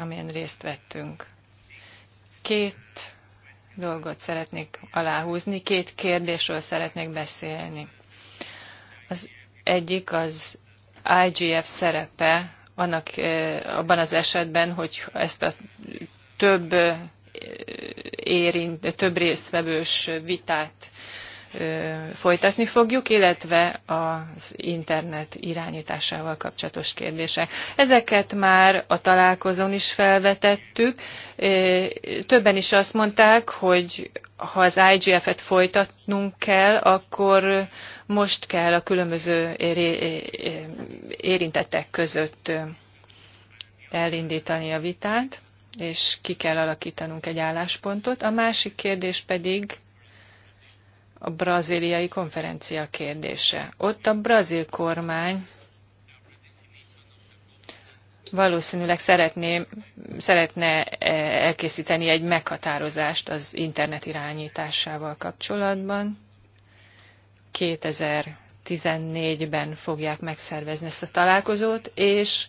amilyen részt vettünk. Két dolgot szeretnék aláhúzni, két kérdésről szeretnék beszélni. Az egyik az IGF szerepe annak, eh, abban az esetben, hogy ezt a több eh, érint, több résztvevős vitát folytatni fogjuk, illetve az internet irányításával kapcsolatos kérdések. Ezeket már a találkozón is felvetettük. Többen is azt mondták, hogy ha az IGF-et folytatnunk kell, akkor most kell a különböző érintettek között elindítani a vitát, és ki kell alakítanunk egy álláspontot. A másik kérdés pedig a braziliai konferencia kérdése. Ott a brazil kormány valószínűleg szeretné, szeretne e, elkészíteni egy meghatározást az internet irányításával kapcsolatban. 2014-ben fogják megszervezni ezt a találkozót, és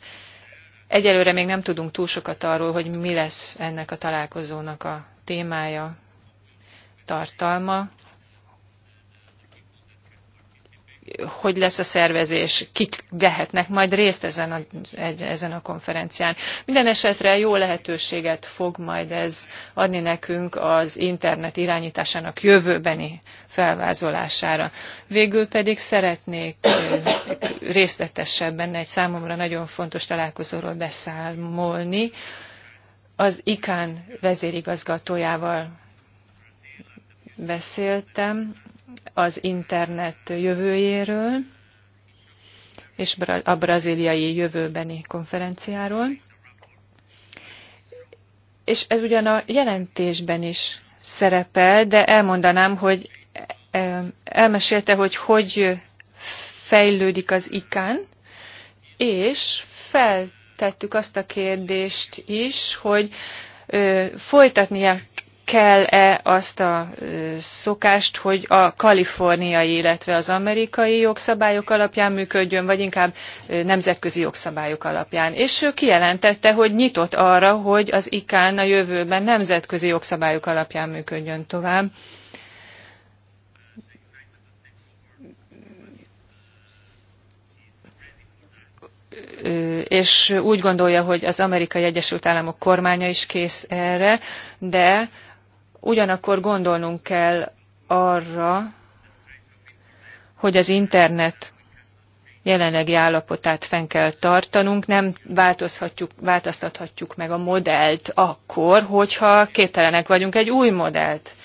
egyelőre még nem tudunk túl sokat arról, hogy mi lesz ennek a találkozónak a témája, tartalma hogy lesz a szervezés, kik vehetnek majd részt ezen a, egy, ezen a konferencián. Minden esetre jó lehetőséget fog majd ez adni nekünk az internet irányításának jövőbeni felvázolására. Végül pedig szeretnék részletesebben egy számomra nagyon fontos találkozóról beszámolni. Az ICAN vezérigazgatójával beszéltem, az internet jövőjéről és a braziliai jövőbeni konferenciáról. És ez ugyan a jelentésben is szerepel, de elmondanám, hogy eh, elmesélte, hogy hogy fejlődik az ikán, és feltettük azt a kérdést is, hogy eh, folytatnia kell-e azt a szokást, hogy a kaliforniai, illetve az amerikai jogszabályok alapján működjön, vagy inkább nemzetközi jogszabályok alapján. És ő kijelentette, hogy nyitott arra, hogy az ICAN a jövőben nemzetközi jogszabályok alapján működjön tovább. és úgy gondolja, hogy az amerikai Egyesült Államok kormánya is kész erre, de Ugyanakkor gondolnunk kell arra, hogy az internet jelenlegi állapotát fenn kell tartanunk, nem változhatjuk, változtathatjuk meg a modellt akkor, hogyha képtelenek vagyunk egy új modellt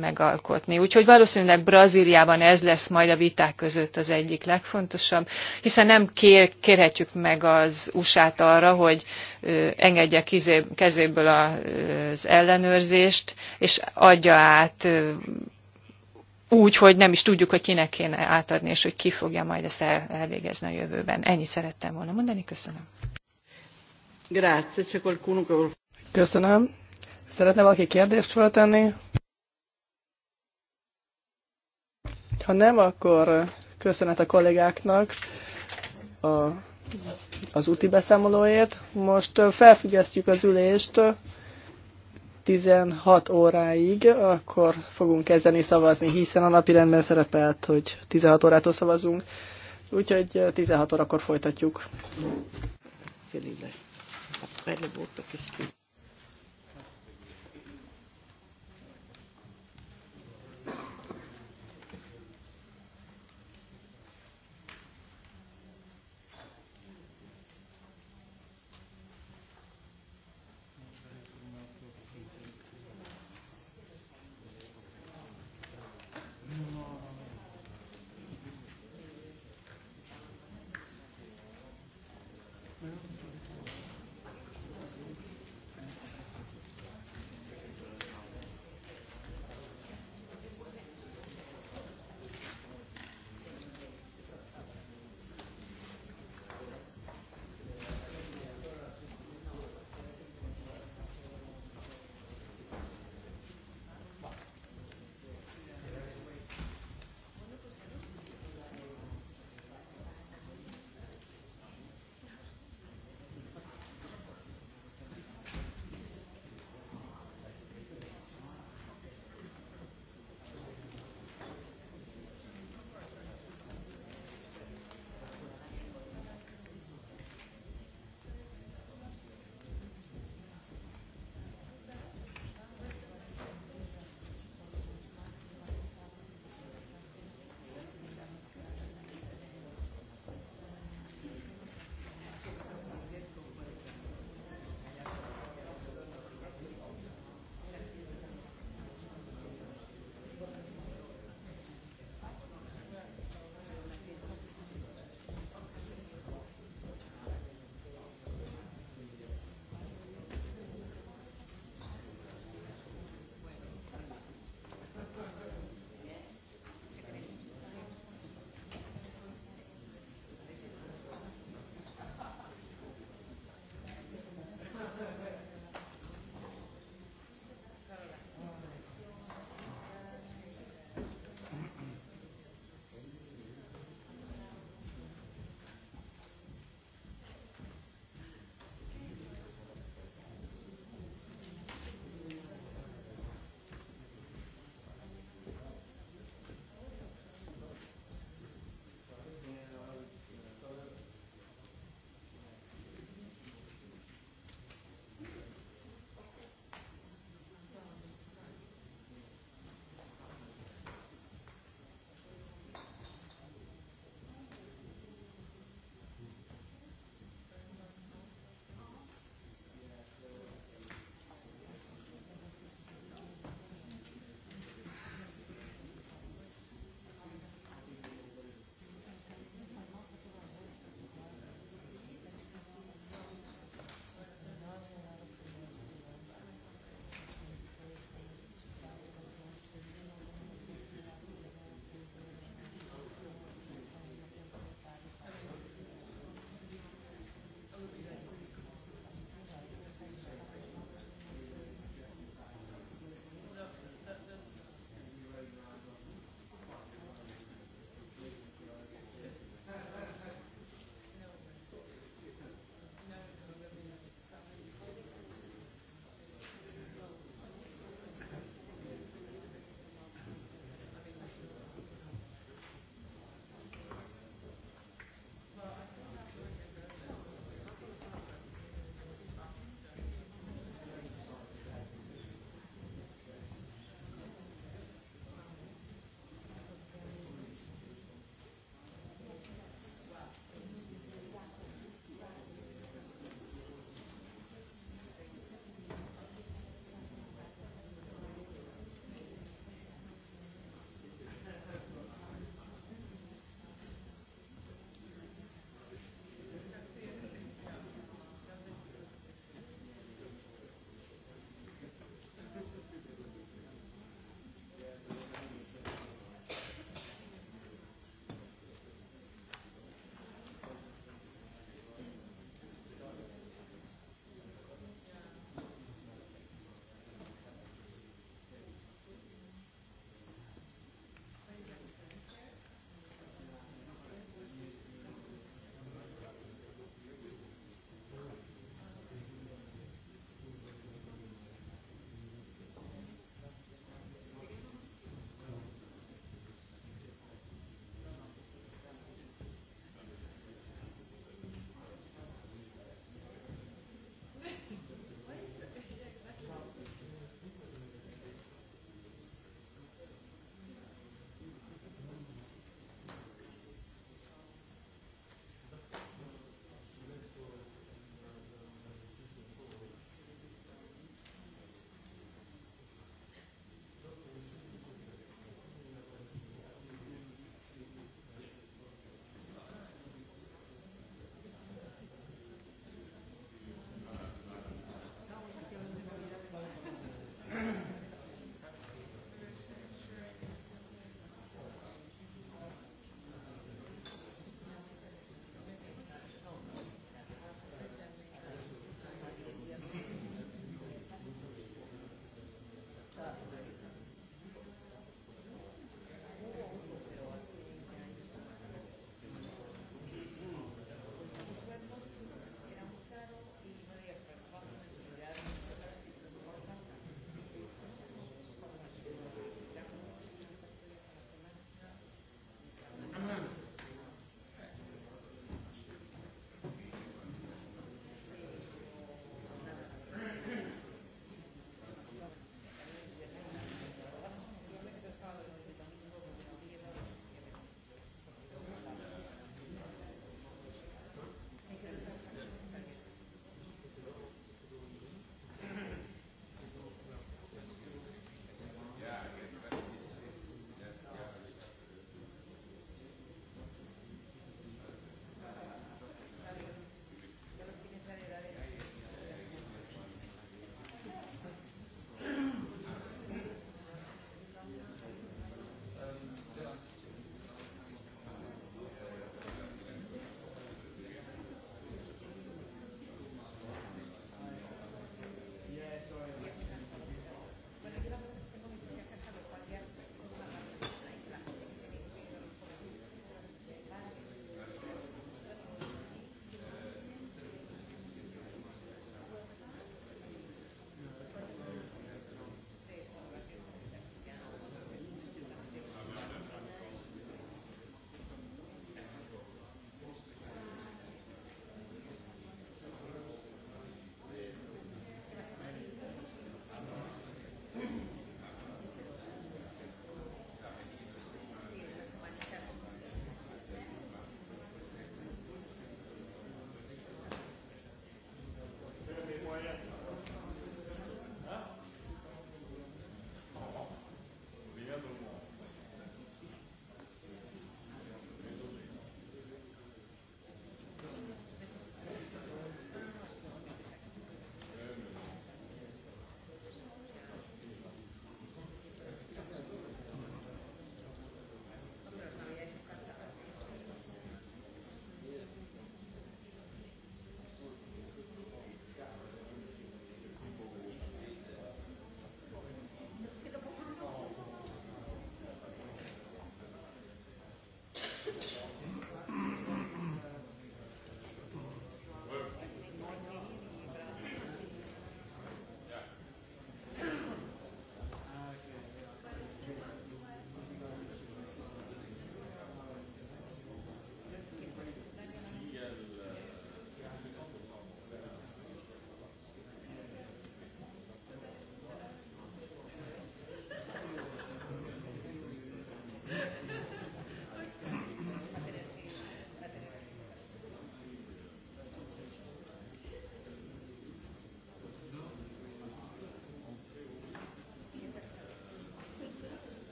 megalkotni. Úgyhogy valószínűleg Brazíliában ez lesz majd a viták között az egyik legfontosabb, hiszen nem kér, kérhetjük meg az USA-t arra, hogy engedje kezéből az ellenőrzést, és adja át úgy, hogy nem is tudjuk, hogy kinek kéne átadni, és hogy ki fogja majd ezt el, elvégezni a jövőben. Ennyit szerettem volna mondani. Köszönöm. Grazie, Köszönöm. Szeretne valaki kérdést feltenni? Ha nem, akkor köszönet a kollégáknak a, az úti beszámolóért. Most felfüggesztjük az ülést 16 óráig, akkor fogunk kezdeni szavazni, hiszen a napi rendben szerepelt, hogy 16 órától szavazunk. Úgyhogy 16 órakor folytatjuk. Après le vote, qu'est-ce que...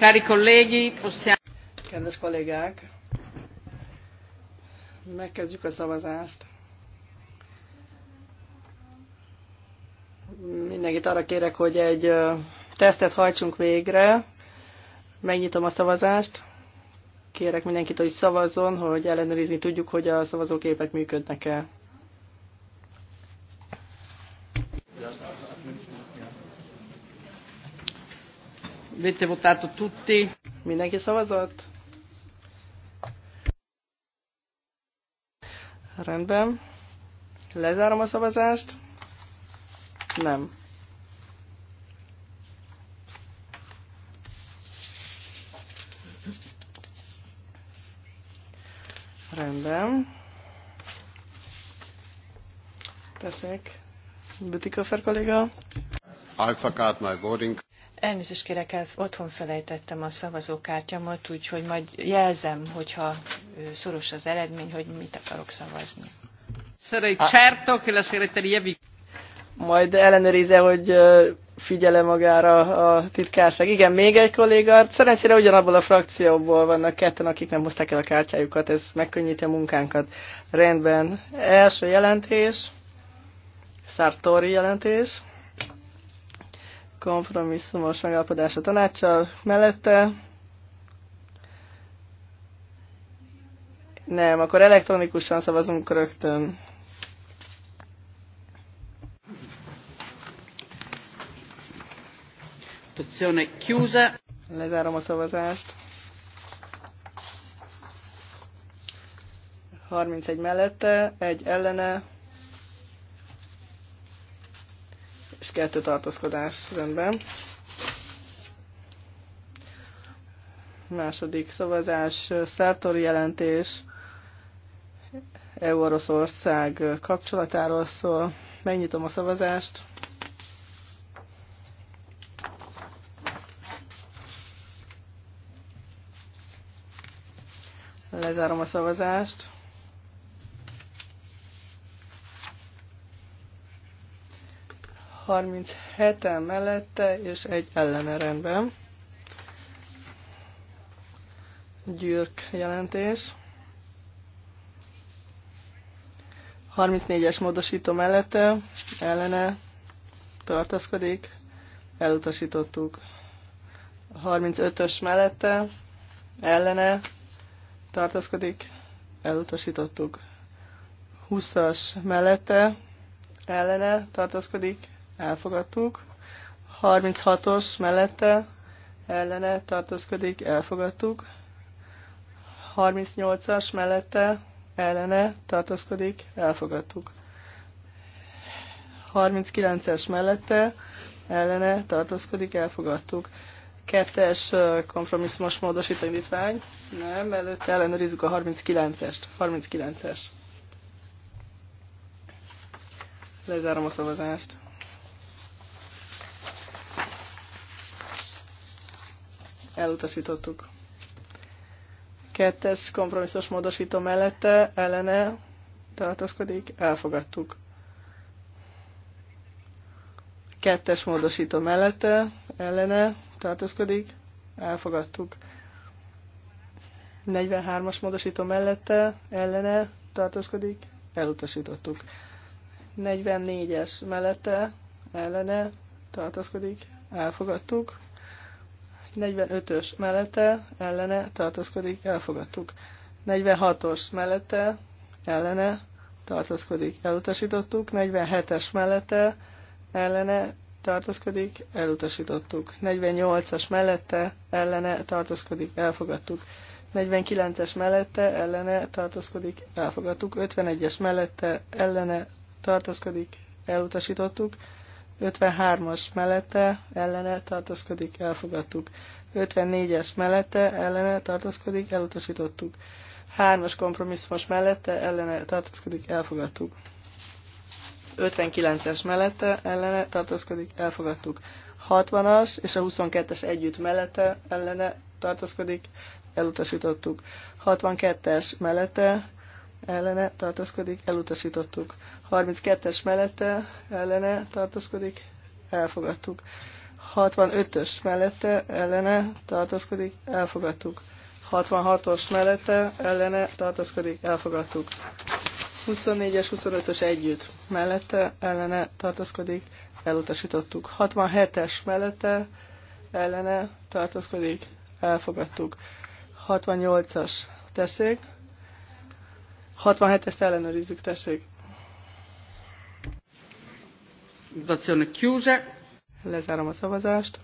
Cari colleghi, possiamo... Kedves kollégák, megkezdjük a szavazást. Mindenkit arra kérek, hogy egy tesztet hajtsunk végre. Megnyitom a szavazást. Kérek mindenkit, hogy szavazzon, hogy ellenőrizni tudjuk, hogy a szavazóképek működnek-e. Avete votato tutti? Mindenki szavazott? Rendben. Lezárom a szavazást. Nem. Rendben. Tessék. Bütikofer kolléga. I forgot my voting. Elnézést kérek, el, otthon felejtettem a szavazókártyamat, úgyhogy majd jelzem, hogyha szoros az eredmény, hogy mit akarok szavazni. Sarei certo che la Majd ellenőrize, hogy figyele magára a titkárság. Igen, még egy kolléga. Szerencsére ugyanabból a frakcióból vannak ketten, akik nem hozták el a kártyájukat. Ez megkönnyíti a munkánkat. Rendben. Első jelentés. Sartori jelentés kompromisszumos megállapodás a tanácssal mellette. Nem, akkor elektronikusan szavazunk rögtön. Lezárom a szavazást. 31 mellette, egy ellene, kettő tartózkodás rendben. Második szavazás, szertori jelentés EU-Oroszország kapcsolatáról szól. Megnyitom a szavazást. Lezárom a szavazást. 37-en mellette és egy ellene rendben. Gyürk jelentés. 34-es módosító mellette ellene tartaszkodik, elutasítottuk. 35-ös mellette ellene tartaszkodik, elutasítottuk. 20-as mellette ellene tartaszkodik elfogadtuk. 36-os mellette ellene tartózkodik, elfogadtuk. 38-as mellette ellene tartózkodik, elfogadtuk. 39-es mellette ellene tartózkodik, elfogadtuk. Kettes kompromisszumos módosító Nem, előtte ellenőrizzük a 39-est. 39-es. Lezárom a szavazást. elutasítottuk. Kettes kompromisszos módosító mellette ellene tartozkodik, elfogadtuk. Kettes módosító mellette ellene tartozkodik, elfogadtuk. 43-as módosító mellette ellene tartozkodik, elutasítottuk. 44-es mellette ellene tartozkodik, elfogadtuk. 45-ös mellette ellene tartózkodik, elfogadtuk. 46-os mellette ellene tartózkodik, elutasítottuk. 47-es mellette ellene tartózkodik, elutasítottuk. 48-as mellette ellene tartózkodik, elfogadtuk. 49-es mellette ellene tartózkodik, elfogadtuk. 51-es mellette ellene tartózkodik, elutasítottuk. 53-as mellette ellene tartózkodik, elfogadtuk. 54-es mellette ellene tartózkodik, elutasítottuk. 3-as kompromisszumos mellette ellene tartózkodik, elfogadtuk. 59-es mellette ellene tartózkodik, elfogadtuk. 60-as és a 22-es együtt mellette ellene tartózkodik, elutasítottuk. 62-es mellette ellene tartózkodik, elutasítottuk. 32-es mellette ellene tartózkodik, elfogadtuk. 65-ös mellette ellene tartózkodik, elfogadtuk. 66-os mellette ellene tartózkodik, elfogadtuk. 24-es, 25-ös együtt mellette ellene tartózkodik, elutasítottuk. 67-es mellette ellene tartózkodik, elfogadtuk. 68-as, tessék, 67-est ellenőrizzük, tessék. Votazione chiusa. Lezárom a szavazást.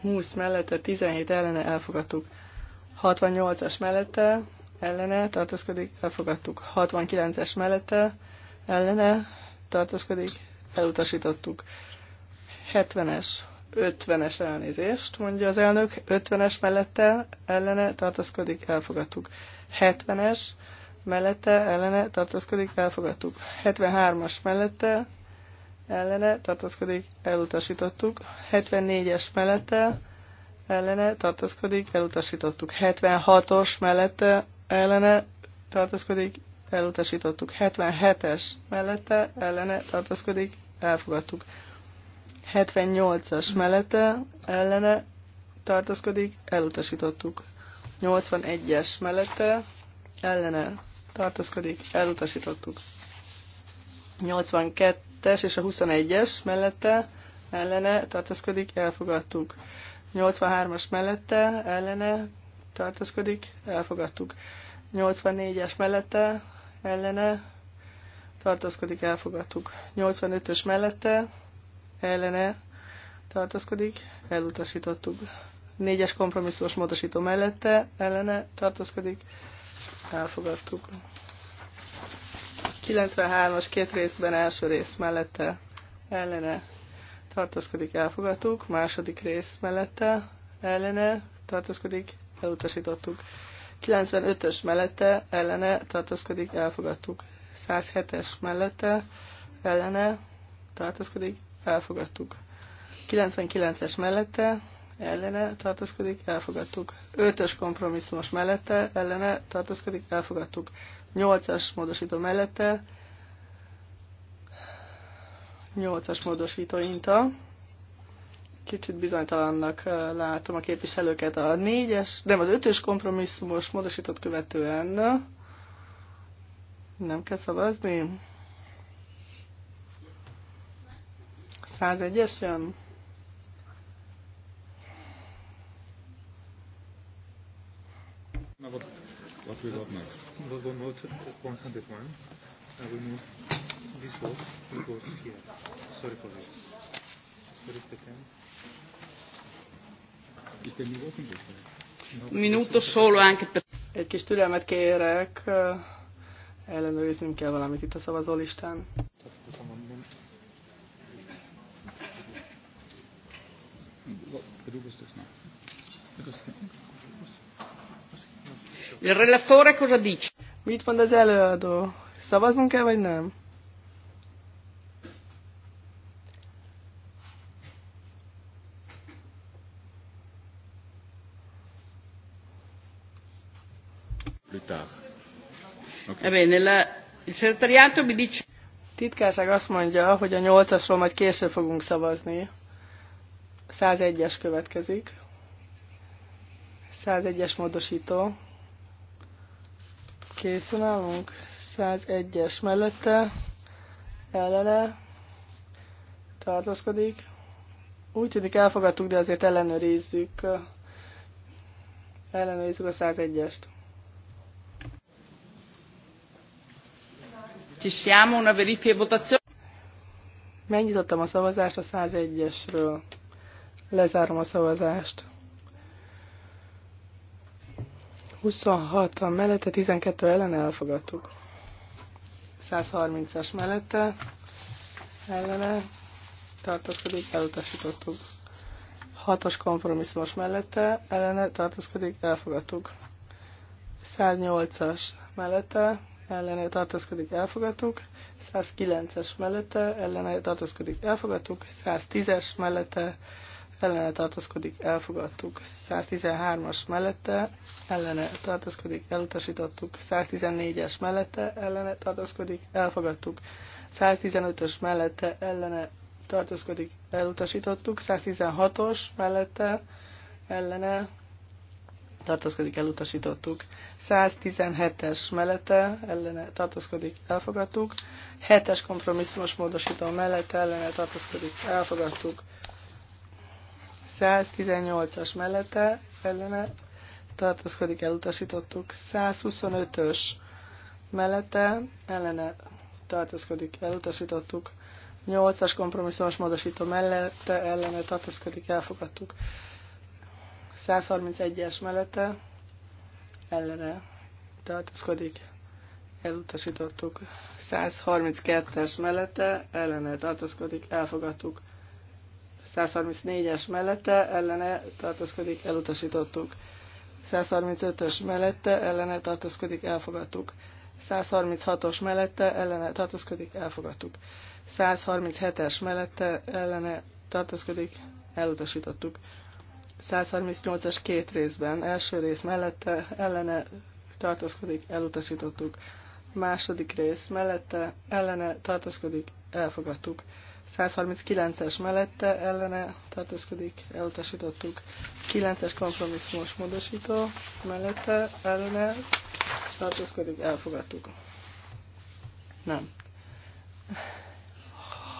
20 mellette, 17 ellene elfogadtuk. 68-as mellette, ellene tartózkodik, elfogadtuk. 69-es mellette, ellene tartózkodik, elutasítottuk. 70-es 50-es elnézést, mondja az elnök, 50-es mellette ellene tartózkodik, elfogadtuk. 70-es mellette ellene tartózkodik, elfogadtuk. 73-as mellette ellene tartózkodik, elutasítottuk. 74-es mellette ellene tartózkodik, elutasítottuk. 76-os mellette ellene tartózkodik, elutasítottuk. 77-es mellette ellene tartózkodik, elfogadtuk. 78-as mellette ellene tartózkodik, elutasítottuk. 81-es mellette ellene tartózkodik, elutasítottuk. 82-es és a 21-es mellette ellene tartózkodik, elfogadtuk. 83-as mellette ellene tartózkodik, elfogadtuk. 84-es mellette ellene tartózkodik, elfogadtuk. 85-ös mellette ellene tartózkodik, elutasítottuk. Négyes kompromisszós módosító mellette ellene tartózkodik, elfogadtuk. 93-as két részben első rész mellette ellene tartózkodik, elfogadtuk. Második rész mellette ellene tartózkodik, elutasítottuk. 95-ös mellette ellene tartózkodik, elfogadtuk. 107-es mellette ellene tartózkodik, elfogadtuk. 99-es mellette ellene tartózkodik, elfogadtuk. 5-ös kompromisszumos mellette ellene tartózkodik, elfogadtuk. 8-as módosító mellette 8-as módosító inta. Kicsit bizonytalannak eh, látom a képviselőket a 4-es, nem az 5-ös kompromisszumos módosított követően. Nem kell szavazni? 101-es jön? What we got next? We'll go move to 101 and we move this box, it here. Sorry for this. What is the time? Is the new open Minuto solo anche per... Egy kis türelmet kérek, ellenőriznünk kell valamit itt a szavazólistán. Il relatore cosa dice? Mit mond az előadó? Szavaznunk kell, vagy nem? Plus tard. Okay. Ebbene, la... il segretariato mi dice... Titkárság azt mondja, hogy a nyolcasról majd később fogunk szavazni. 101-es következik. 101-es módosító. Készen állunk. 101-es mellette, ellene, tartózkodik. Úgy tűnik elfogadtuk, de azért ellenőrizzük. Ellenőrizzük a 101-est. Ci siamo una verifica e votazione. Megnyitottam a szavazást a 101-esről. Lezárom a szavazást. 26 a mellette, 12 ellen elfogadtuk. 130-as mellette ellene tartózkodik, elutasítottuk. 6-os kompromisszumos mellette ellene tartózkodik, elfogadtuk. 108-as mellette ellene tartózkodik, elfogadtuk. 109-es mellette ellene tartózkodik, elfogadtuk. 110-es mellette ellene tartozkodik, elfogadtuk. 113-as mellette ellene tartozkodik, elutasítottuk. 114-es mellette ellene tartozkodik, elfogadtuk. 115-ös mellette ellene tartozkodik, elutasítottuk. 116-os mellette ellene tartozkodik, elutasítottuk. 117-es mellette ellene tartozkodik, elfogadtuk. 7-es kompromisszumos módosító mellette ellene tartozkodik, elfogadtuk. 118-as mellette ellene tartózkodik, elutasítottuk. 125-ös mellette ellene tartózkodik, elutasítottuk. 8-as kompromisszumos módosító mellette ellene tartózkodik, elfogadtuk. 131-es mellette ellene tartózkodik, elutasítottuk. 132-es mellette ellene tartózkodik, elfogadtuk. 134-es mellette ellene tartózkodik, elutasítottuk. 135-ös mellette ellene tartózkodik, elfogadtuk. 136-os mellette ellene tartózkodik, elfogadtuk. 137-es mellette ellene tartózkodik, elutasítottuk. 138-as két részben, első rész mellette ellene tartózkodik, elutasítottuk. Második rész mellette ellene tartózkodik, elfogadtuk. 139-es mellette ellene tartózkodik, elutasítottuk. 9-es kompromisszumos módosító mellette ellene tartózkodik, elfogadtuk. Nem.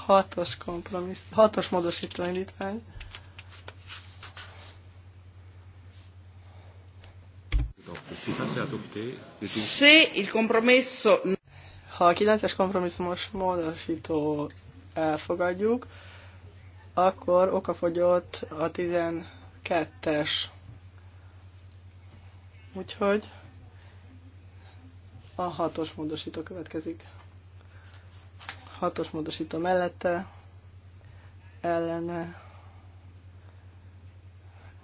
6-os kompromissz, 6-os módosító indítvány. Se il compromesso... Ha a 9-es kompromisszumos módosító elfogadjuk, akkor okafogyott a 12-es. Úgyhogy a hatos módosító következik. Hatos módosító mellette ellene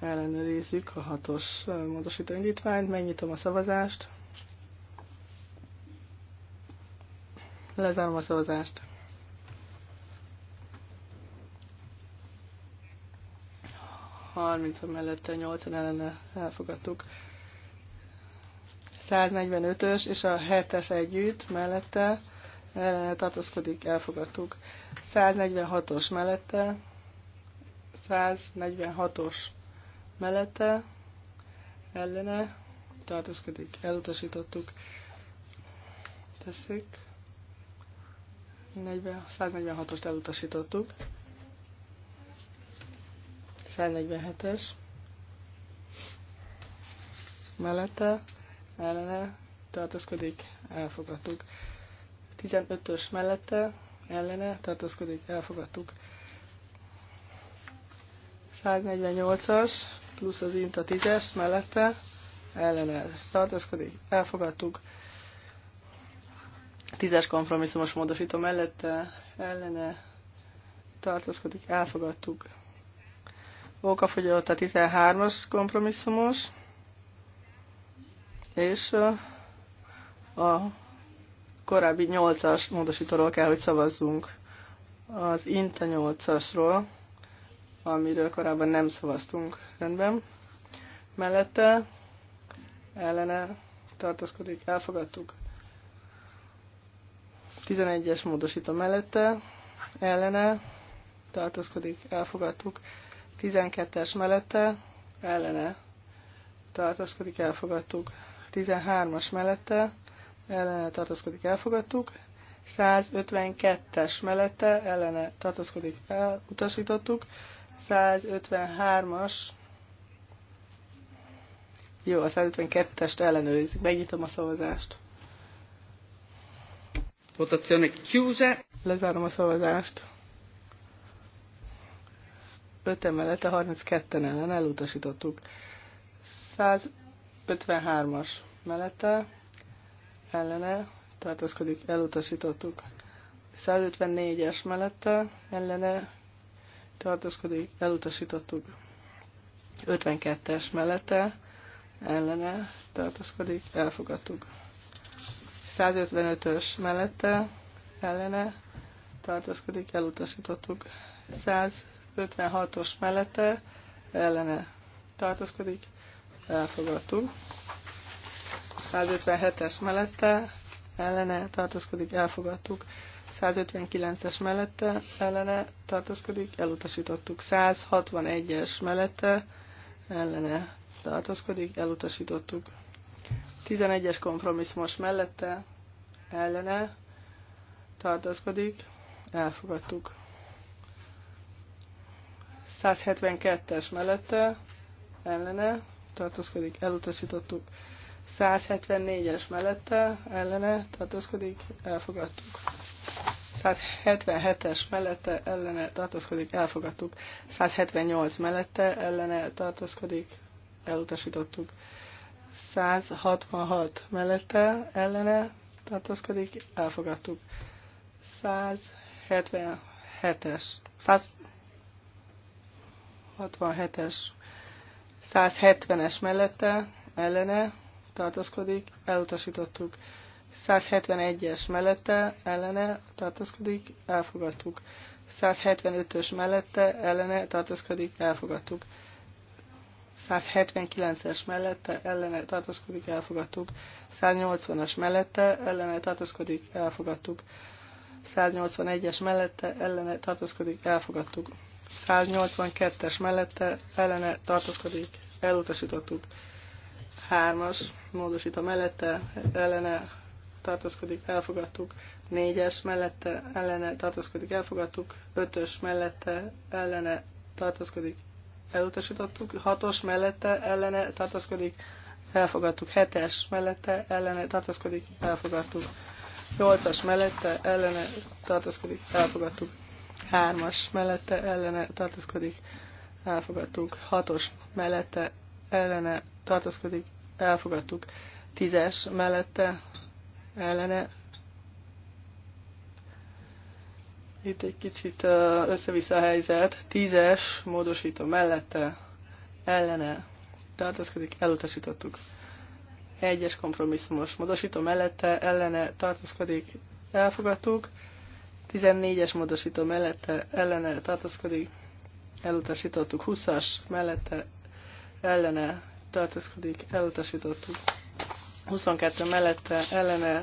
ellenőrizzük a hatos módosító indítványt, megnyitom a szavazást, lezárom a szavazást. 30 mellette 80 ellene elfogadtuk. 145-ös és a 7-es együtt mellette ellene tartózkodik, elfogadtuk. 146-os mellette, 146-os mellette ellene tartózkodik, elutasítottuk. Teszik. 146-ost elutasítottuk. 147-es mellette ellene tartózkodik, elfogadtuk. 15-ös mellette ellene tartózkodik, elfogadtuk. 148-as plusz az INTA 10-es mellette ellene tartózkodik, elfogadtuk. 10-es kompromisszumos módosító mellette ellene tartózkodik, elfogadtuk. Okafogyott a 13-as kompromisszumos, és a korábbi 8-as módosítóról kell, hogy szavazzunk. Az Inta 8-asról, amiről korábban nem szavaztunk. Rendben. Mellette ellene tartozkodik, elfogadtuk. 11-es módosító mellette, ellene tartozkodik, elfogadtuk. 12-es mellette ellene tartózkodik, elfogadtuk. 13-as mellette ellene tartózkodik, elfogadtuk. 152-es mellette ellene tartózkodik, elutasítottuk. 153-as jó, a 152-est ellenőrizzük. Megnyitom a szavazást. Votazione chiusa. Lezárom a szavazást. 5 emelete, a 32-en ellen elutasítottuk. 153-as mellette ellene tartózkodik, elutasítottuk. 154-es mellette ellene tartózkodik, elutasítottuk. 52-es mellette ellene tartózkodik, elfogadtuk. 155-ös mellette ellene tartózkodik, elutasítottuk. 100 56-os mellette ellene tartózkodik, elfogadtuk. 157-es mellette ellene tartózkodik, elfogadtuk. 159-es mellette ellene tartózkodik, elutasítottuk. 161-es mellette ellene tartózkodik, elutasítottuk. 11-es kompromisszumos mellette ellene tartózkodik, elfogadtuk. 172-es mellette ellene tartózkodik, elutasítottuk. 174-es mellette ellene tartózkodik, elfogadtuk. 177-es mellette ellene tartózkodik, elfogadtuk. 178 mellette ellene tartózkodik, elutasítottuk. 166 mellette ellene tartózkodik, elfogadtuk. 177-es, 67-es, 170-es mellette, ellene tartózkodik, elutasítottuk. 171-es mellette, ellene tartózkodik, elfogadtuk. 175-ös mellette, ellene tartózkodik, elfogadtuk. 179-es mellette, ellene tartózkodik, elfogadtuk. 180-as mellette, ellene tartózkodik, elfogadtuk. 181-es mellette, ellene tartózkodik, elfogadtuk. 182-es mellette ellene tartózkodik, elutasítottuk. 3-as módosít a mellette ellene tartózkodik, elfogadtuk. 4-es mellette ellene tartózkodik, elfogadtuk. 5-ös mellette ellene tartózkodik, elutasítottuk. 6-os mellette ellene tartózkodik, elfogadtuk. 7-es mellette ellene tartózkodik, elfogadtuk. 8-as mellette ellene tartózkodik, elfogadtuk. Hármas mellette ellene tartózkodik, elfogadtuk. Hatos mellette ellene tartózkodik, elfogadtuk. Tízes mellette ellene. Itt egy kicsit össze-vissza a helyzet. Tízes módosító mellette ellene tartózkodik, elutasítottuk. Egyes kompromisszumos módosító mellette ellene tartózkodik, elfogadtuk. 14-es módosító mellette ellene tartózkodik, elutasítottuk. 20-as mellette ellene tartózkodik, elutasítottuk. 22 mellette ellene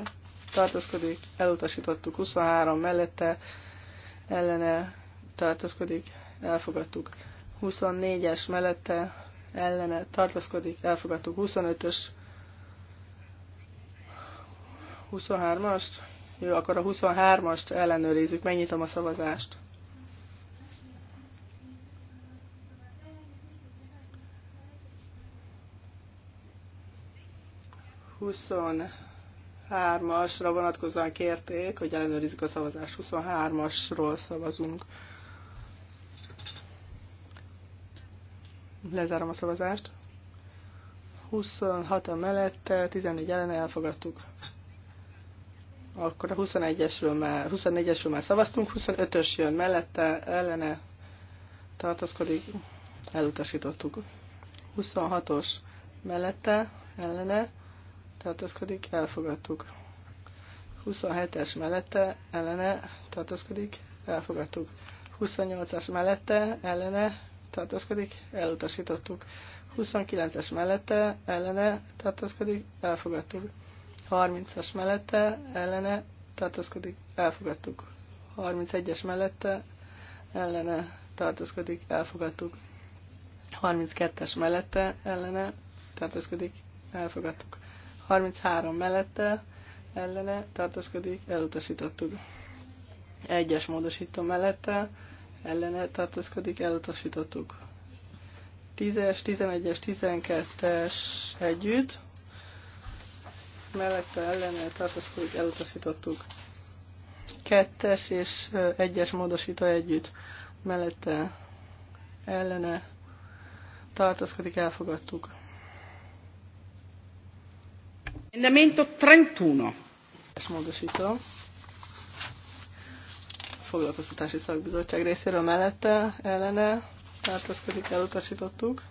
tartózkodik, elutasítottuk. 23 mellette ellene tartózkodik, elfogadtuk. 24-es mellette ellene tartózkodik, elfogadtuk. 25-ös 23-ast jó, akkor a 23-ast ellenőrizzük. Megnyitom a szavazást. Huszon asra vonatkozóan kérték, hogy ellenőrizzük a szavazást. 23-asról szavazunk. Lezárom a szavazást. 26 a mellette, 14 ellen elfogadtuk. Akkor a 21-esről már, 24-esről már szavaztunk, 25-ös jön mellette, ellene tartózkodik, elutasítottuk. 26-os mellette, ellene tartózkodik, elfogadtuk. 27-es mellette, ellene tartózkodik, elfogadtuk. 28-as mellette, ellene tartózkodik, elutasítottuk. 29-es mellette, ellene tartózkodik, elfogadtuk. 30-as mellette ellene tartózkodik, elfogadtuk. 31-es mellette ellene tartózkodik, elfogadtuk. 32-es mellette ellene tartózkodik, elfogadtuk. 33 mellette ellene tartózkodik, elutasítottuk. 1-es módosító mellette ellene tartózkodik, elutasítottuk. 10-es, 11-es, 12-es együtt mellette ellene tartozkodik, elutasítottuk. Kettes és egyes módosító együtt mellette ellene tartozkodik, elfogadtuk. Emendamento 31. Es módosító. Foglalkoztatási szakbizottság részéről mellette ellene tartozkodik, elutasítottuk.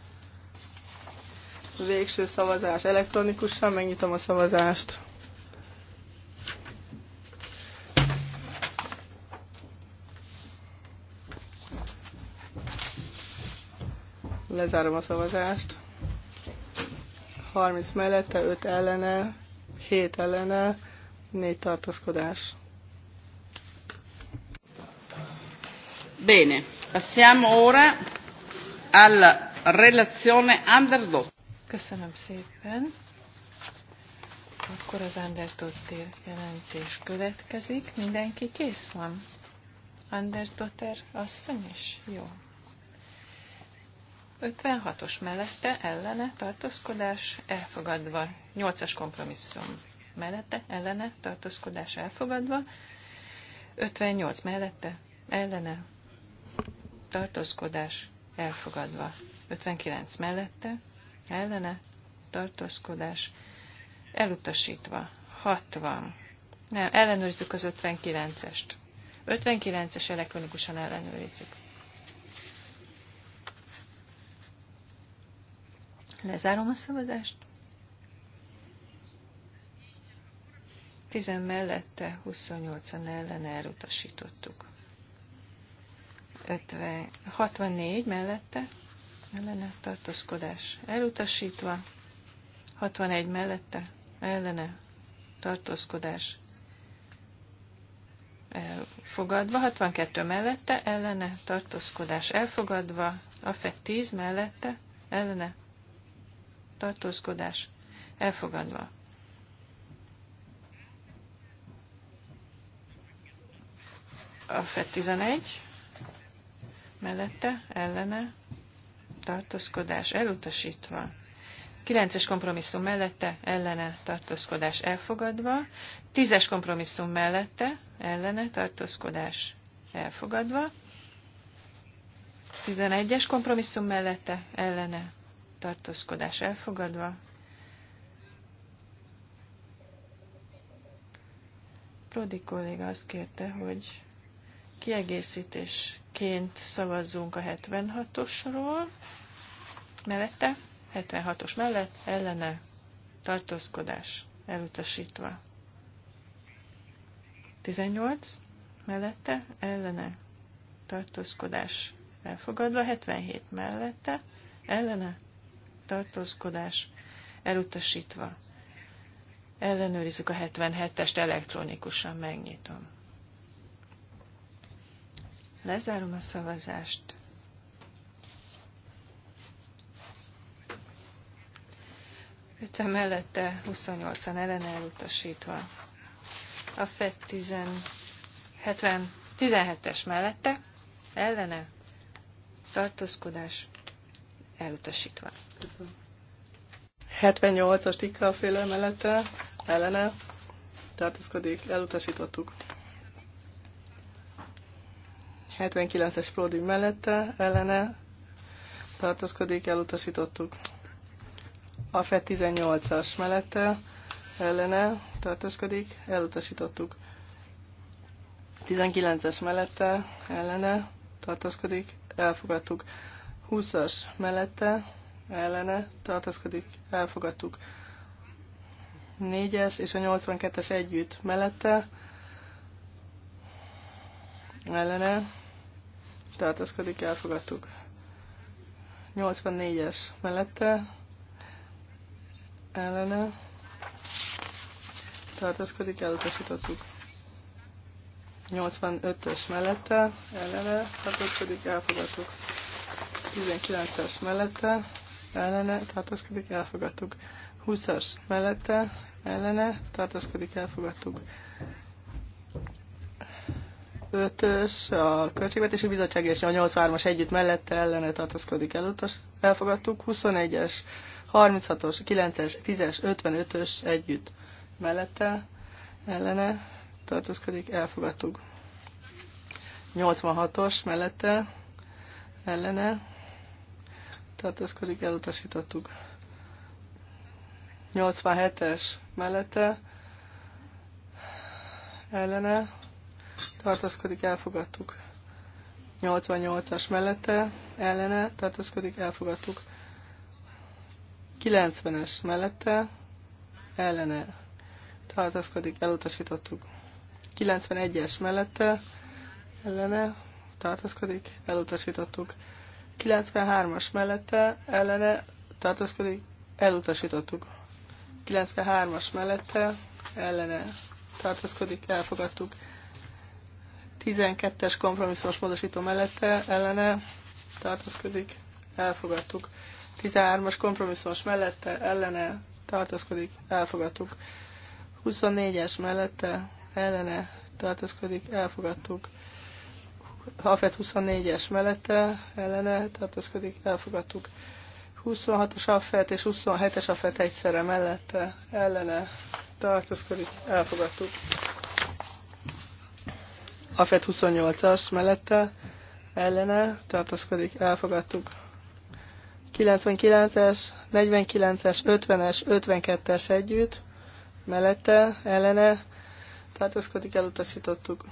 Végső szavazás elektronikusan, megnyitom a szavazást. Lezárom a szavazást. 30 mellette, 5 ellene, 7 ellene, 4 tartózkodás. Bene, passiamo ora alla relazione Underdog. Köszönöm szépen. Akkor az Anders Dottir jelentés következik. Mindenki kész van? Anders Dotter asszony is? Jó. 56-os mellette ellene tartózkodás elfogadva. 8-as kompromisszum mellette ellene tartózkodás elfogadva. 58 mellette ellene tartózkodás elfogadva. 59 mellette ellene tartózkodás elutasítva. 60. Nem, ellenőrizzük az 59-est. 59-es elektronikusan ellenőrizzük. Lezárom a szavazást. 10 mellette, 28-an ellen elutasítottuk. 50, 64 mellette, ellene tartózkodás elutasítva, 61 mellette ellene tartózkodás elfogadva, 62 mellette ellene tartózkodás elfogadva, a FED 10 mellette ellene tartózkodás elfogadva. A FED 11 mellette ellene tartózkodás elutasítva. Kilences kompromisszum mellette, ellene tartózkodás elfogadva. Tízes kompromisszum mellette, ellene tartózkodás elfogadva. Tizenegyes kompromisszum mellette, ellene tartózkodás elfogadva. Prodi kolléga azt kérte, hogy kiegészítésként szavazzunk a 76-osról, mellette, 76-os mellett, ellene, tartózkodás, elutasítva. 18, mellette, ellene, tartózkodás, elfogadva, 77 mellette, ellene, tartózkodás, elutasítva. Ellenőrizzük a 77-est elektronikusan, megnyitom. Lezárom a szavazást. Öte mellette 28-an ellen elutasítva. A FED 17-es mellette ellene tartózkodás elutasítva. 78-as tikka a féle mellette ellene tartózkodik, elutasítottuk. 79-es Prodi mellette, ellene tartózkodik, elutasítottuk. A FED 18-as mellette, ellene tartózkodik, elutasítottuk. 19-es mellette, ellene tartózkodik, elfogadtuk. 20-as mellette, ellene tartózkodik, elfogadtuk. 4-es és a 82-es együtt mellette, ellene tartózkodik, elfogadtuk. 84-es mellette, ellene, tartózkodik, elutasítottuk. 85-ös mellette, ellene, tartózkodik, elfogadtuk. 19-es mellette, ellene, tartózkodik, elfogadtuk. 20-as mellette, ellene, tartózkodik, elfogadtuk. 5-ös, a Költségvetési Bizottság és a 83-as együtt mellette ellene tartozkodik elutas, elfogadtuk, 21-es, 36-os, 9-es, 10-es, 55-ös együtt mellette ellene tartozkodik elfogadtuk. 86-os mellette ellene tartozkodik elutasítottuk. 87-es mellette ellene tartózkodik, elfogadtuk. 88-as mellette, ellene, tartózkodik, elfogadtuk. 90-es mellette, ellene, tartózkodik, elutasítottuk. 91-es mellette, ellene, tartózkodik, elutasítottuk. 93-as mellette, ellene, tartózkodik, elutasítottuk. 93-as mellette, ellene, tartózkodik, elfogadtuk. 12-es kompromisszumos módosító mellette ellene tartozkodik, elfogadtuk. 13-as kompromisszumos mellette ellene tartozkodik, elfogadtuk. 24-es mellette ellene tartozkodik, elfogadtuk. Hafet 24-es mellette ellene tartozkodik, elfogadtuk. 26-os Alfred és 27-es Alfred egyszerre mellette ellene tartozkodik, elfogadtuk. AFET 28-as mellette ellene tartozkodik, elfogadtuk. 99-es, 49-es, 50-es, 52-es együtt mellette ellene tartozkodik, elutasítottuk.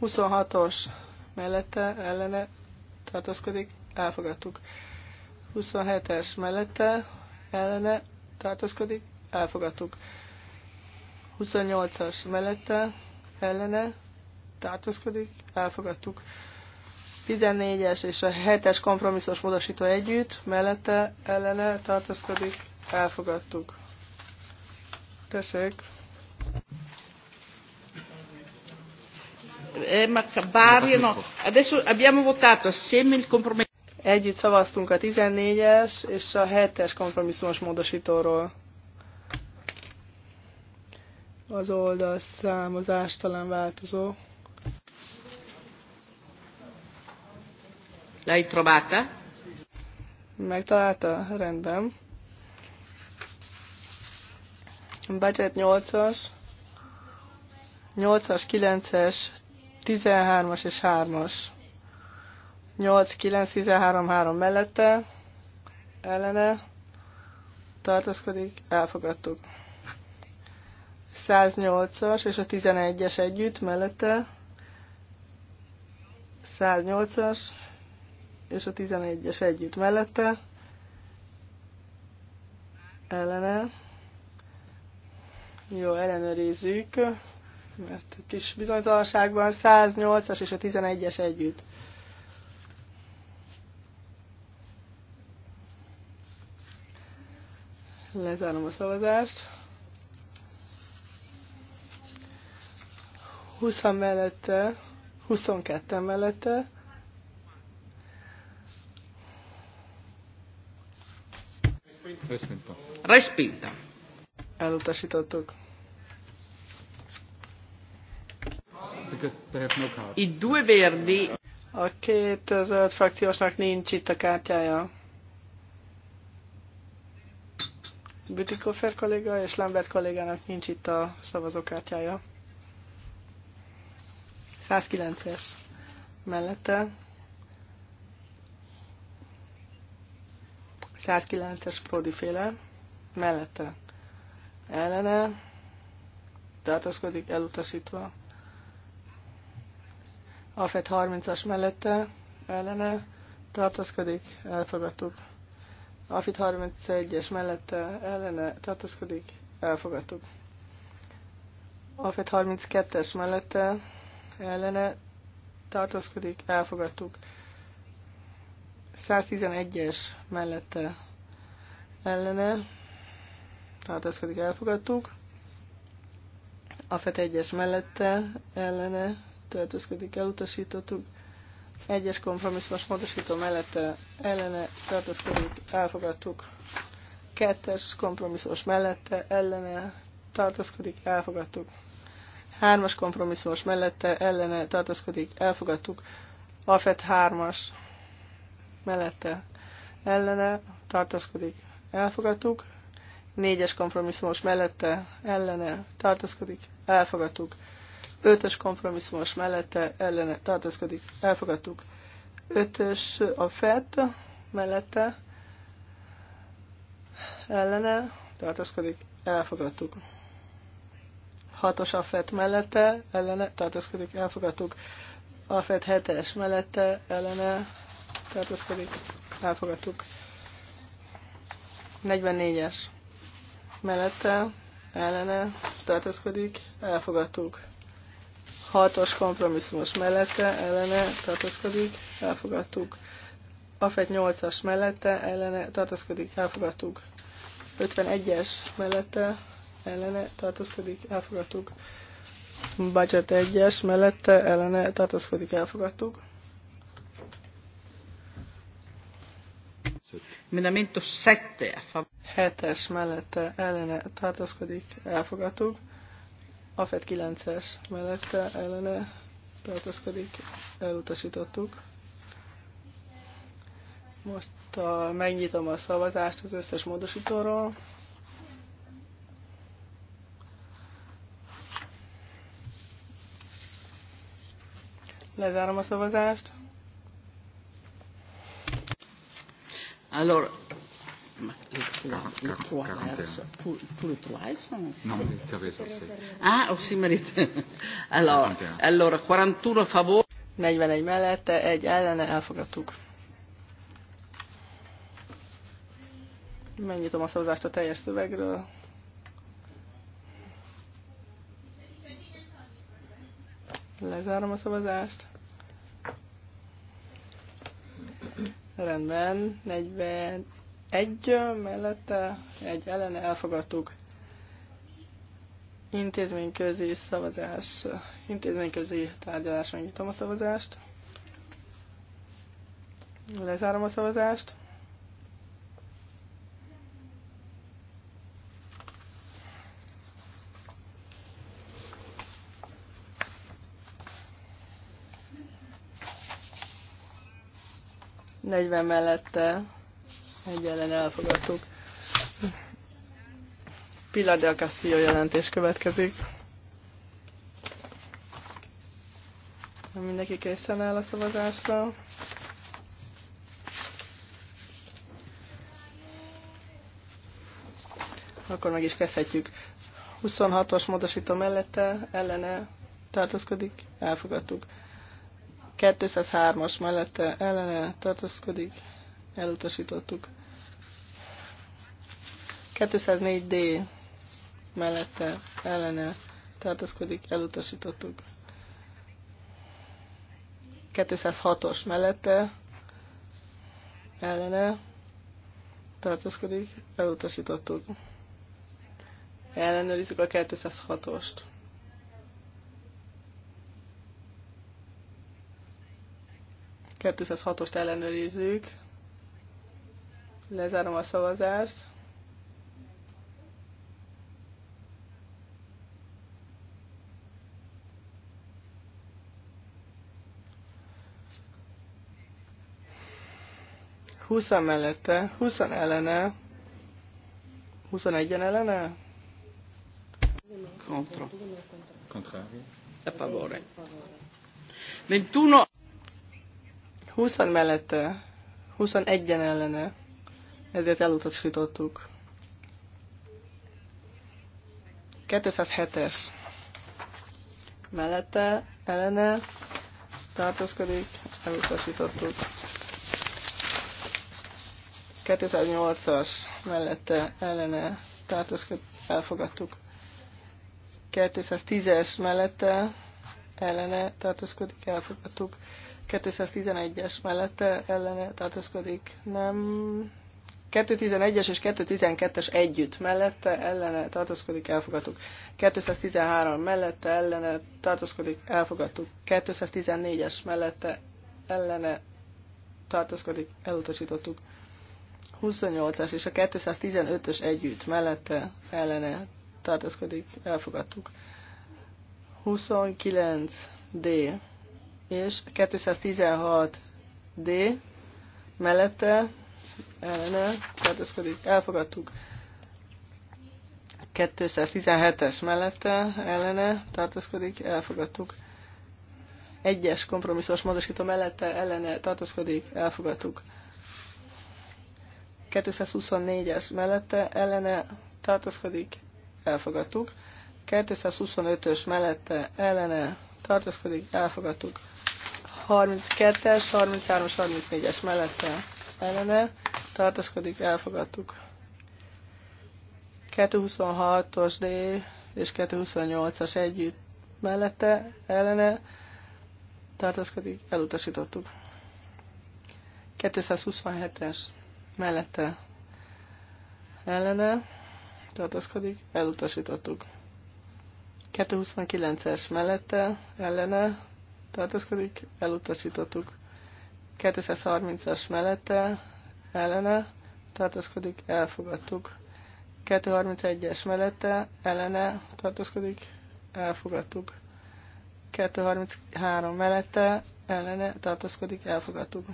26-os mellette ellene tartozkodik, elfogadtuk. 27-es mellette ellene tartozkodik, elfogadtuk. 28-as mellette ellene tartózkodik, elfogadtuk. 14-es és a 7-es kompromisszos módosító együtt, mellette ellene tartózkodik, elfogadtuk. Tessék! Eh, együtt szavaztunk a 14-es és a 7-es kompromisszumos módosítóról az oldalszám az ástalan változó. Leitrobáta? Megtalálta? Rendben. Budget 8-as, 8-as, 9-es, 13-as és 3-as. 8, 9, 13, 3 mellette, ellene, tartózkodik, elfogadtuk. 108-as és a 11-es együtt mellette. 108-as és a 11-es együtt mellette. Ellene. Jó, ellenőrizzük, mert kis bizonytalanságban 108-as és a 11-es együtt. Lezárom a szavazást. 20 mellette, 22 mellette, Respinta. Respinta. Elutasítottuk. Itt due verdi. A két zöld frakciósnak nincs itt a kártyája. Bütikofer kolléga és Lambert kollégának nincs itt a szavazókártyája. 109-es mellette. 109-es Prodi-féle mellette. Ellene tartózkodik elutasítva. Afet 30-as mellette ellene tartózkodik, elfogadtuk. Afit 31-es mellette ellene tartózkodik, elfogadtuk. Afet 32-es mellette ellene tartózkodik, elfogadtuk. 111-es mellette ellene tartózkodik, elfogadtuk. A FET 1-es mellette ellene tartózkodik, elutasítottuk. Egyes kompromisszumos módosító mellette ellene tartózkodik, elfogadtuk. 2-es kompromisszumos mellette ellene tartózkodik, elfogadtuk. Hármas kompromisszumos mellette ellene tartózkodik, elfogadtuk. Alfett hármas mellette ellene tartózkodik, elfogadtuk. Négyes kompromisszumos mellette ellene tartózkodik, elfogadtuk. Ötös kompromisszumos mellette ellene tartózkodik, elfogadtuk. Ötös a FET mellette ellene tartózkodik, elfogadtuk. 6-os affet mellette, ellene tartózkodik, elfogadtuk. Affet 7-es mellette, ellene tartózkodik, elfogadtuk. 44-es mellette, ellene tartózkodik, elfogadtuk. 6-os kompromisszumos mellette, ellene tartózkodik, elfogadtuk. Affet 8-as mellette, ellene tartózkodik, elfogadtuk. 51-es mellette, ellene tartózkodik, elfogadtuk. Budget 1-es mellette ellene tartózkodik, elfogadtuk. Mindamento 7 7-es mellette ellene tartózkodik, elfogadtuk. Afet 9-es mellette ellene tartózkodik, elutasítottuk. Most a, megnyitom a szavazást az összes módosítóról. Lezárom a szavazást. Alors, les Pour, le Ah, 41 favor. 41 mellette, egy ellene elfogadtuk. Megnyitom a szavazást a teljes szövegről. Lezárom a szavazást. Rendben, 41 mellette, egy ellen elfogadtuk. Intézményközi szavazás, intézményközi tárgyaláson nyitom a szavazást. Lezárom a szavazást. 40 mellette egy ellen elfogadtuk. Pilar de Castillo jelentés következik. Mindenki készen áll a szavazásra. Akkor meg is kezdhetjük. 26-os módosító mellette, ellene tartózkodik, elfogadtuk. 203-as mellette ellene tartozkodik, elutasítottuk. 204D mellette ellene tartozkodik, elutasítottuk. 206-os mellette ellene tartozkodik, elutasítottuk. Ellenőrizzük a 206-ost. 206-ost ellenőrizzük. Lezárom a szavazást. Húszan mellette, 20 ellene, 21 ellene? Contra. Contrario. A favore. 21 20 mellette, 21-en ellene, ezért elutasítottuk. 207-es mellette, ellene, tartózkodik, elutasítottuk. 208-as mellette, ellene, tartózkodik, elfogadtuk. 210-es mellette, ellene tartózkodik, elfogadtuk. 211-es mellette ellene tartózkodik, nem. 211-es és 212-es együtt mellette ellene tartózkodik, elfogadtuk. 213 mellette ellene tartózkodik, elfogadtuk. 214-es mellette ellene tartózkodik, elutasítottuk. 28-as és a 215-ös együtt mellette ellene tartózkodik, elfogadtuk. 29D és 216 D mellette ellene tartózkodik, elfogadtuk. 217-es mellette ellene tartózkodik, elfogadtuk. Egyes kompromisszós módosító mellette ellene tartózkodik, elfogadtuk. 224-es mellette ellene tartózkodik, elfogadtuk. 225-ös mellette ellene tartózkodik, elfogadtuk. 32-es, 33-as, 34-es mellette ellene tartózkodik, elfogadtuk. 226-os D és 228-as együtt mellette ellene Tartaszkodik, elutasítottuk. 227-es mellette ellene Tartaszkodik, elutasítottuk. 229-es mellette ellene tartózkodik, elutasítottuk. 230-as mellette, ellene, tartózkodik, elfogadtuk. 231-es mellette, ellene, tartózkodik, elfogadtuk. 233 mellette, ellene, tartózkodik, elfogadtuk.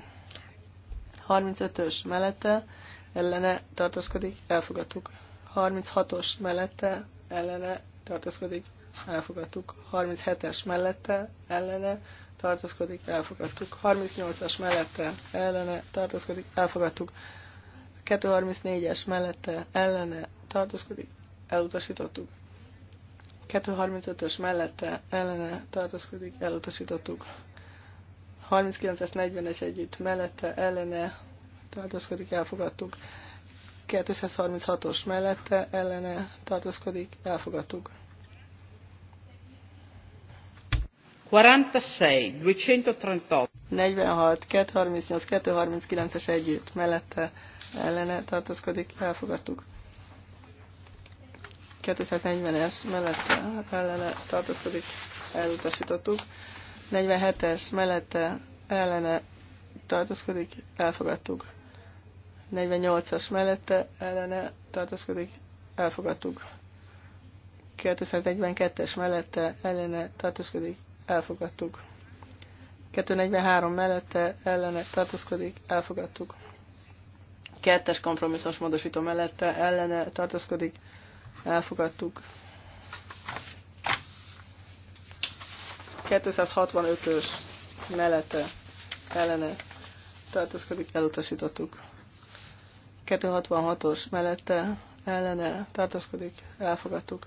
35-ös mellette, ellene, tartózkodik, elfogadtuk. 36-os mellette, ellene, tartózkodik, elfogadtuk. 37-es mellette, ellene, tartózkodik, elfogadtuk. 38-as mellette, ellene, tartózkodik, elfogadtuk. 234-es mellette, ellene, tartózkodik, elutasítottuk. 235-ös mellette, ellene, tartózkodik, elutasítottuk. 39-es, 40-es együtt, mellette, ellene, tartózkodik, elfogadtuk. 236-os mellette, ellene, tartózkodik, elfogadtuk. 46, 238. 46, 238, 239-es együtt, mellette ellene tartozkodik elfogadtuk. 240-es mellette ellene tartozkodik elutasítottuk. 47-es mellette ellene tartozkodik elfogadtuk. 48-as mellette ellene tartozkodik, elfogadtuk. 242-es mellette ellene tartózkodik, elfogadtuk. 243 mellette ellene tartózkodik, elfogadtuk. Kettes kompromisszos módosító mellette ellene tartózkodik, elfogadtuk. 265-ös mellette ellene tartózkodik, elutasítottuk. 266-os mellette ellene tartózkodik, elfogadtuk.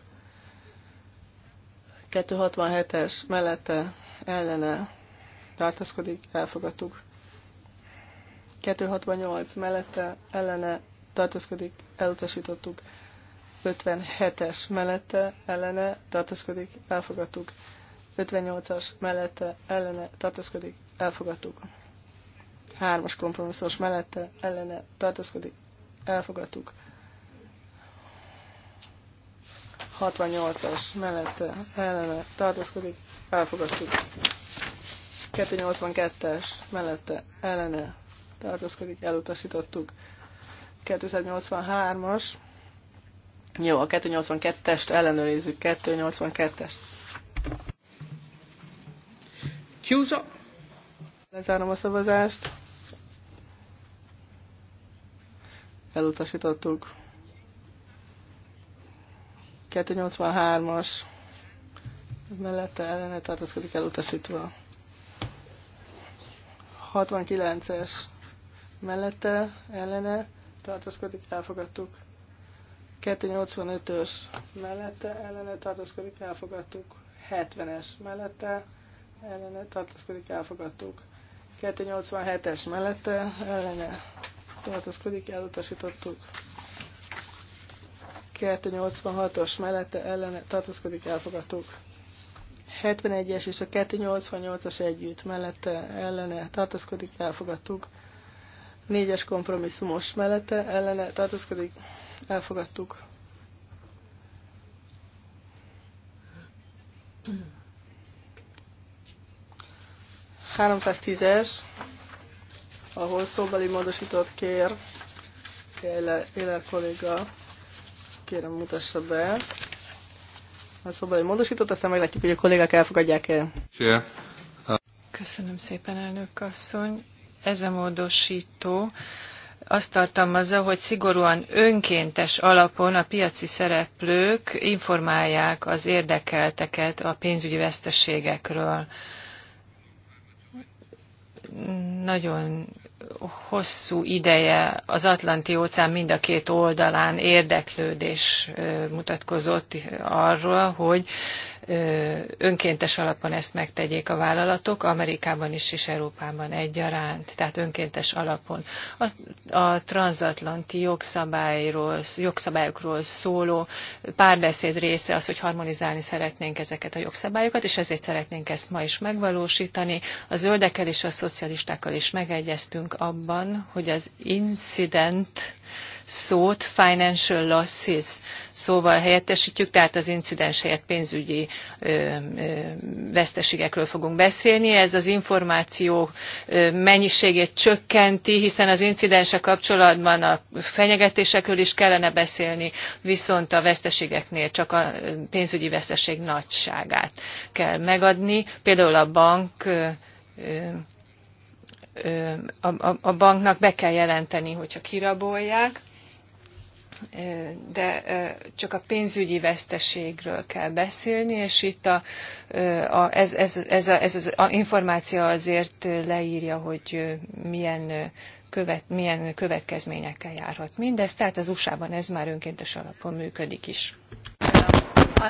267-es mellette ellene tartaszkodik, elfogadtuk. 268 mellette ellene tartaszkodik, elutasítottuk. 57-es mellette ellene tartaszkodik, elfogadtuk. 58-as mellette ellene tartaszkodik, elfogadtuk. 3-as kompromisszós mellette ellene tartaszkodik, elfogadtuk. 68-as mellette ellene tartózkodik, elfogadtuk. 282-es mellette ellene tartózkodik, elutasítottuk. 283-as. Jó, a 282-est ellenőrizzük, 282-est. Chiuso. Lezárom a szavazást. Elutasítottuk. 283-as mellette ellene tartózkodik elutasítva. 69-es mellette ellene tartozkodik, elfogadtuk. 285-ös mellette ellene tartozkodik, elfogadtuk. 70-es mellette ellene tartozkodik, elfogadtuk. 287-es mellette ellene tartozkodik, elutasítottuk. 286-os mellette ellene tartózkodik, elfogadtuk. 71-es és a 288-as együtt mellette ellene tartózkodik, elfogadtuk. 4-es kompromisszumos mellette ellene tartózkodik, elfogadtuk. Mm. 310-es, ahol szóbeli módosított kér éle kolléga. Kérem, mutassa be. A szobai módosított, aztán meglátjuk, hogy a kollégák elfogadják el. Köszönöm szépen, elnök asszony. Ez a módosító azt tartalmazza, hogy szigorúan önkéntes alapon a piaci szereplők informálják az érdekelteket a pénzügyi veszteségekről. Nagyon hosszú ideje az Atlanti óceán mind a két oldalán érdeklődés mutatkozott arról, hogy önkéntes alapon ezt megtegyék a vállalatok, Amerikában is és Európában egyaránt, tehát önkéntes alapon. A, a transatlanti jogszabályról, jogszabályokról szóló párbeszéd része az, hogy harmonizálni szeretnénk ezeket a jogszabályokat, és ezért szeretnénk ezt ma is megvalósítani. A zöldekkel és a szocialistákkal is megegyeztünk abban, hogy az incident szót financial losses szóval helyettesítjük, tehát az incidens helyett pénzügyi ö, ö, veszteségekről fogunk beszélni. Ez az információ ö, mennyiségét csökkenti, hiszen az incidense kapcsolatban a fenyegetésekről is kellene beszélni, viszont a veszteségeknél csak a pénzügyi veszteség nagyságát kell megadni. Például a bank ö, ö, a, a, a banknak be kell jelenteni, hogyha kirabolják de csak a pénzügyi veszteségről kell beszélni, és itt a, a, ez, ez, ez, a, ez az a információ azért leírja, hogy milyen, követ, milyen következményekkel járhat mindez, tehát az USA-ban ez már önkéntes alapon működik is.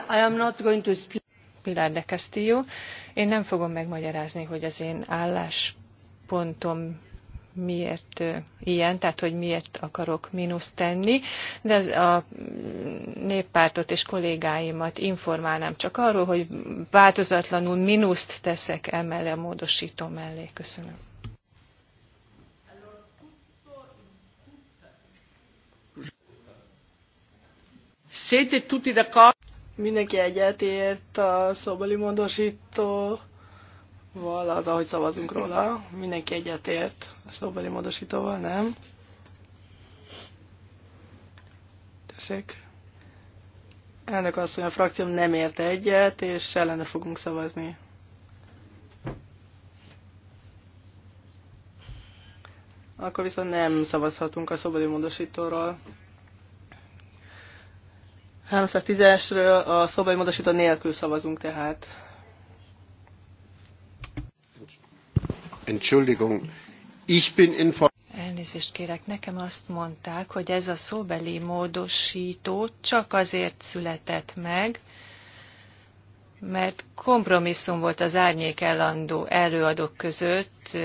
I am not going to speak. Pilar de Castillo. Én nem fogom megmagyarázni, hogy az én álláspontom miért ilyen, tehát hogy miért akarok mínuszt tenni, de az a mm, néppártot és kollégáimat informálnám csak arról, hogy változatlanul mínuszt teszek emelle a módosító mellé. Köszönöm. Siete tutti d'accordo? Mindenki egyetért a szobali módosító val, az, ahogy szavazunk róla. Mindenki egyetért a szóbeli módosítóval, nem? Tessék. Elnök mondja, a frakcióm nem ért egyet, és ellene fogunk szavazni. Akkor viszont nem szavazhatunk a szóbeli módosítóról. 310-esről a szóbeli módosító nélkül szavazunk tehát. Entschuldigung, ich bin informiert. Elnézést kérek, nekem azt mondták, hogy ez a szóbeli módosító csak azért született meg, mert kompromisszum volt az árnyék ellandó előadók között,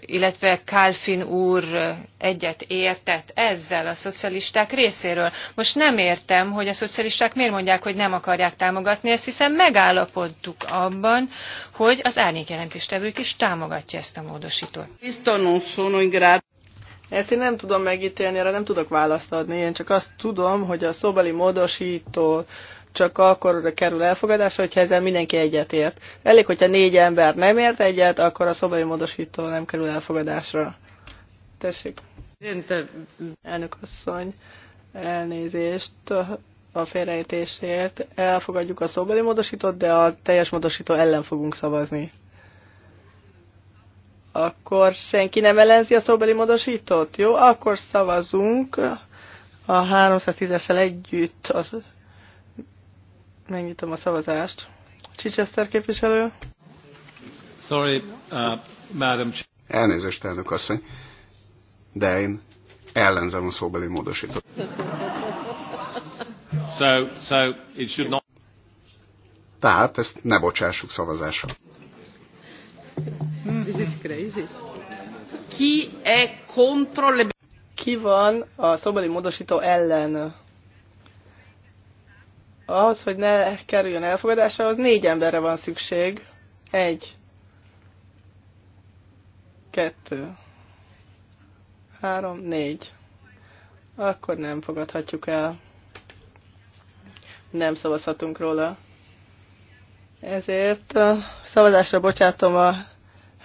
illetve Kálfin úr egyet értett ezzel a szocialisták részéről. Most nem értem, hogy a szocialisták miért mondják, hogy nem akarják támogatni ezt, hiszen megállapodtuk abban, hogy az árnyék jelentéstevők is támogatja ezt a módosítót. Ezt én nem tudom megítélni, erre nem tudok választ adni. Én csak azt tudom, hogy a szobeli módosító csak akkor kerül elfogadásra, hogyha ezzel mindenki egyetért. Elég, hogyha négy ember nem ért egyet, akkor a szobai módosító nem kerül elfogadásra. Tessék. Elnök asszony, elnézést a félreértésért. Elfogadjuk a szobeli módosítót, de a teljes módosító ellen fogunk szavazni. Akkor senki nem ellenzi a szóbeli módosítót? Jó, akkor szavazunk a 310-essel együtt az Megnyitom a szavazást. Chichester képviselő. Sorry, uh, madam. Elnézést, elnök asszony, de én ellenzem a szóbeli módosítót. So, so it should not... Tehát ezt ne bocsássuk szavazásra. Hmm. This is crazy. Ki e contro le... Ki van a szobeli módosító ellen? ahhoz, hogy ne kerüljön elfogadásra, az négy emberre van szükség. Egy, kettő, három, négy. Akkor nem fogadhatjuk el. Nem szavazhatunk róla. Ezért uh, szavazásra bocsátom a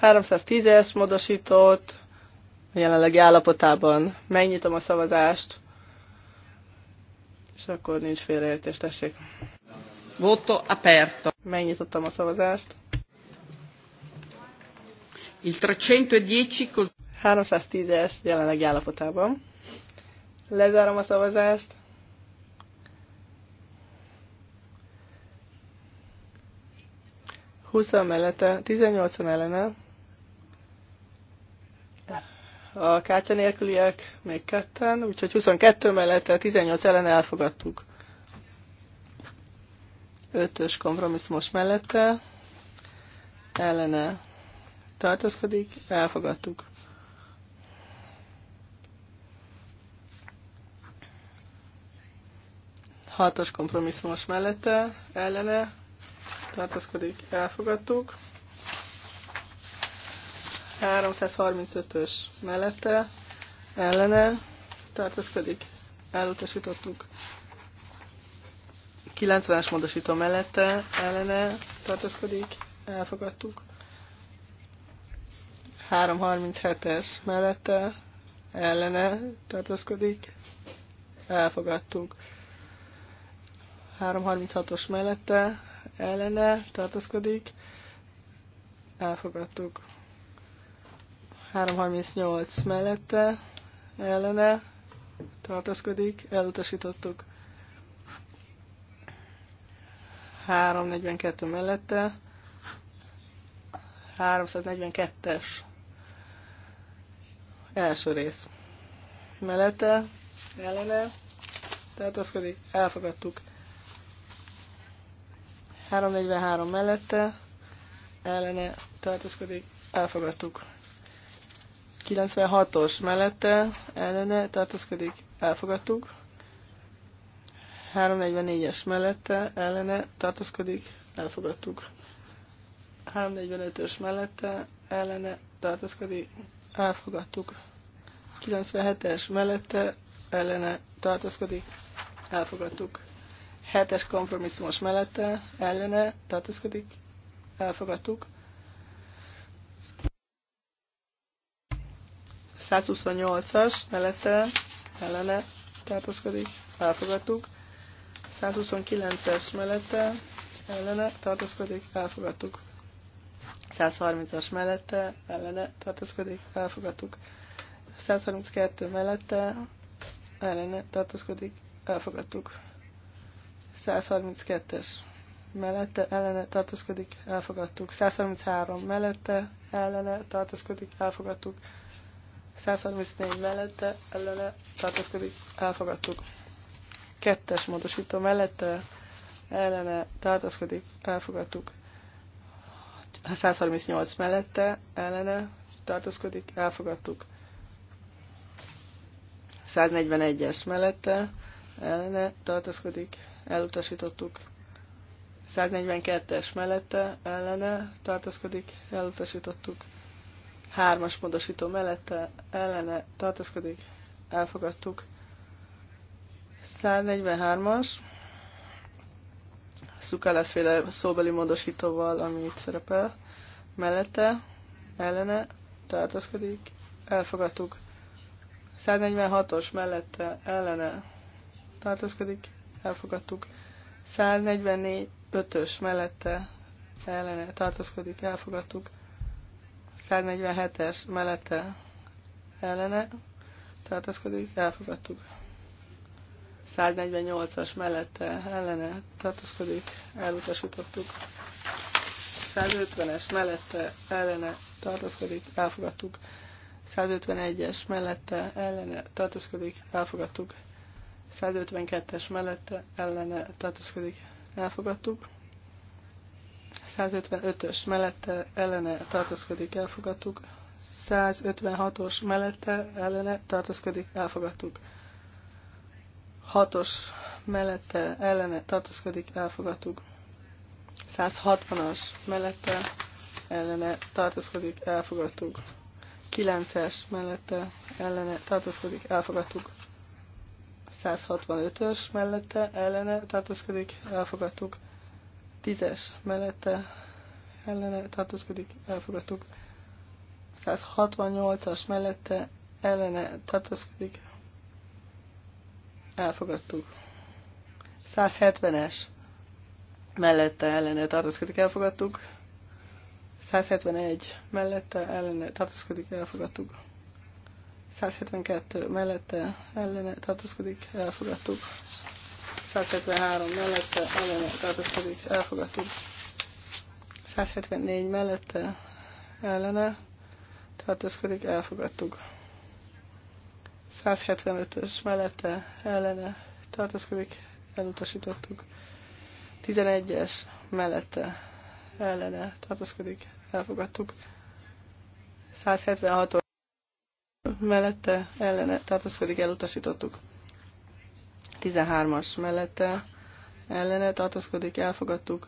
310-es módosítót a jelenlegi állapotában. Megnyitom a szavazást. És akkor nincs félreértés, tessék. Voto aperto. Megnyitottam a szavazást. Il 310 310-es jelenleg állapotában. Lezárom a szavazást. Húszan mellette, 18 ellene, a kártya nélküliek még ketten, úgyhogy 22 mellette 18 ellen elfogadtuk. 5-ös kompromisszumos mellette ellene tartózkodik, elfogadtuk. Hatos kompromisszumos mellette ellene tartózkodik, elfogadtuk. 335-ös mellette ellene pedig Elutasítottuk. 90-es módosító mellette ellene tartózkodik. Elfogadtuk. 337-es mellette ellene tartózkodik. Elfogadtuk. 336-os mellette ellene tartózkodik. Elfogadtuk. 338 mellette ellene tartaszkodik, elutasítottuk. 342 mellette 342-es első rész mellette ellene tartózkodik, elfogadtuk. 343 mellette ellene tartózkodik, elfogadtuk. 96-os mellette ellene tartózkodik, elfogadtuk. 344-es mellette ellene tartózkodik, elfogadtuk. 345-ös mellette ellene tartózkodik, elfogadtuk. 97-es mellette ellene tartózkodik, elfogadtuk. 7-es kompromisszumos mellette ellene tartózkodik, elfogadtuk. 128-as mellette ellene tartózkodik, elfogadtuk. 129-es mellette ellene tartózkodik, elfogadtuk. 130-as mellette ellene tartózkodik, elfogadtuk. 132 mellette ellene tartózkodik, elfogadtuk. 132-es mellette ellene tartózkodik, elfogadtuk. 133 mellette ellene tartózkodik, elfogadtuk. 134 mellette ellene tartózkodik, elfogadtuk. Kettes módosító mellette ellene tartózkodik, elfogadtuk. 138 mellette ellene tartózkodik, elfogadtuk. 141-es mellette ellene tartózkodik, elutasítottuk. 142-es mellette ellene tartózkodik, elutasítottuk. Hármas módosító mellette ellene tartózkodik. Elfogadtuk. 143-as. Szukálászféle szóbeli módosítóval, ami itt szerepel. Mellette ellene tartozkodik, Elfogadtuk. 146-os mellette ellene tartozkodik, Elfogadtuk. 144 5-ös mellette ellene tartozkodik, Elfogadtuk. 147-es mellette ellene tartózkodik, elfogadtuk. 148-as mellette ellene tartózkodik, elutasítottuk. 150-es mellette ellene tartózkodik, elfogadtuk. 151-es mellette ellene tartózkodik, elfogadtuk. 152-es mellette ellene tartózkodik, elfogadtuk. 155-ös mellette ellene tartózkodik, elfogadtuk. 156-os mellette ellene tartózkodik, elfogadtuk. 6-os mellette ellene tartózkodik, elfogadtuk. 160-as mellette ellene tartózkodik, elfogadtuk. 9-es mellette ellene tartózkodik, elfogadtuk. 165-ös mellette ellene tartózkodik, elfogadtuk. Tízes mellette ellene tartózkodik, elfogadtuk. 168-as mellette ellene tartózkodik, elfogadtuk. 170-es mellette ellene tartózkodik, elfogadtuk. 171 mellette ellene tartózkodik, elfogadtuk. 172 mellette ellene tartózkodik, elfogadtuk. 173 mellette ellene tartózkodik, elfogadtuk. 174 mellette ellene tartózkodik, elfogadtuk. 175-ös mellette ellene tartózkodik, elutasítottuk. 11-es mellette ellene tartózkodik, elfogadtuk. 176-os mellette ellene tartózkodik, elutasítottuk. 13-as mellette ellene tartózkodik, elfogadtuk.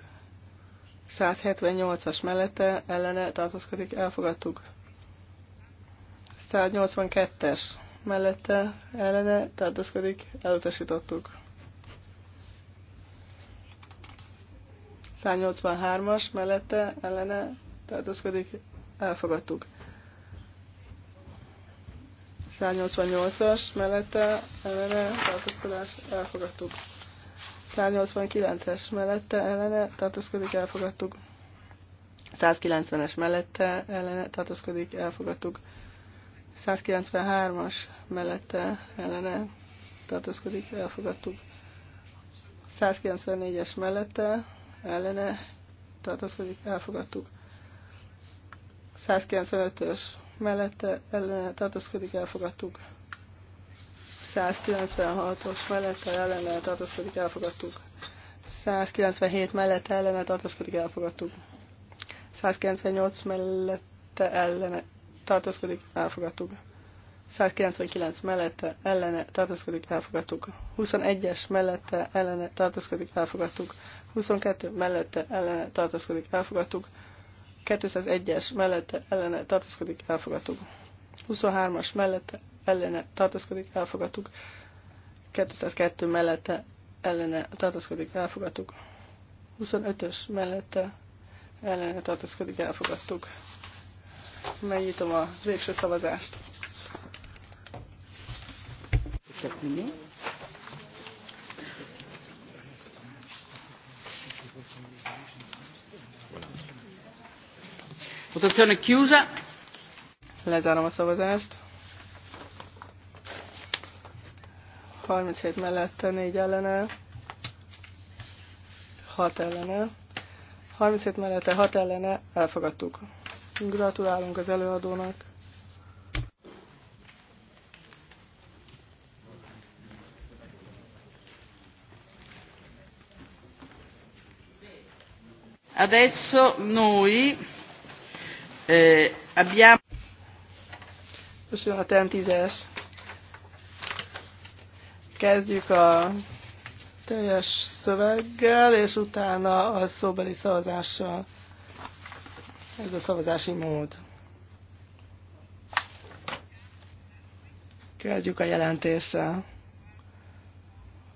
178-as mellette ellene tartózkodik, elfogadtuk. 182-es mellette ellene tartózkodik, elutasítottuk. 183-as mellette ellene tartózkodik, elfogadtuk. 188-as mellette ellene tartózkodás elfogadtuk. 189-es mellette ellene tartózkodik, elfogadtuk. 190-es mellette ellene tartózkodik, elfogadtuk. 193-as mellette ellene tartózkodik, elfogadtuk. 194-es mellette ellene tartózkodik, elfogadtuk. 195-ös mellette ellene tartózkodik, elfogadtuk. 196-os mellette ellene tartózkodik, elfogadtuk. 197 mellette ellene tartózkodik, elfogadtuk. 198 mellette ellene tartózkodik, elfogadtuk. 199 mellette ellene tartózkodik, elfogadtuk. 21-es mellette ellene tartózkodik, elfogadtuk. 22 mellette ellene tartózkodik, elfogadtuk. 201-es mellette ellene tartózkodik, elfogadtuk. 23-as mellette ellene tartózkodik, elfogadtuk. 202 mellette ellene tartózkodik, elfogadtuk. 25-ös mellette ellene tartózkodik, elfogadtuk. Megnyitom a végső szavazást. Köszönöm. votazione chiusa. Lezárom a szavazást. 37 mellette, 4 ellene, 6 ellene. 37 mellette, 6 ellene elfogadtuk. Gratulálunk az előadónak. Adesso noi Eh, abbiamo... 10 Kezdjük a teljes szöveggel, és utána a szóbeli szavazással. Ez a szavazási mód. Kezdjük a jelentéssel.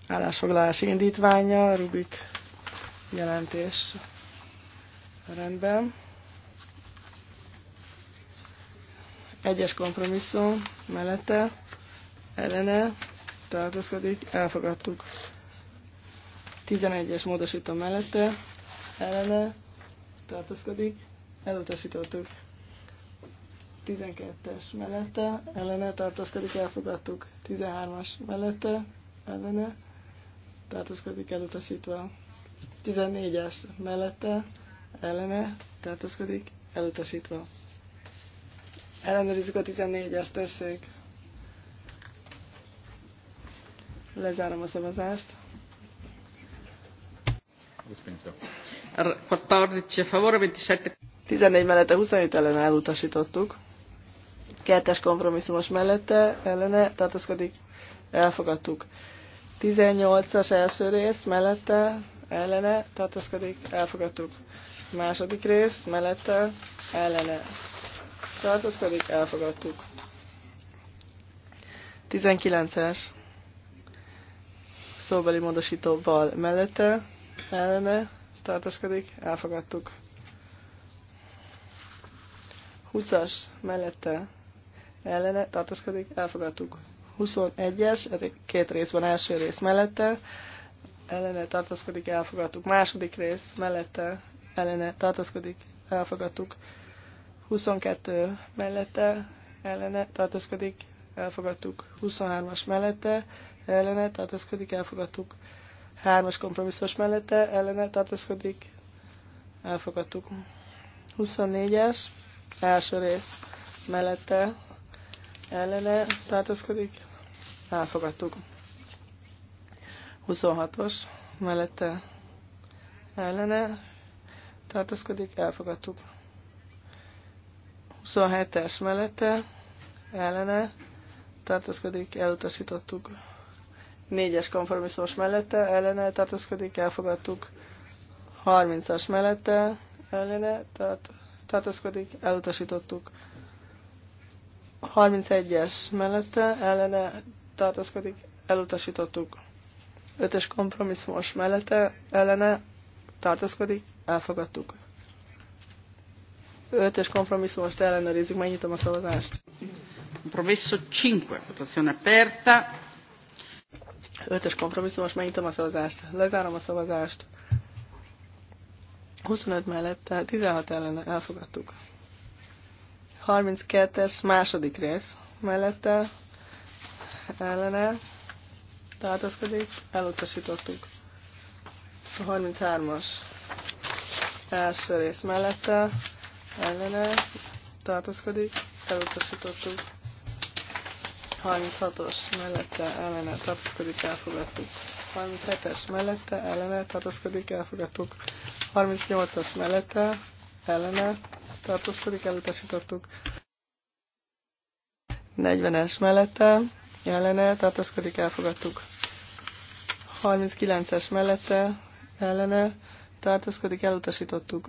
Állásfoglalási indítványa, Rubik jelentés. Rendben. Egyes kompromisszum mellette ellene tartózkodik, elfogadtuk. 11-es módosító mellette ellene tartózkodik, elutasítottuk. 12-es mellette ellene tartózkodik, elfogadtuk. 13-as mellette ellene tartózkodik, elutasítva. 14-es mellette ellene tartózkodik, elutasítva. Ellenőrizzük a 14-es, tessék. Lezárom a szavazást. 14 mellette 27 ellen elutasítottuk. Kettes kompromisszumos mellette ellene tartozkodik, Elfogadtuk. 18-as első rész mellette ellene tartozkodik, Elfogadtuk. Második rész mellette ellene pedig elfogadtuk. 19-es szóbeli módosítóval mellette, ellene tartózkodik, elfogadtuk. 20-as mellette ellene tartózkodik, elfogadtuk. 21-es, két részben, első rész mellette, ellene tartózkodik, elfogadtuk. Második rész mellette, ellene tartózkodik, elfogadtuk. 22 mellette ellene tartózkodik, elfogadtuk. 23-as mellette ellene tartózkodik, elfogadtuk. 3-as kompromisszos mellette ellene tartózkodik, elfogadtuk. 24-es első rész mellette ellene tartózkodik, elfogadtuk. 26-os mellette ellene tartózkodik, elfogadtuk. 27-es mellette ellene tartózkodik, elutasítottuk. 4-es kompromisszós mellette ellene tartózkodik, elfogadtuk. 30-as mellette ellene tart, tartózkodik, elutasítottuk. 31-es mellette ellene tartózkodik, elutasítottuk. 5 es kompromisszumos mellette ellene tartózkodik, elfogadtuk. Ötös most ellenőrizzük, megnyitom a szavazást. Compromesso 5, votazione aperta. Ötös most megnyitom a szavazást. Lezárom a szavazást. 25 mellette, 16 ellen elfogadtuk. 32-es második rész mellette ellene tartozkodik, elutasítottuk. A 33-as első rész mellette ellene tartózkodik, elutasítottuk. 36-os mellette ellene tartózkodik, elfogadtuk. 37-es mellette ellene tartózkodik, elfogadtuk. 38-as mellette ellene tartózkodik, elutasítottuk. 40-es mellette ellene tartózkodik, elfogadtuk. 39-es mellette ellene tartózkodik, elutasítottuk.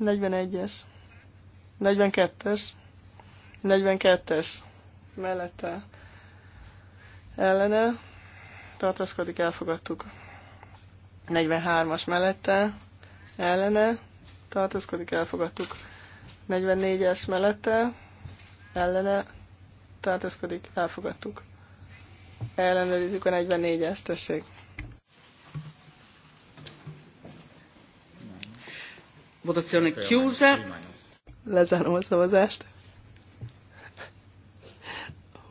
41-es, 42-es, 42-es mellette ellene Tartaszkodik, elfogadtuk. 43-as mellette ellene Tartaszkodik, elfogadtuk. 44-es mellette ellene Tartaszkodik, elfogadtuk. Ellenőrizzük a 44 es tessék. Votazione chiusa. Lezárom a szavazást.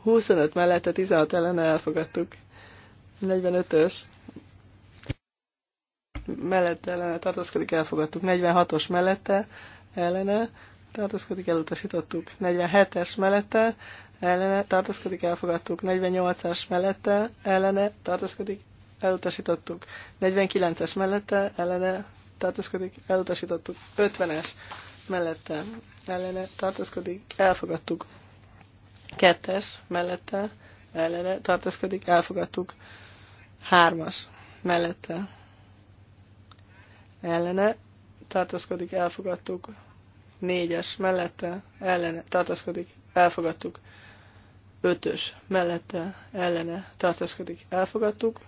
25 a 16 ellen elfogadtuk. 45-ös mellette ellene tartozkodik, elfogadtuk. 46-os mellette ellene tartozkodik elutasítottuk. 47-es mellette ellene tartozkodik elfogadtuk. 48-as mellette ellene tartozkodik elutasítottuk. 49-es mellette ellene tartózkodik, elutasítottuk. 50-es mellette ellene tartózkodik, elfogadtuk. 2-es mellette ellene tartózkodik, elfogadtuk. 3-as mellette ellene tartózkodik, elfogadtuk. 4-es mellette ellene tartózkodik, elfogadtuk. 5-ös mellette ellene tartózkodik, elfogadtuk.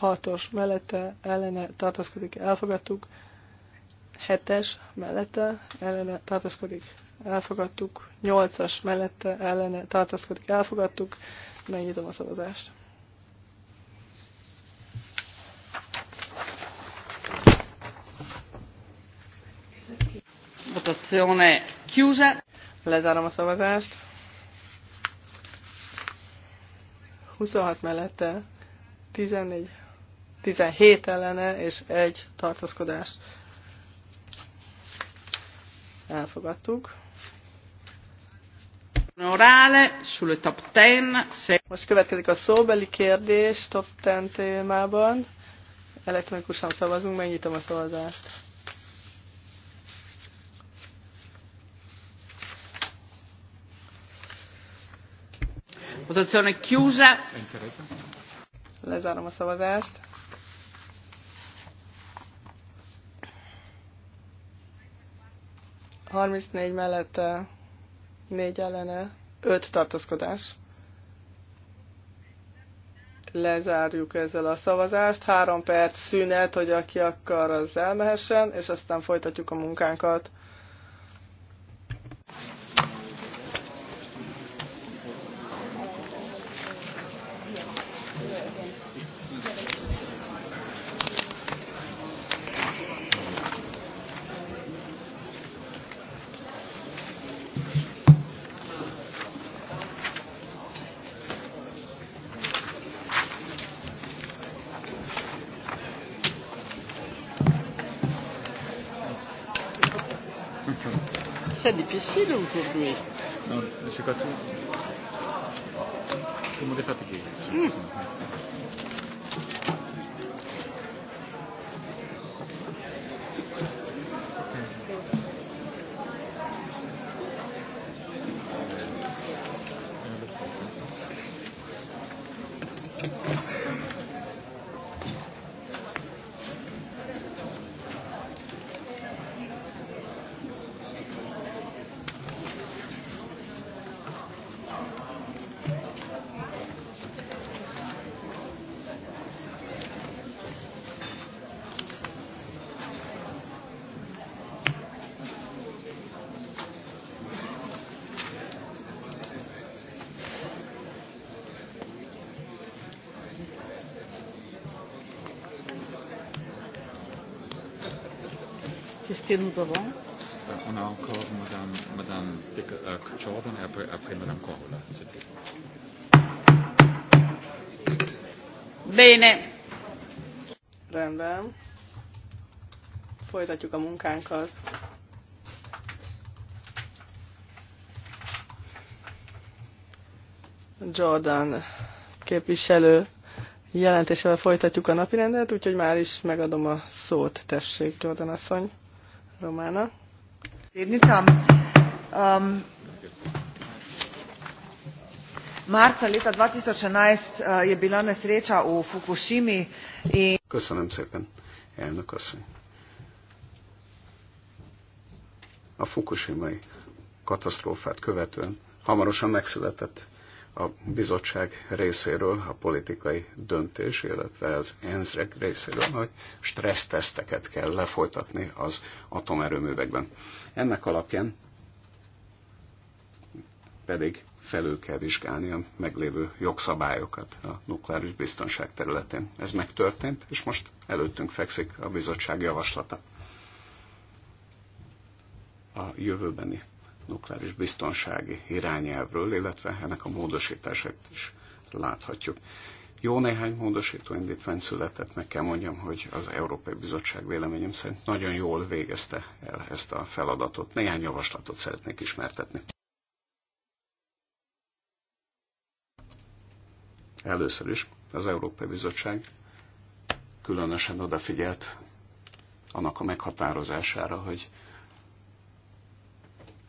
6-os mellette ellene tartózkodik, elfogadtuk. 7-es mellette ellene tartaszkodik, elfogadtuk. as mellette ellene tartaszkodik, elfogadtuk. Megnyitom a szavazást. Votazione chiusa. Lezárom a szavazást. 26 mellette, 14, 17 ellene és egy tartaszkodás. Elfogadtuk. Orale, sulle top ten, se... Most következik a szóbeli kérdés top 10 témában. Elektronikusan szavazunk, megnyitom a szavazást. Votazione chiusa. Lezárom a szavazást. 34 mellette, 4 ellene, 5 tartózkodás. Lezárjuk ezzel a szavazást. Három perc szünet, hogy aki akar, az elmehessen, és aztán folytatjuk a munkánkat. difficile aujourd'hui. Non, c'est pas tout. Tout le monde est fatigué. Mm. Thank hmm. you. que nous avons euh, On a encore Madame, Madame euh, Jordan et après, après Madame Corolla. Bene. Rendben. Folytatjuk a munkánkat. Jordan képviselő jelentésével folytatjuk a napirendet, úgyhogy már is megadom a szót, tessék, Jordan asszony. Romana. Predsednica, um, marca leta 2011 je bila nesreča v Fukushimi in... Köszönöm szépen, elnök asszony. A fukushimai katasztrófát követően hamarosan megszületett a bizottság részéről a politikai döntés, illetve az ensz részéről, hogy stresszteszteket kell lefolytatni az atomerőművekben. Ennek alapján pedig felül kell vizsgálni a meglévő jogszabályokat a nukleáris biztonság területén. Ez megtörtént, és most előttünk fekszik a bizottság javaslata. A jövőbeni nukleáris biztonsági irányelvről, illetve ennek a módosítását is láthatjuk. Jó néhány módosító indítvány született, meg kell mondjam, hogy az Európai Bizottság véleményem szerint nagyon jól végezte el ezt a feladatot. Néhány javaslatot szeretnék ismertetni. Először is az Európai Bizottság különösen odafigyelt annak a meghatározására, hogy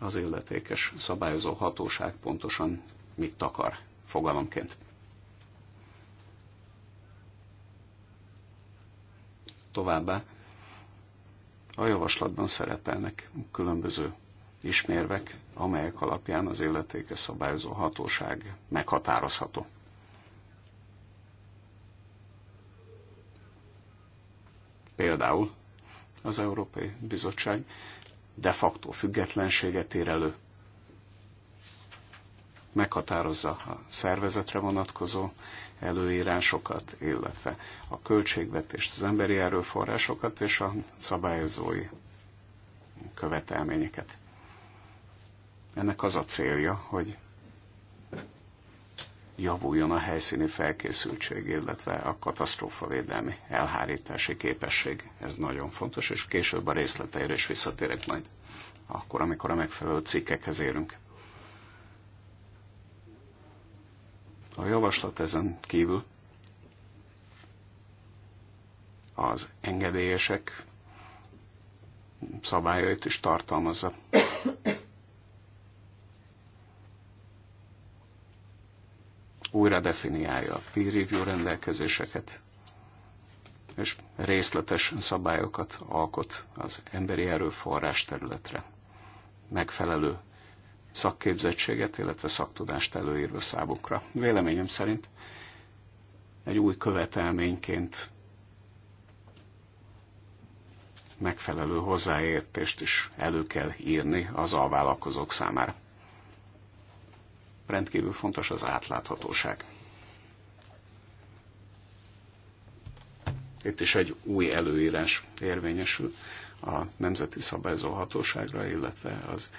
az illetékes szabályozó hatóság pontosan mit takar fogalomként. Továbbá a javaslatban szerepelnek különböző ismérvek, amelyek alapján az illetékes szabályozó hatóság meghatározható. Például az Európai Bizottság de facto függetlenséget ér elő, meghatározza a szervezetre vonatkozó előírásokat, illetve a költségvetést, az emberi erőforrásokat és a szabályozói követelményeket. Ennek az a célja, hogy javuljon a helyszíni felkészültség, illetve a katasztrófavédelmi elhárítási képesség. Ez nagyon fontos, és később a részleteire is visszatérek majd, akkor, amikor a megfelelő cikkekhez érünk. A javaslat ezen kívül az engedélyesek szabályait is tartalmazza újra definiálja a peer review rendelkezéseket, és részletes szabályokat alkot az emberi erőforrás területre. Megfelelő szakképzettséget, illetve szaktudást előírva számukra. Véleményem szerint egy új követelményként megfelelő hozzáértést is elő kell írni az alvállalkozók számára rendkívül fontos az átláthatóság. Itt is egy új előírás érvényesül a Nemzeti Szabályozó Hatóságra, illetve az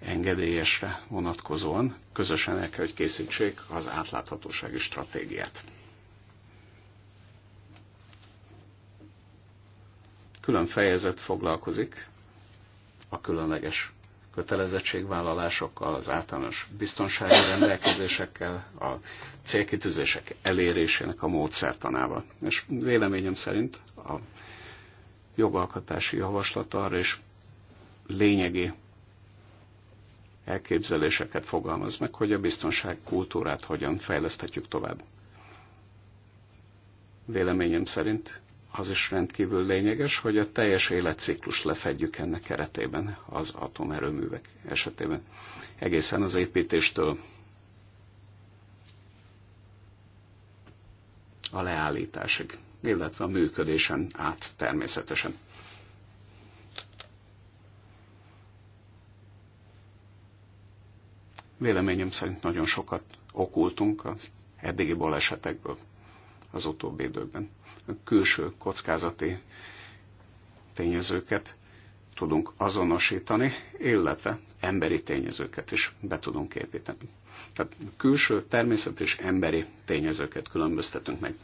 engedélyesre vonatkozóan közösen el kell, hogy készítsék az átláthatósági stratégiát. Külön fejezet foglalkozik a különleges kötelezettségvállalásokkal, az általános biztonsági rendelkezésekkel, a célkitűzések elérésének a módszertanával. És véleményem szerint a jogalkotási javaslat arra is lényegi elképzeléseket fogalmaz meg, hogy a biztonság kultúrát hogyan fejleszthetjük tovább. Véleményem szerint az is rendkívül lényeges, hogy a teljes életciklus lefedjük ennek keretében az atomerőművek esetében. Egészen az építéstől a leállításig, illetve a működésen át természetesen. Véleményem szerint nagyon sokat okultunk az eddigi balesetekből az utóbbi időben külső kockázati tényezőket tudunk azonosítani, illetve emberi tényezőket is be tudunk építeni. Tehát külső, természet és emberi tényezőket különböztetünk meg.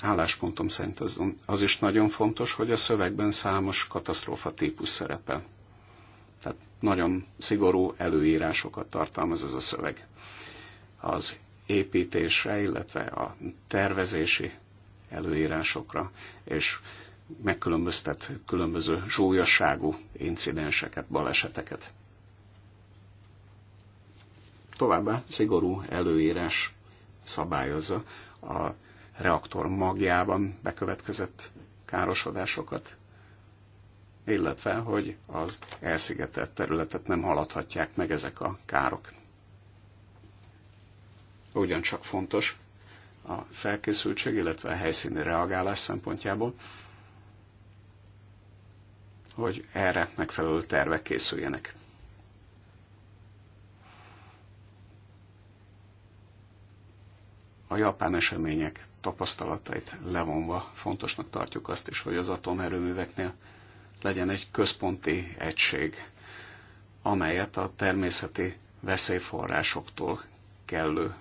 Álláspontom szerint az, az is nagyon fontos, hogy a szövegben számos katasztrófa típus szerepel. Tehát nagyon szigorú előírásokat tartalmaz ez a szöveg az építésre, illetve a tervezési előírásokra, és megkülönböztet különböző súlyosságú incidenseket, baleseteket. Továbbá szigorú előírás szabályozza a reaktor magjában bekövetkezett károsodásokat, illetve hogy az elszigetelt területet nem haladhatják meg ezek a károk ugyancsak fontos a felkészültség, illetve a helyszíni reagálás szempontjából, hogy erre megfelelő tervek készüljenek. A japán események tapasztalatait levonva fontosnak tartjuk azt is, hogy az atomerőműveknél legyen egy központi egység, amelyet a természeti veszélyforrásoktól kellő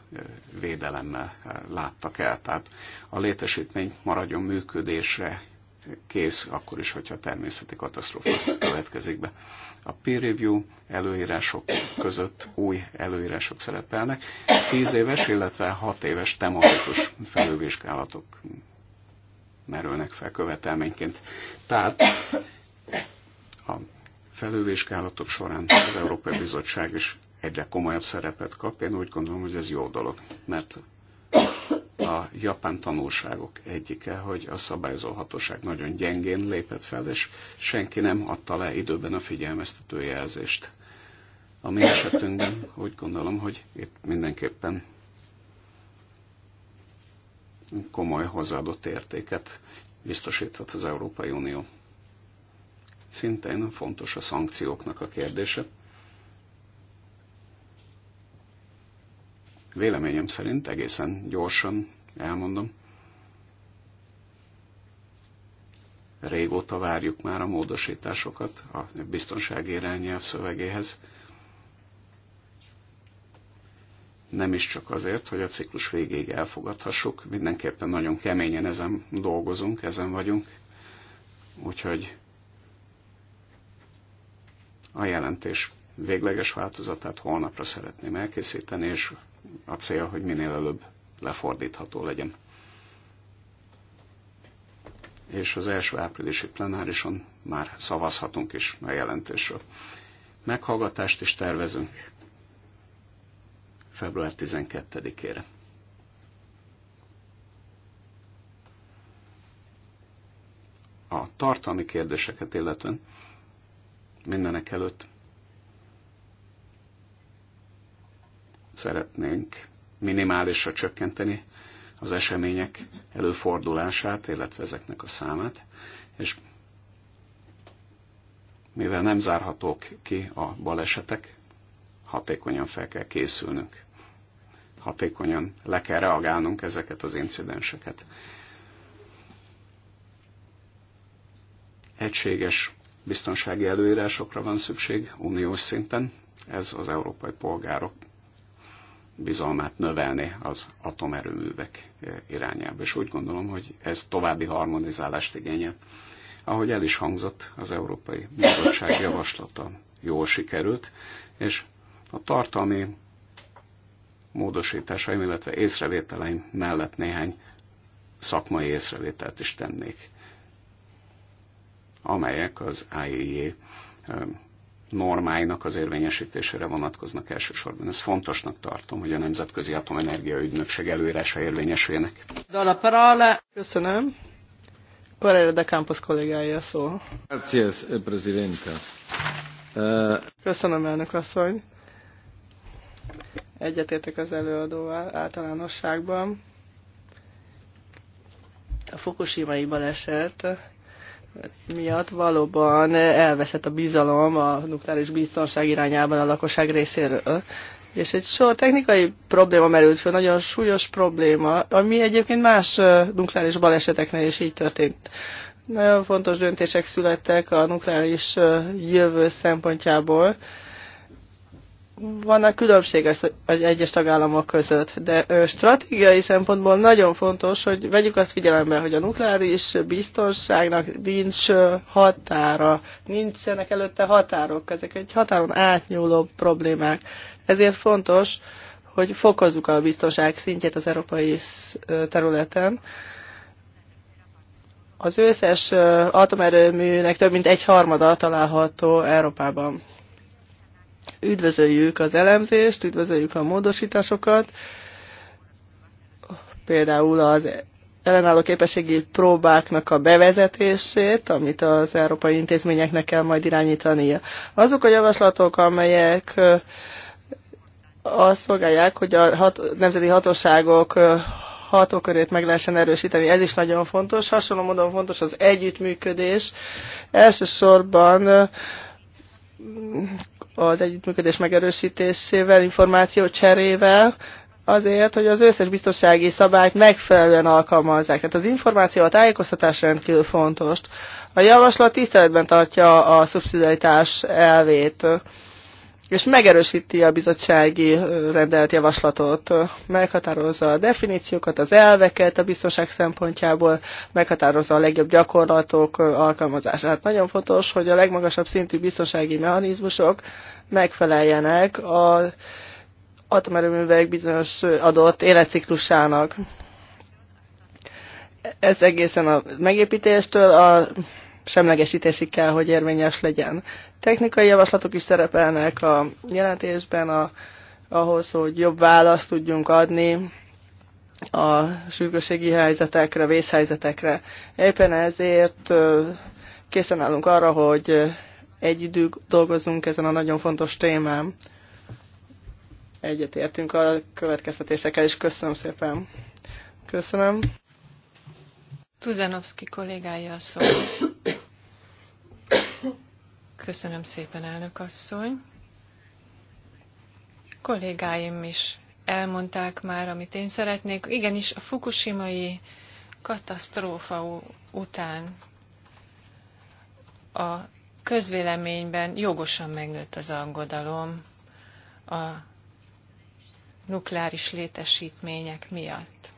védelemmel láttak el. Tehát a létesítmény maradjon működésre kész, akkor is, hogyha természeti katasztrófa következik be. A peer review előírások között új előírások szerepelnek, 10 éves, illetve 6 éves tematikus felülvizsgálatok merülnek fel követelményként. Tehát a felülvizsgálatok során az Európai Bizottság is egyre komolyabb szerepet kap. Én úgy gondolom, hogy ez jó dolog, mert a japán tanulságok egyike, hogy a szabályozó hatóság nagyon gyengén lépett fel, és senki nem adta le időben a figyelmeztető jelzést. A mi esetünkben úgy gondolom, hogy itt mindenképpen komoly hozzáadott értéket biztosíthat az Európai Unió. Szintén fontos a szankcióknak a kérdése. Véleményem szerint egészen gyorsan elmondom. Régóta várjuk már a módosításokat a biztonsági irányelv szövegéhez. Nem is csak azért, hogy a ciklus végéig elfogadhassuk, mindenképpen nagyon keményen ezen dolgozunk, ezen vagyunk. Úgyhogy a jelentés végleges változatát holnapra szeretném elkészíteni, és a cél, hogy minél előbb lefordítható legyen. És az első áprilisi plenárison már szavazhatunk is a jelentésről. Meghallgatást is tervezünk február 12-ére. A tartalmi kérdéseket illetően mindenek előtt szeretnénk minimálisra csökkenteni az események előfordulását, illetve ezeknek a számát, és mivel nem zárhatók ki a balesetek, hatékonyan fel kell készülnünk. Hatékonyan le kell reagálnunk ezeket az incidenseket. Egységes biztonsági előírásokra van szükség uniós szinten, ez az európai polgárok bizalmát növelni az atomerőművek eh, irányába. És úgy gondolom, hogy ez további harmonizálást igényel. Ahogy el is hangzott, az Európai Bizottság javaslata jól sikerült, és a tartalmi módosításaim, illetve észrevételeim mellett néhány szakmai észrevételt is tennék, amelyek az IEA eh, normáinak az érvényesítésére vonatkoznak elsősorban. Ez fontosnak tartom, hogy a Nemzetközi Atomenergia Ügynökség előírása érvényesüljenek. Köszönöm. Correa de Campos kollégája szó. Gracias, eh, Presidente. Eh, Köszönöm, elnök asszony. Egyetértek az előadóval általánosságban. A fukushimai baleset miatt valóban elveszett a bizalom a nukleáris biztonság irányában a lakosság részéről. És egy sor technikai probléma merült fel, nagyon súlyos probléma, ami egyébként más nukleáris baleseteknél is így történt. Nagyon fontos döntések születtek a nukleáris jövő szempontjából, vannak különbség az egyes tagállamok között, de stratégiai szempontból nagyon fontos, hogy vegyük azt figyelembe, hogy a nukleáris biztonságnak nincs határa, nincsenek előtte határok, ezek egy határon átnyúló problémák. Ezért fontos, hogy fokozzuk a biztonság szintjét az európai területen. Az összes atomerőműnek több mint egy harmada található Európában. Üdvözöljük az elemzést, üdvözöljük a módosításokat, például az ellenálló képességi próbáknak a bevezetését, amit az európai intézményeknek kell majd irányítania. Azok a javaslatok, amelyek azt szolgálják, hogy a hat, nemzeti hatóságok hatókörét meg lehessen erősíteni. Ez is nagyon fontos. Hasonló módon fontos az együttműködés. Elsősorban az együttműködés megerősítésével, információ cserével, azért, hogy az összes biztonsági szabályt megfelelően alkalmazzák. Tehát az információ, a tájékoztatás rendkívül fontos. A javaslat tiszteletben tartja a szubszidiaritás elvét és megerősíti a bizottsági rendelt javaslatot, meghatározza a definíciókat, az elveket a biztonság szempontjából, meghatározza a legjobb gyakorlatok alkalmazását. Hát nagyon fontos, hogy a legmagasabb szintű biztonsági mechanizmusok megfeleljenek az atomerőművek bizonyos adott életciklusának. Ez egészen a megépítéstől a semlegesítési kell, hogy érvényes legyen. Technikai javaslatok is szerepelnek a jelentésben a, ahhoz, hogy jobb választ tudjunk adni a sürgőségi helyzetekre, vészhelyzetekre. Éppen ezért készen állunk arra, hogy együtt dolgozunk ezen a nagyon fontos témán. Egyetértünk a következtetésekkel, és köszönöm szépen. Köszönöm. Tuzanovszki kollégája a szó. Köszönöm szépen, elnök asszony. Kollégáim is elmondták már, amit én szeretnék. Igenis, a fukushimai katasztrófa után a közvéleményben jogosan megnőtt az aggodalom a nukleáris létesítmények miatt.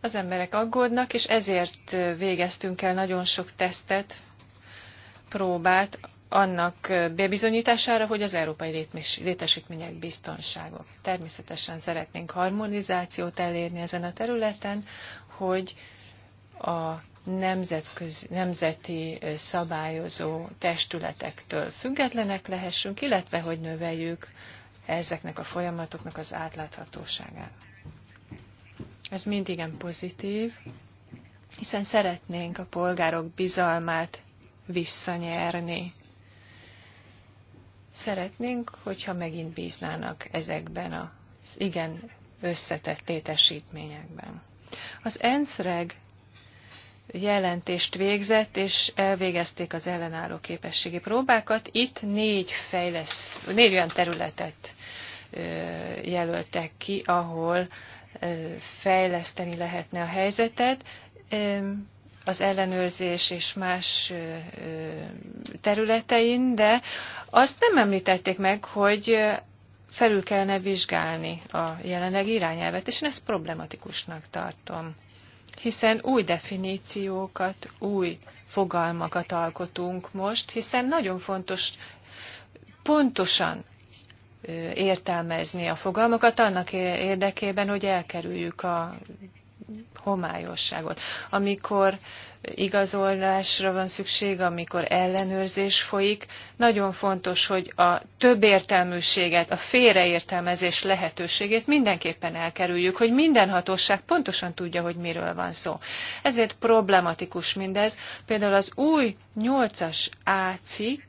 Az emberek aggódnak, és ezért végeztünk el nagyon sok tesztet, próbált annak bebizonyítására, hogy az európai létesítmények biztonságok. Természetesen szeretnénk harmonizációt elérni ezen a területen, hogy a nemzetközi, nemzeti szabályozó testületektől függetlenek lehessünk, illetve hogy növeljük ezeknek a folyamatoknak az átláthatóságát. Ez mindig igen pozitív, hiszen szeretnénk a polgárok bizalmát visszanyerni. Szeretnénk, hogyha megint bíznának ezekben az igen összetett létesítményekben. Az ENSZREG jelentést végzett, és elvégezték az ellenálló képességi próbákat. Itt négy, fejlesz, négy olyan területet jelöltek ki, ahol fejleszteni lehetne a helyzetet az ellenőrzés és más területein, de azt nem említették meg, hogy felül kellene vizsgálni a jelenlegi irányelvet, és én ezt problematikusnak tartom. Hiszen új definíciókat, új fogalmakat alkotunk most, hiszen nagyon fontos pontosan értelmezni a fogalmakat annak érdekében, hogy elkerüljük a homályosságot. Amikor igazolásra van szükség, amikor ellenőrzés folyik, nagyon fontos, hogy a többértelműséget, a félreértelmezés lehetőségét mindenképpen elkerüljük, hogy minden hatóság pontosan tudja, hogy miről van szó. Ezért problematikus mindez. Például az új 8-as ácik,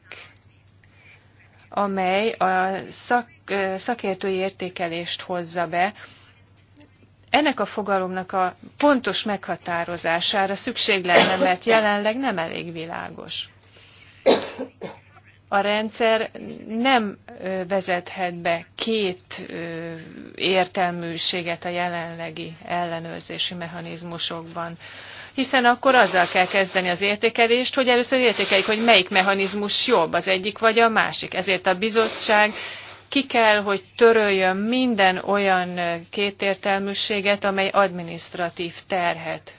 amely a szak, szakértői értékelést hozza be, ennek a fogalomnak a pontos meghatározására szükség lenne, mert jelenleg nem elég világos. A rendszer nem vezethet be két értelműséget a jelenlegi ellenőrzési mechanizmusokban hiszen akkor azzal kell kezdeni az értékelést, hogy először értékeljük, hogy melyik mechanizmus jobb, az egyik vagy a másik. Ezért a bizottság ki kell, hogy töröljön minden olyan kétértelműséget, amely administratív terhet,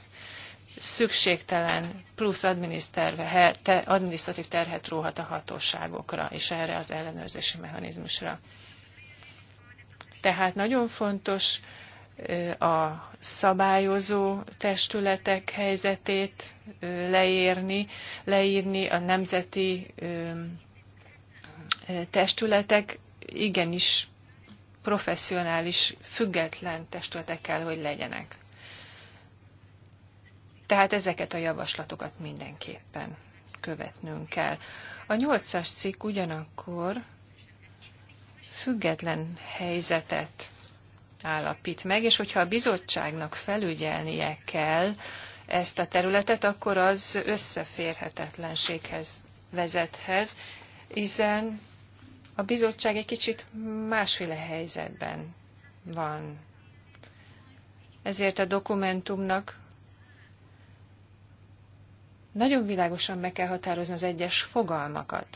szükségtelen plusz administratív terhet róhat a hatóságokra és erre az ellenőrzési mechanizmusra. Tehát nagyon fontos a szabályozó testületek helyzetét leírni, leírni a nemzeti testületek igenis professzionális, független testületek kell, hogy legyenek. Tehát ezeket a javaslatokat mindenképpen követnünk kell. A nyolcas cikk ugyanakkor független helyzetet állapít meg, és hogyha a bizottságnak felügyelnie kell ezt a területet, akkor az összeférhetetlenséghez vezethez, hiszen a bizottság egy kicsit másféle helyzetben van. Ezért a dokumentumnak nagyon világosan meg kell határozni az egyes fogalmakat.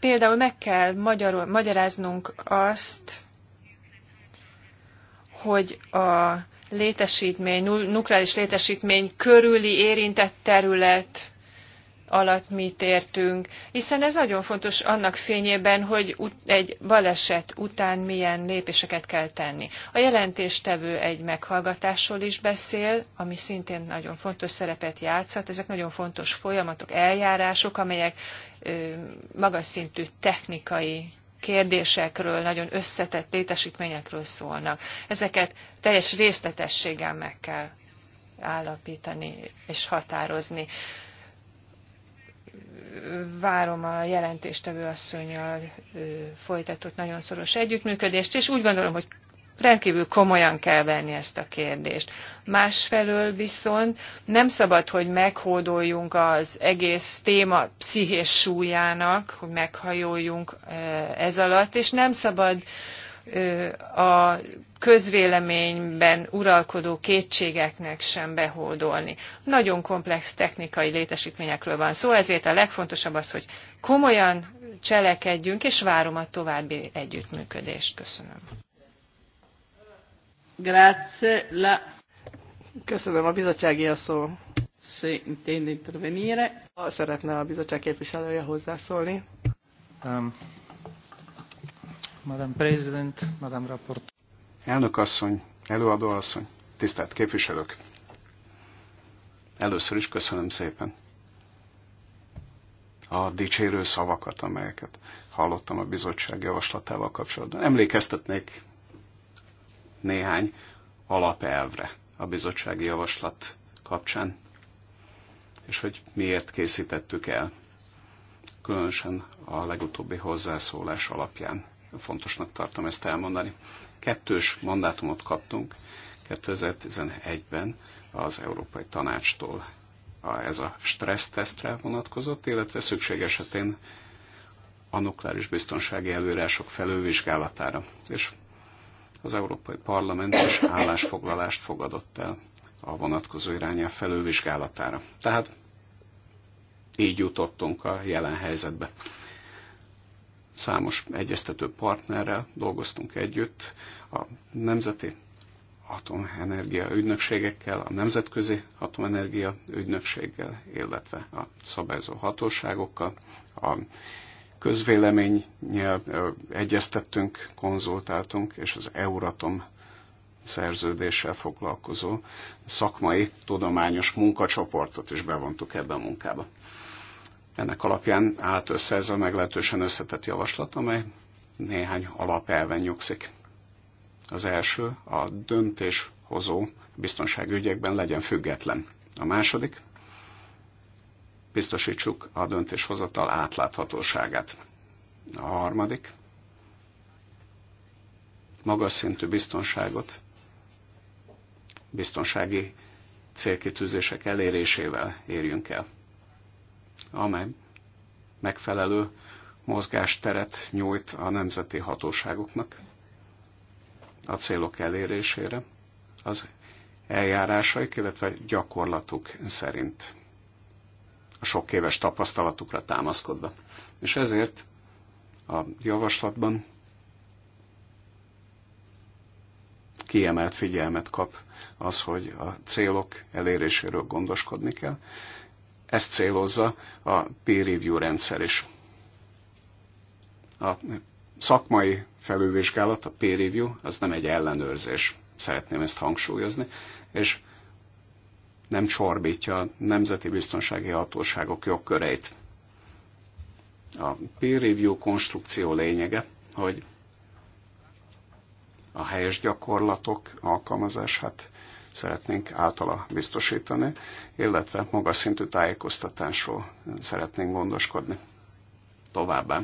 Például meg kell magyar, magyaráznunk azt, hogy a létesítmény, nukleáris létesítmény körüli érintett terület alatt mit értünk, hiszen ez nagyon fontos annak fényében, hogy egy baleset után milyen lépéseket kell tenni. A jelentéstevő egy meghallgatásról is beszél, ami szintén nagyon fontos szerepet játszhat. Ezek nagyon fontos folyamatok, eljárások, amelyek magas szintű technikai kérdésekről, nagyon összetett létesítményekről szólnak. Ezeket teljes részletességgel meg kell állapítani és határozni. Várom a jelentéstevő asszonyjal folytatott nagyon szoros együttműködést, és úgy gondolom, hogy rendkívül komolyan kell venni ezt a kérdést. Másfelől viszont nem szabad, hogy meghódoljunk az egész téma pszichés súlyának, hogy meghajoljunk ez alatt, és nem szabad a közvéleményben uralkodó kétségeknek sem behódolni. Nagyon komplex technikai létesítményekről van szó, ezért a legfontosabb az, hogy komolyan cselekedjünk, és várom a további együttműködést. Köszönöm. Grazie. La... Köszönöm, a bizottsági a szó. Se intende intervenire. szeretne a bizottság képviselője hozzászólni. Um, Madam President, Madame Rapport. Elnök asszony, előadó asszony, tisztelt képviselők. Először is köszönöm szépen a dicsérő szavakat, amelyeket hallottam a bizottság javaslatával kapcsolatban. Emlékeztetnék néhány alapelvre a bizottsági javaslat kapcsán, és hogy miért készítettük el, különösen a legutóbbi hozzászólás alapján. Fontosnak tartom ezt elmondani. Kettős mandátumot kaptunk 2011-ben az Európai Tanácstól. Ez a stressztesztre vonatkozott, illetve szükség esetén a nukleáris biztonsági előírások felővizsgálatára. És az Európai Parlament is állásfoglalást fogadott el a vonatkozó irányel felülvizsgálatára. Tehát így jutottunk a jelen helyzetbe. Számos egyeztető partnerrel dolgoztunk együtt, a nemzeti atomenergia ügynökségekkel, a nemzetközi atomenergia ügynökséggel, illetve a szabályozó hatóságokkal, a közvéleménnyel egyeztettünk, konzultáltunk, és az Euratom szerződéssel foglalkozó szakmai, tudományos munkacsoportot is bevontuk ebbe a munkába. Ennek alapján állt össze ez a meglehetősen összetett javaslat, amely néhány alapelven nyugszik. Az első, a döntéshozó biztonságügyekben legyen független. A második, biztosítsuk a döntéshozatal átláthatóságát. A harmadik, magas szintű biztonságot, biztonsági célkitűzések elérésével érjünk el, amely megfelelő mozgásteret nyújt a nemzeti hatóságoknak a célok elérésére az eljárásaik, illetve gyakorlatuk szerint sok éves tapasztalatukra támaszkodva. És ezért a javaslatban kiemelt figyelmet kap az, hogy a célok eléréséről gondoskodni kell. Ezt célozza a peer review rendszer is. A szakmai felülvizsgálat, a peer review, az nem egy ellenőrzés, szeretném ezt hangsúlyozni, és nem csorbítja a nemzeti biztonsági hatóságok jogköreit. A peer review konstrukció lényege, hogy a helyes gyakorlatok alkalmazását szeretnénk általa biztosítani, illetve magas szintű tájékoztatásról szeretnénk gondoskodni. Továbbá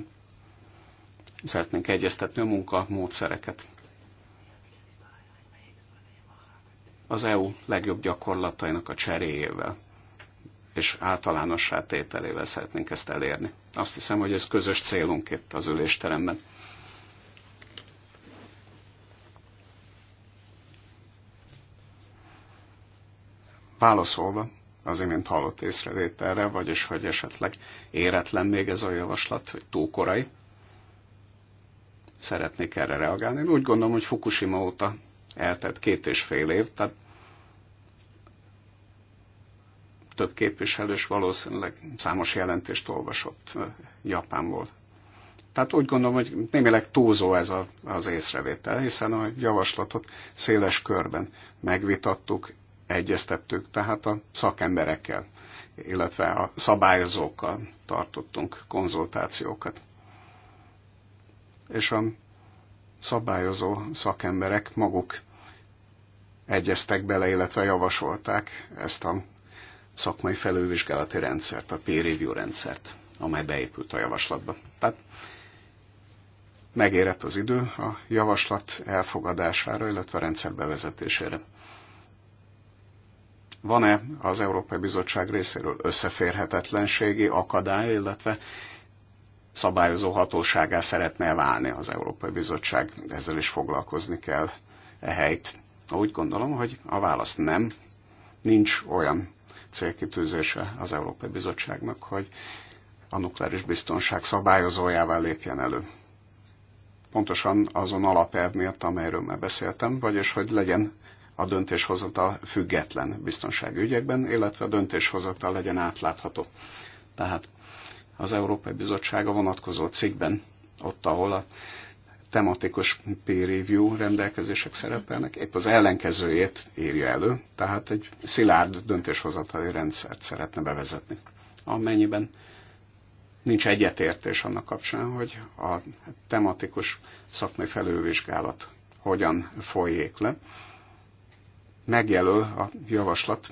szeretnénk egyeztetni a munkamódszereket az EU legjobb gyakorlatainak a cseréjével és általánossá tételével szeretnénk ezt elérni. Azt hiszem, hogy ez közös célunk itt az ülésteremben. Válaszolva az imént hallott észrevételre, vagyis hogy esetleg éretlen még ez a javaslat, hogy túl korai, szeretnék erre reagálni. Én úgy gondolom, hogy Fukushima óta eltelt két és fél év, tehát több képviselős valószínűleg számos jelentést olvasott Japánból. Tehát úgy gondolom, hogy némileg túlzó ez a, az észrevétel, hiszen a javaslatot széles körben megvitattuk, egyeztettük, tehát a szakemberekkel, illetve a szabályozókkal tartottunk konzultációkat. És a szabályozó szakemberek maguk egyeztek bele, illetve javasolták ezt a szakmai felülvizsgálati rendszert, a peer review rendszert, amely beépült a javaslatba. Tehát megérett az idő a javaslat elfogadására, illetve a rendszer bevezetésére. Van-e az Európai Bizottság részéről összeférhetetlenségi akadály, illetve szabályozó hatóságá szeretne válni az Európai Bizottság? Ezzel is foglalkozni kell e helyt úgy gondolom, hogy a válasz nem. Nincs olyan célkitűzése az Európai Bizottságnak, hogy a nukleáris biztonság szabályozójával lépjen elő. Pontosan azon alapelv miatt, amelyről már beszéltem, vagyis hogy legyen a döntéshozata független biztonsági ügyekben, illetve a döntéshozata legyen átlátható. Tehát az Európai Bizottság a vonatkozó cikkben, ott, ahol a tematikus peer review rendelkezések szerepelnek, épp az ellenkezőjét írja elő, tehát egy szilárd döntéshozatali rendszert szeretne bevezetni. Amennyiben nincs egyetértés annak kapcsán, hogy a tematikus szakmai felülvizsgálat hogyan folyék le, megjelöl a javaslat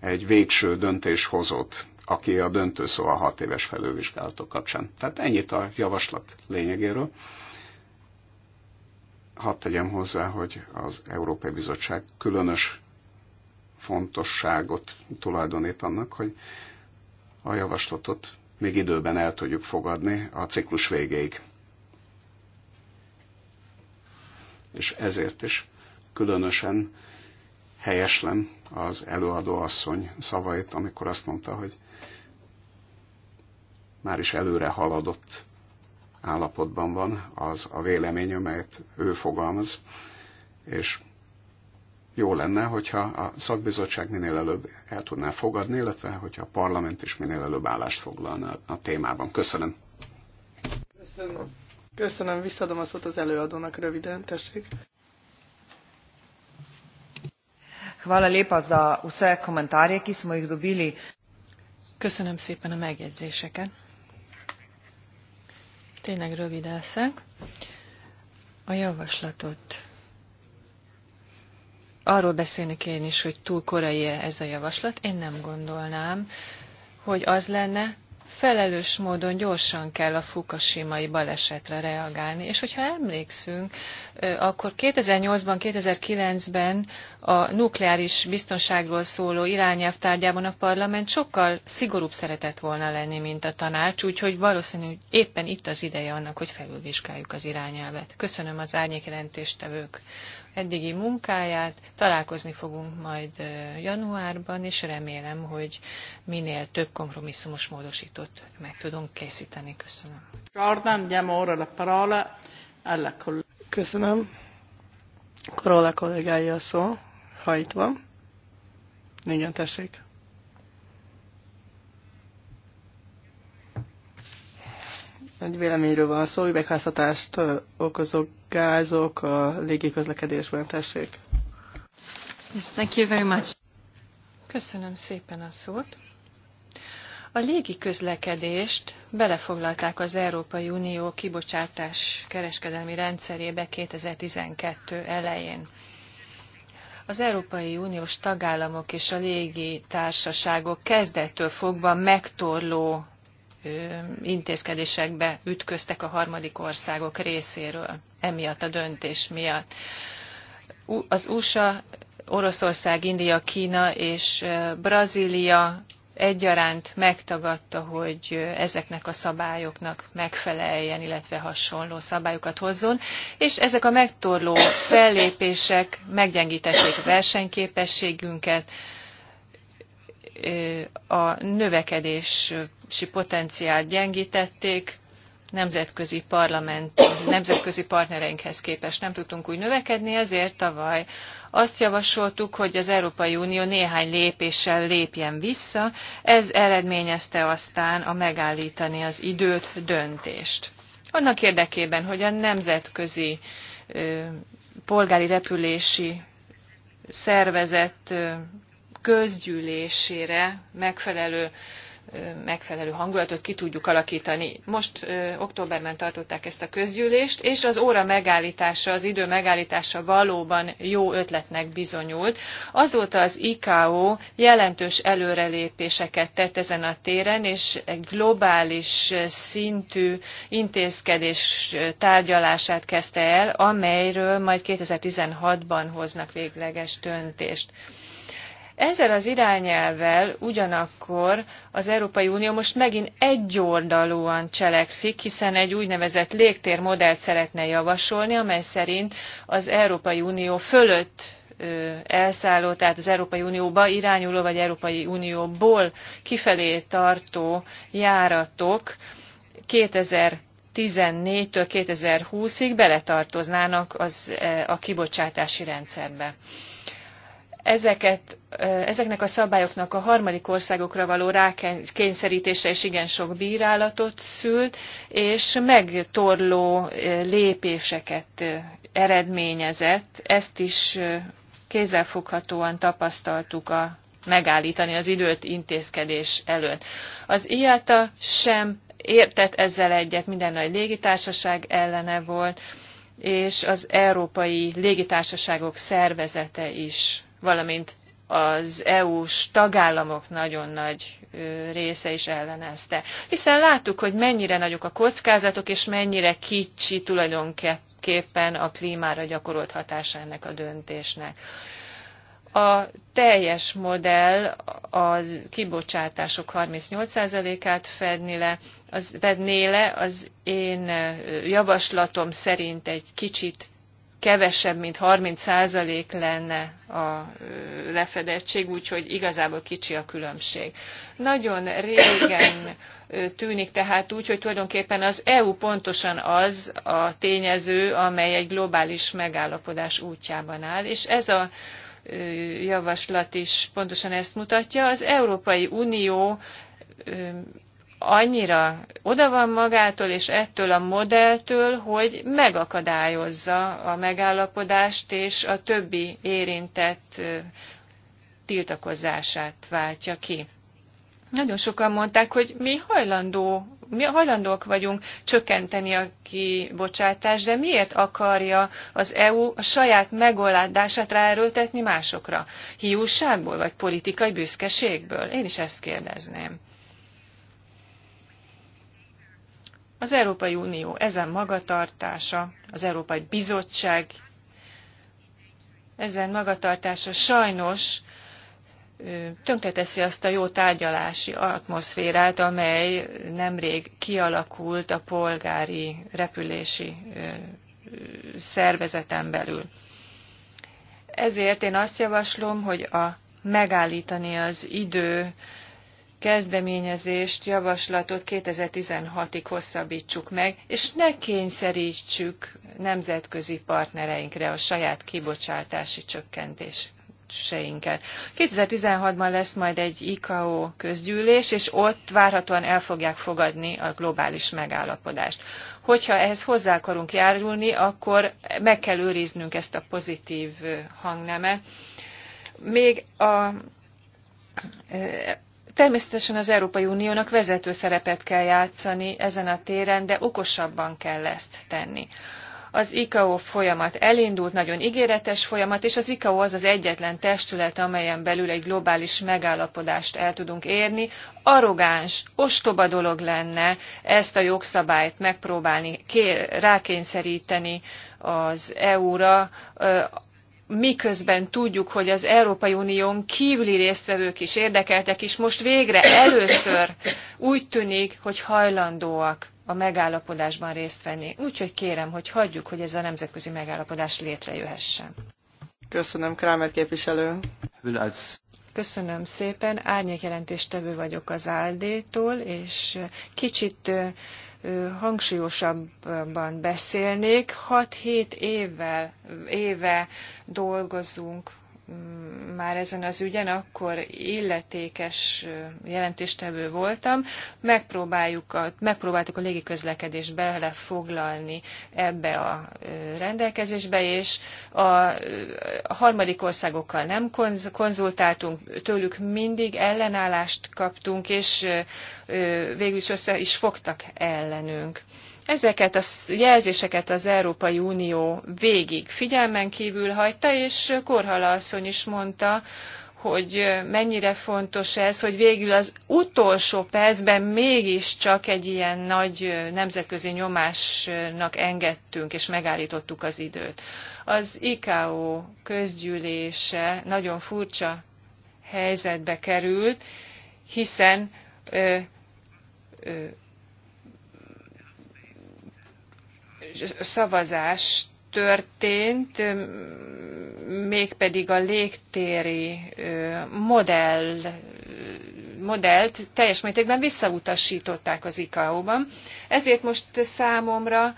egy végső döntéshozót, aki a döntő szó a hat éves felülvizsgálatok kapcsán. Tehát ennyit a javaslat lényegéről hadd tegyem hozzá, hogy az Európai Bizottság különös fontosságot tulajdonít annak, hogy a javaslatot még időben el tudjuk fogadni a ciklus végéig. És ezért is különösen helyeslem az előadó asszony szavait, amikor azt mondta, hogy már is előre haladott állapotban van az a vélemény, amelyet ő fogalmaz, és jó lenne, hogyha a szakbizottság minél előbb el tudná fogadni, illetve hogyha a parlament is minél előbb állást foglalna a témában. Köszönöm. Köszönöm. Köszönöm, visszadom a szót az előadónak röviden, tessék. Hvala lépa za vse komentarje, ki smo jih dobili. Köszönöm szépen a megjegyzéseket. Tényleg rövid leszek. A javaslatot. Arról beszélnék én is, hogy túl korai -e ez a javaslat. Én nem gondolnám, hogy az lenne, felelős módon gyorsan kell a fukushimai balesetre reagálni. És hogyha emlékszünk, akkor 2008-ban, 2009-ben a nukleáris biztonságról szóló irányelv tárgyában a parlament sokkal szigorúbb szeretett volna lenni, mint a tanács, úgyhogy valószínűleg éppen itt az ideje annak, hogy felülvizsgáljuk az irányelvet. Köszönöm az árnyékjelentéstevők eddigi munkáját. Találkozni fogunk majd januárban, és remélem, hogy minél több kompromisszumos módosítót meg tudunk készíteni. Köszönöm. Jordan, diamo la parola alla Köszönöm. Karola kollégája a szó, ha itt van. Igen, tessék. Egy véleményről van szó, üvegházhatást okozó gázok a légiközlekedésben, tessék. Yes, thank you very much. Köszönöm szépen a szót. A légi közlekedést belefoglalták az Európai Unió kibocsátás kereskedelmi rendszerébe 2012 elején. Az Európai Uniós tagállamok és a légi társaságok kezdettől fogva megtorló intézkedésekbe ütköztek a harmadik országok részéről emiatt a döntés miatt. Az USA, Oroszország, India, Kína és Brazília egyaránt megtagadta, hogy ezeknek a szabályoknak megfeleljen, illetve hasonló szabályokat hozzon, és ezek a megtorló fellépések meggyengítették versenyképességünket, a növekedési potenciált gyengítették, nemzetközi parlament, nemzetközi partnereinkhez képest nem tudtunk úgy növekedni, ezért tavaly azt javasoltuk, hogy az Európai Unió néhány lépéssel lépjen vissza, ez eredményezte aztán a megállítani az időt döntést. Annak érdekében, hogy a nemzetközi polgári repülési szervezet közgyűlésére megfelelő megfelelő hangulatot ki tudjuk alakítani. Most ö, októberben tartották ezt a közgyűlést, és az óra megállítása, az idő megállítása valóban jó ötletnek bizonyult. Azóta az ICAO jelentős előrelépéseket tett ezen a téren, és egy globális szintű intézkedés tárgyalását kezdte el, amelyről majd 2016-ban hoznak végleges döntést. Ezzel az irányelvel ugyanakkor az Európai Unió most megint egyoldalúan cselekszik, hiszen egy úgynevezett légtérmodellt szeretne javasolni, amely szerint az Európai Unió fölött elszálló, tehát az Európai Unióba irányuló, vagy Európai Unióból kifelé tartó járatok 2014-től 2020-ig beletartoznának az, e, a kibocsátási rendszerbe ezeket, ezeknek a szabályoknak a harmadik országokra való rákényszerítése is igen sok bírálatot szült, és megtorló lépéseket eredményezett. Ezt is kézzelfoghatóan tapasztaltuk a megállítani az időt intézkedés előtt. Az IATA sem értett ezzel egyet, minden nagy légitársaság ellene volt, és az Európai Légitársaságok Szervezete is valamint az EU-s tagállamok nagyon nagy része is ellenezte. Hiszen láttuk, hogy mennyire nagyok a kockázatok, és mennyire kicsi tulajdonképpen a klímára gyakorolt hatása ennek a döntésnek. A teljes modell a kibocsátások 38%-át fedni le, az, vedné le, az én javaslatom szerint egy kicsit kevesebb, mint 30% lenne a lefedettség, úgyhogy igazából kicsi a különbség. Nagyon régen tűnik tehát úgy, hogy tulajdonképpen az EU pontosan az a tényező, amely egy globális megállapodás útjában áll, és ez a javaslat is pontosan ezt mutatja. Az Európai Unió annyira oda van magától és ettől a modelltől, hogy megakadályozza a megállapodást és a többi érintett tiltakozását váltja ki. Nagyon sokan mondták, hogy mi hajlandó, mi hajlandók vagyunk csökkenteni a kibocsátást, de miért akarja az EU a saját megoldását ráerőltetni másokra? Hiúságból vagy politikai büszkeségből? Én is ezt kérdezném. Az Európai Unió ezen magatartása, az Európai Bizottság ezen magatartása sajnos tönkreteszi azt a jó tárgyalási atmoszférát, amely nemrég kialakult a polgári repülési szervezeten belül. Ezért én azt javaslom, hogy a megállítani az idő kezdeményezést, javaslatot 2016-ig hosszabbítsuk meg, és ne kényszerítsük nemzetközi partnereinkre a saját kibocsátási csökkentés 2016-ban lesz majd egy ICAO közgyűlés, és ott várhatóan el fogják fogadni a globális megállapodást. Hogyha ehhez hozzá akarunk járulni, akkor meg kell őriznünk ezt a pozitív hangnemet. Még a Természetesen az Európai Uniónak vezető szerepet kell játszani ezen a téren, de okosabban kell ezt tenni. Az ICAO folyamat elindult, nagyon ígéretes folyamat, és az ICAO az az egyetlen testület, amelyen belül egy globális megállapodást el tudunk érni. Arrogáns, ostoba dolog lenne ezt a jogszabályt megpróbálni kér, rákényszeríteni az EU-ra, miközben tudjuk, hogy az Európai Unión kívüli résztvevők is érdekeltek, és most végre először úgy tűnik, hogy hajlandóak a megállapodásban részt venni. Úgyhogy kérem, hogy hagyjuk, hogy ez a nemzetközi megállapodás létrejöhessen. Köszönöm, Krámer képviselő. Köszönöm szépen. jelentéstevő vagyok az Áldétól, és kicsit hangsúlyosabban beszélnék. 6-7 évvel, éve dolgozunk már ezen az ügyen, akkor illetékes jelentéstevő voltam. Megpróbáljuk a, megpróbáltuk a légiközlekedést belefoglalni ebbe a rendelkezésbe, és a, a harmadik országokkal nem konzultáltunk, tőlük mindig ellenállást kaptunk, és végül is össze is fogtak ellenünk. Ezeket a jelzéseket az Európai Unió végig figyelmen kívül hagyta, és Korhala asszony is mondta, hogy mennyire fontos ez, hogy végül az utolsó percben mégiscsak egy ilyen nagy nemzetközi nyomásnak engedtünk, és megállítottuk az időt. Az ICAO közgyűlése nagyon furcsa helyzetbe került, hiszen ö, ö, szavazás történt, mégpedig a légtéri modell, modellt teljes mértékben visszautasították az ICAO-ban. Ezért most számomra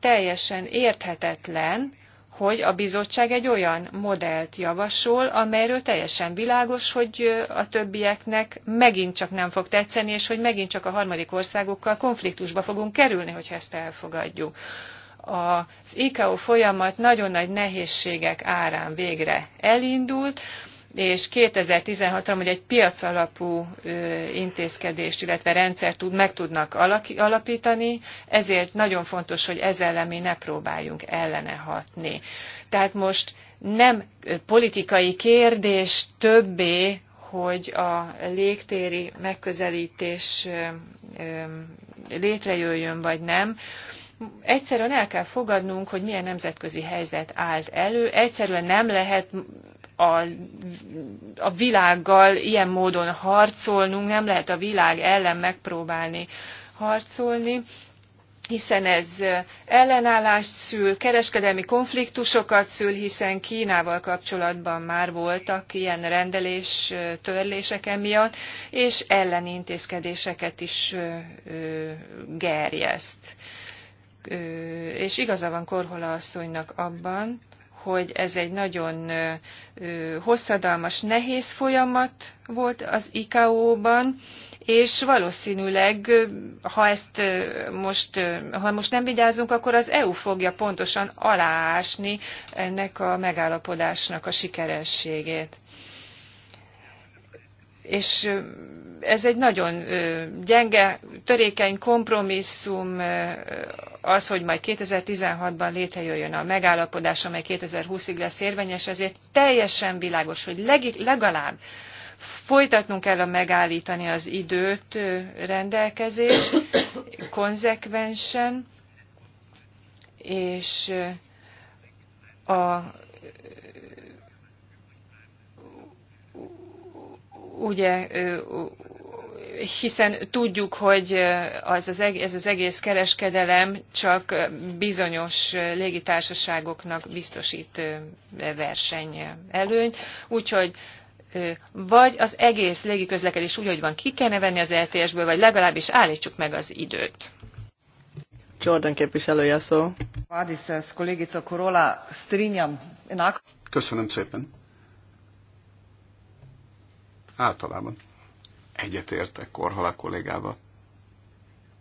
teljesen érthetetlen, hogy a bizottság egy olyan modellt javasol, amelyről teljesen világos, hogy a többieknek megint csak nem fog tetszeni, és hogy megint csak a harmadik országokkal konfliktusba fogunk kerülni, hogyha ezt elfogadjuk. Az ICAO folyamat nagyon nagy nehézségek árán végre elindult, és 2016-ra, hogy egy piacalapú intézkedést, illetve rendszert tud, meg tudnak alapítani, ezért nagyon fontos, hogy ezzel ellen mi ne próbáljunk ellene hatni. Tehát most nem politikai kérdés többé, hogy a légtéri megközelítés létrejöjjön vagy nem, egyszerűen el kell fogadnunk, hogy milyen nemzetközi helyzet állt elő, egyszerűen nem lehet a, a világgal ilyen módon harcolnunk, nem lehet a világ ellen megpróbálni harcolni, hiszen ez ellenállást szül, kereskedelmi konfliktusokat szül, hiszen Kínával kapcsolatban már voltak ilyen rendelés törlések emiatt, és ellenintézkedéseket is gerjeszt. És igaza van Korhola asszonynak abban, hogy ez egy nagyon hosszadalmas, nehéz folyamat volt az ICAO-ban, és valószínűleg, ha ezt most, ha most nem vigyázunk, akkor az EU fogja pontosan aláásni ennek a megállapodásnak a sikerességét és ez egy nagyon gyenge, törékeny kompromisszum az, hogy majd 2016-ban létrejöjjön a megállapodás, amely 2020-ig lesz érvényes, ezért teljesen világos, hogy legalább folytatnunk kell a megállítani az időt rendelkezés, konzekvensen, és a ugye hiszen tudjuk, hogy az az egész, ez az egész kereskedelem csak bizonyos légitársaságoknak biztosít verseny előny, úgyhogy vagy az egész légiközlekedés úgy, hogy van, ki kellene venni az LTS-ből, e vagy legalábbis állítsuk meg az időt. Jordan képviselője szó. Köszönöm szépen. Általában egyetértek Korhala kollégával.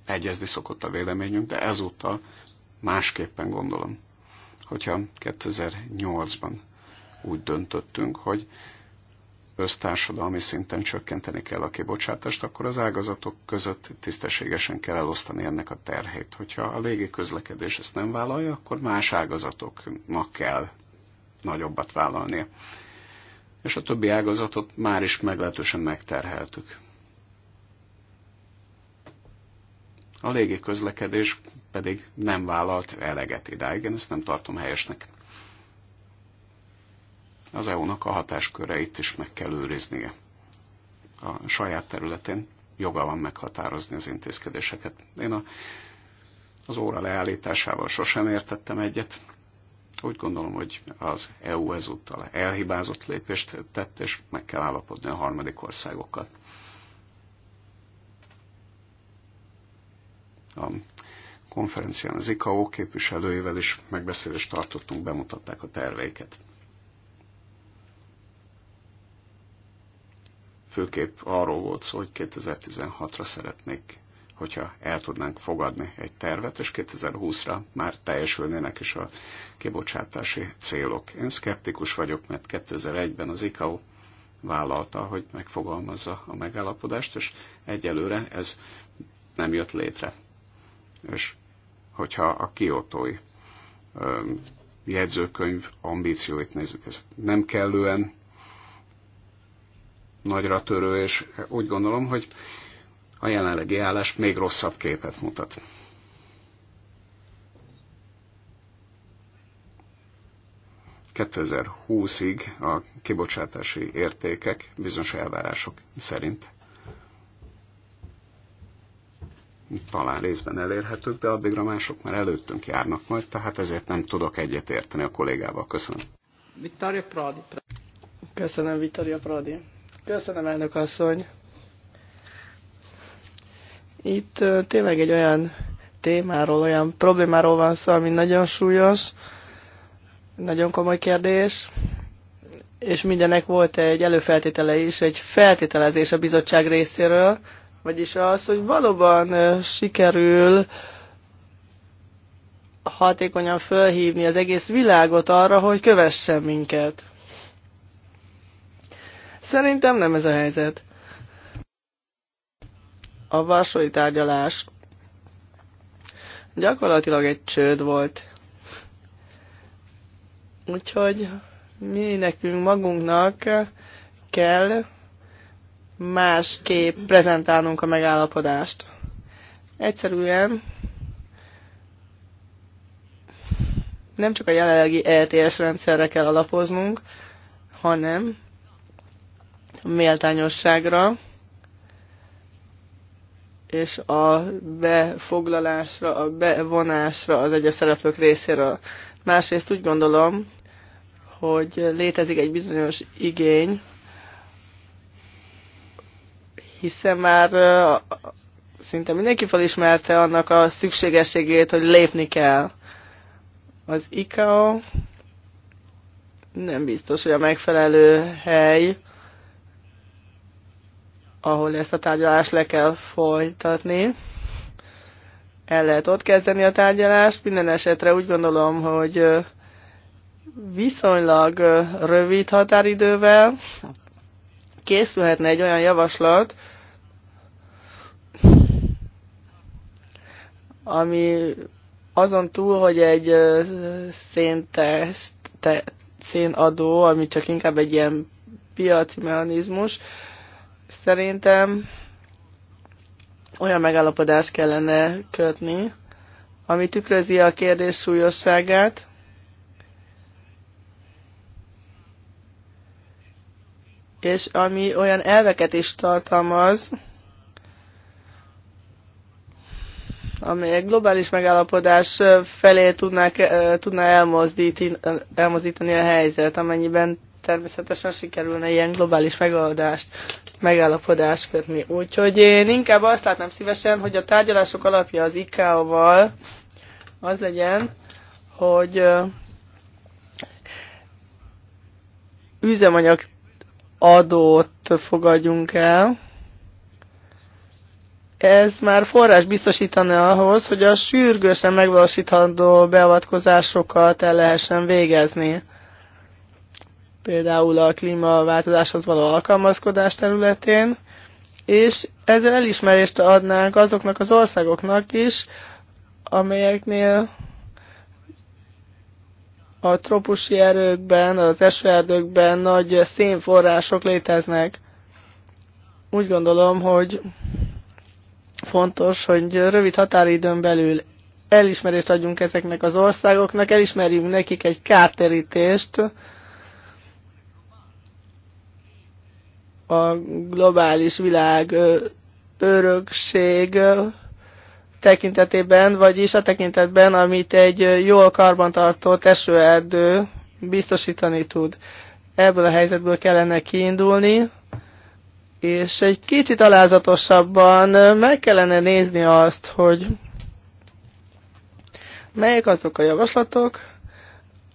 Egyezni szokott a véleményünk, de ezúttal másképpen gondolom. Hogyha 2008-ban úgy döntöttünk, hogy össztársadalmi szinten csökkenteni kell a kibocsátást, akkor az ágazatok között tisztességesen kell elosztani ennek a terhét. Hogyha a légi közlekedés ezt nem vállalja, akkor más ágazatoknak kell nagyobbat vállalnia és a többi ágazatot már is meglehetősen megterheltük. A légi közlekedés pedig nem vállalt eleget idáig, én ezt nem tartom helyesnek. Az EU-nak a hatásköreit is meg kell őriznie. A saját területén joga van meghatározni az intézkedéseket. Én a, az óra leállításával sosem értettem egyet, úgy gondolom, hogy az EU ezúttal elhibázott lépést tett, és meg kell állapodni a harmadik országokkal. A konferencián az ICAO képviselőivel is megbeszélést tartottunk, bemutatták a terveiket. Főképp arról volt szó, hogy 2016-ra szeretnék hogyha el tudnánk fogadni egy tervet, és 2020-ra már teljesülnének is a kibocsátási célok. Én szkeptikus vagyok, mert 2001-ben az ICAO vállalta, hogy megfogalmazza a megállapodást, és egyelőre ez nem jött létre. És hogyha a kiotói jegyzőkönyv ambícióit nézzük, ez nem kellően nagyra törő, és úgy gondolom, hogy a jelenlegi állás még rosszabb képet mutat. ...2020-ig a kibocsátási értékek bizonyos elvárások szerint talán részben elérhetők, de addigra mások már előttünk járnak majd, tehát ezért nem tudok egyet érteni a kollégával. Köszönöm. Vittoria Pradi. Köszönöm, Vittoria Pradi. Köszönöm, elnök asszony. Itt tényleg egy olyan témáról, olyan problémáról van szó, ami nagyon súlyos, nagyon komoly kérdés, és mindenek volt egy előfeltétele is, egy feltételezés a bizottság részéről, vagyis az, hogy valóban sikerül hatékonyan fölhívni az egész világot arra, hogy kövessen minket. Szerintem nem ez a helyzet a varsói tárgyalás gyakorlatilag egy csőd volt. Úgyhogy mi nekünk magunknak kell másképp prezentálnunk a megállapodást. Egyszerűen nem csak a jelenlegi ETS rendszerre kell alapoznunk, hanem méltányosságra, és a befoglalásra, a bevonásra az egyes szereplők részéről. Másrészt úgy gondolom, hogy létezik egy bizonyos igény, hiszen már szinte mindenki felismerte annak a szükségességét, hogy lépni kell. Az ICAO nem biztos, hogy a megfelelő hely ahol ezt a tárgyalást le kell folytatni. El lehet ott kezdeni a tárgyalást. Minden esetre úgy gondolom, hogy viszonylag rövid határidővel készülhetne egy olyan javaslat, ami azon túl, hogy egy szénteszt, szénadó, ami csak inkább egy ilyen piaci mechanizmus, Szerintem olyan megállapodást kellene kötni, ami tükrözi a kérdés súlyosságát, és ami olyan elveket is tartalmaz, amelyek globális megállapodás felé eh, tudná, tudná elmozdítani, elmozdítani a helyzet, amennyiben természetesen sikerülne ilyen globális megoldást, megállapodást kötni. Úgyhogy én inkább azt látnám szívesen, hogy a tárgyalások alapja az ICAO-val az legyen, hogy üzemanyag adót fogadjunk el. Ez már forrás biztosítana ahhoz, hogy a sürgősen megvalósítandó beavatkozásokat el lehessen végezni például a klímaváltozáshoz való alkalmazkodás területén, és ezzel elismerést adnánk azoknak az országoknak is, amelyeknél a tropusi erőkben, az esőerdőkben nagy szénforrások léteznek. Úgy gondolom, hogy fontos, hogy rövid határidőn belül elismerést adjunk ezeknek az országoknak, elismerjünk nekik egy kárterítést, a globális világ örökség tekintetében, vagyis a tekintetben, amit egy jól karbantartott esőerdő biztosítani tud. Ebből a helyzetből kellene kiindulni, és egy kicsit alázatosabban meg kellene nézni azt, hogy melyek azok a javaslatok,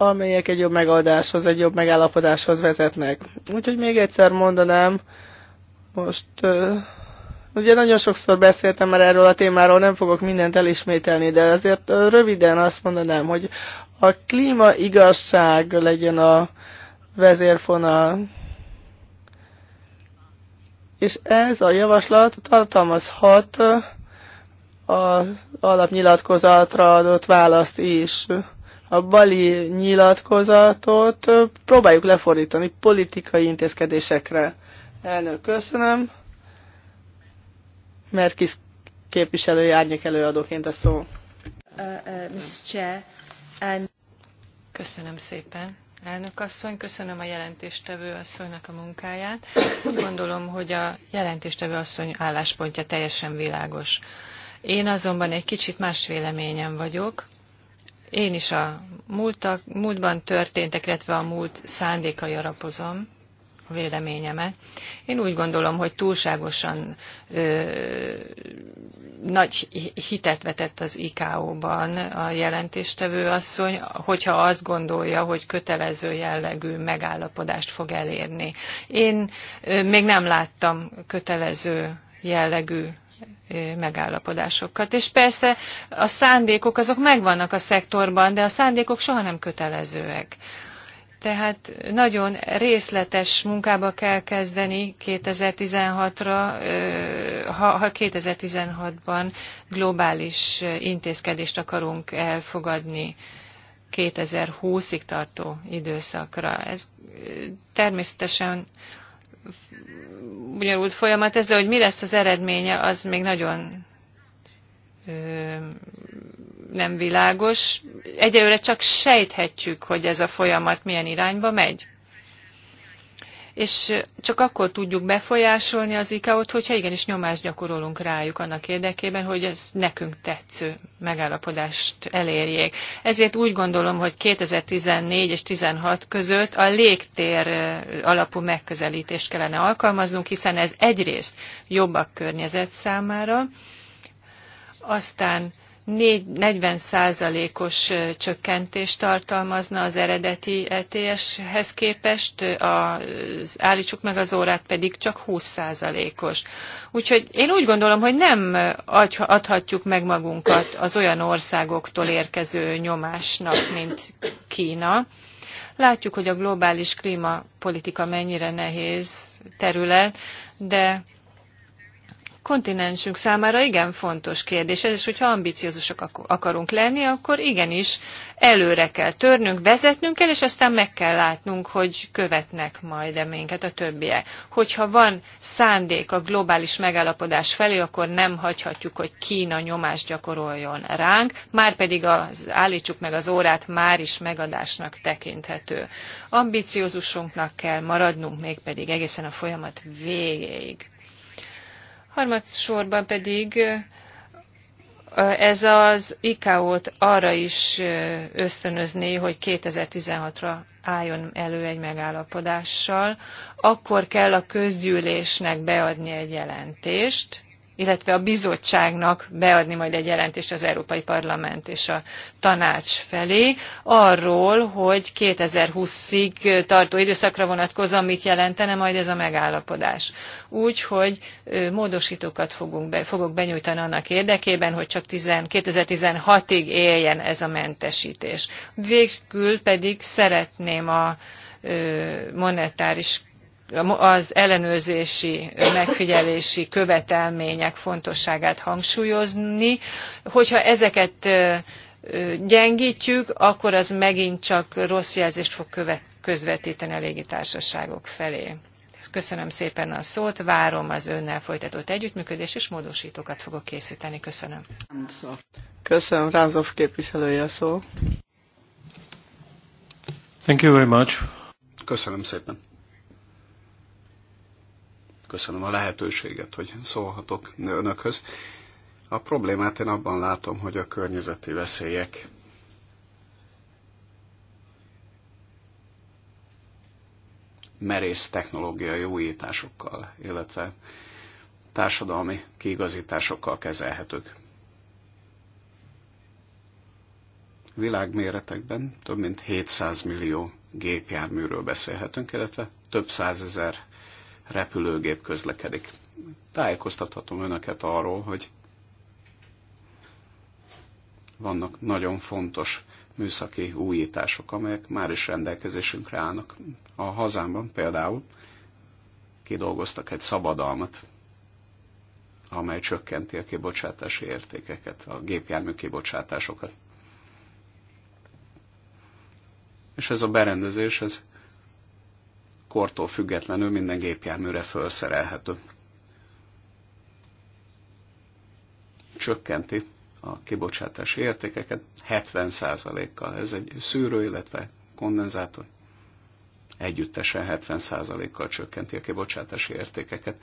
amelyek egy jobb megoldáshoz, egy jobb megállapodáshoz vezetnek. Úgyhogy még egyszer mondanám, most ugye nagyon sokszor beszéltem már erről a témáról, nem fogok mindent elismételni, de azért röviden azt mondanám, hogy a klíma igazság legyen a vezérfonal. És ez a javaslat tartalmazhat az alapnyilatkozatra adott választ is a bali nyilatkozatot próbáljuk lefordítani politikai intézkedésekre. Elnök, köszönöm. kis képviselő árnyék előadóként a szó. Uh, uh, köszönöm szépen. Elnök asszony, köszönöm a jelentéstevő asszonynak a munkáját. Úgy gondolom, hogy a jelentéstevő asszony álláspontja teljesen világos. Én azonban egy kicsit más véleményem vagyok. Én is a múltak, múltban történtek, illetve a múlt szándékai alapozom a véleményemet. Én úgy gondolom, hogy túlságosan ö, nagy hitet vetett az ICAO-ban a jelentéstevő asszony, hogyha azt gondolja, hogy kötelező jellegű megállapodást fog elérni. Én ö, még nem láttam kötelező jellegű megállapodásokat. És persze a szándékok azok megvannak a szektorban, de a szándékok soha nem kötelezőek. Tehát nagyon részletes munkába kell kezdeni 2016-ra, ha 2016-ban globális intézkedést akarunk elfogadni 2020-ig tartó időszakra. Ez természetesen bonyolult folyamat ez, de hogy mi lesz az eredménye, az még nagyon nem világos. Egyelőre csak sejthetjük, hogy ez a folyamat milyen irányba megy és csak akkor tudjuk befolyásolni az ICAO-t, hogyha igenis nyomást gyakorolunk rájuk annak érdekében, hogy ez nekünk tetsző megállapodást elérjék. Ezért úgy gondolom, hogy 2014 és 2016 között a légtér alapú megközelítést kellene alkalmaznunk, hiszen ez egyrészt jobb a környezet számára, aztán 40%-os csökkentést tartalmazna az eredeti ETS-hez képest, az állítsuk meg az órát pedig csak 20%-os. Úgyhogy én úgy gondolom, hogy nem adhatjuk meg magunkat az olyan országoktól érkező nyomásnak, mint Kína. Látjuk, hogy a globális klímapolitika mennyire nehéz terület, de kontinensünk számára igen fontos kérdés ez, és hogyha ambiciózusok akarunk lenni, akkor igenis előre kell törnünk, vezetnünk kell, és aztán meg kell látnunk, hogy követnek majd -e minket a többiek. Hogyha van szándék a globális megállapodás felé, akkor nem hagyhatjuk, hogy Kína nyomást gyakoroljon ránk, már pedig az állítsuk meg az órát már is megadásnak tekinthető. Ambiciózusunknak kell maradnunk, mégpedig egészen a folyamat végéig. Harmadsorban pedig ez az ICAO-t arra is ösztönözné, hogy 2016-ra álljon elő egy megállapodással, akkor kell a közgyűlésnek beadni egy jelentést, illetve a bizottságnak beadni majd egy jelentést az Európai Parlament és a tanács felé arról, hogy 2020-ig tartó időszakra vonatkozóan mit jelentene majd ez a megállapodás. Úgyhogy módosítókat fogunk be, fogok benyújtani annak érdekében, hogy csak 2016-ig éljen ez a mentesítés. Végül pedig szeretném a monetáris az ellenőrzési, megfigyelési követelmények fontosságát hangsúlyozni. Hogyha ezeket gyengítjük, akkor az megint csak rossz jelzést fog követ, közvetíteni a légitársaságok felé. Köszönöm szépen a szót, várom az önnel folytatott együttműködés, és módosítókat fogok készíteni. Köszönöm. Köszönöm, Rázov képviselője a szó. Thank you very much. Köszönöm szépen. Köszönöm a lehetőséget, hogy szólhatok önökhöz. A problémát én abban látom, hogy a környezeti veszélyek merész technológiai újításokkal, illetve társadalmi kiigazításokkal kezelhetők. Világméretekben több mint 700 millió gépjárműről beszélhetünk, illetve több százezer repülőgép közlekedik. Tájékoztathatom önöket arról, hogy vannak nagyon fontos műszaki újítások, amelyek már is rendelkezésünkre állnak. A hazámban például kidolgoztak egy szabadalmat, amely csökkenti a kibocsátási értékeket, a gépjármű kibocsátásokat. És ez a berendezés, ez kortól függetlenül minden gépjárműre felszerelhető. Csökkenti a kibocsátási értékeket 70%-kal. Ez egy szűrő, illetve kondenzátor együttesen 70%-kal csökkenti a kibocsátási értékeket.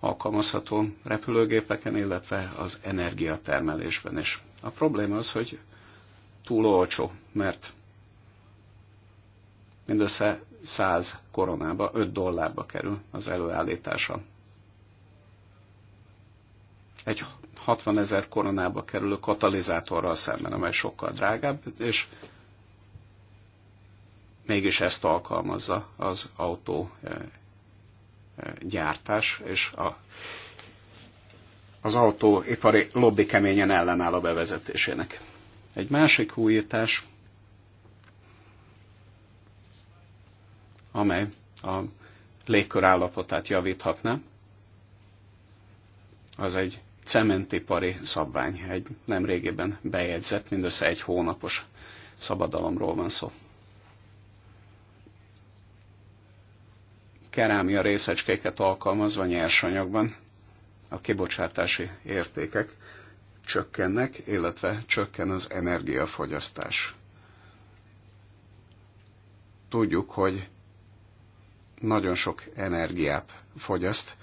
Alkalmazható repülőgépeken, illetve az energiatermelésben is. A probléma az, hogy túl olcsó, mert mindössze 100 koronába, 5 dollárba kerül az előállítása. Egy 60 ezer koronába kerülő katalizátorral szemben, amely sokkal drágább, és mégis ezt alkalmazza az autó eh, eh, gyártás, és a, az autóipari lobby keményen ellenáll a bevezetésének. Egy másik újítás amely a légkör állapotát javíthatná. Az egy cementipari szabvány, egy nem régében bejegyzett, mindössze egy hónapos szabadalomról van szó. Kerámia részecskéket alkalmazva nyersanyagban a kibocsátási értékek csökkennek, illetve csökken az energiafogyasztás. Tudjuk, hogy nagyon sok energiát fogyaszt,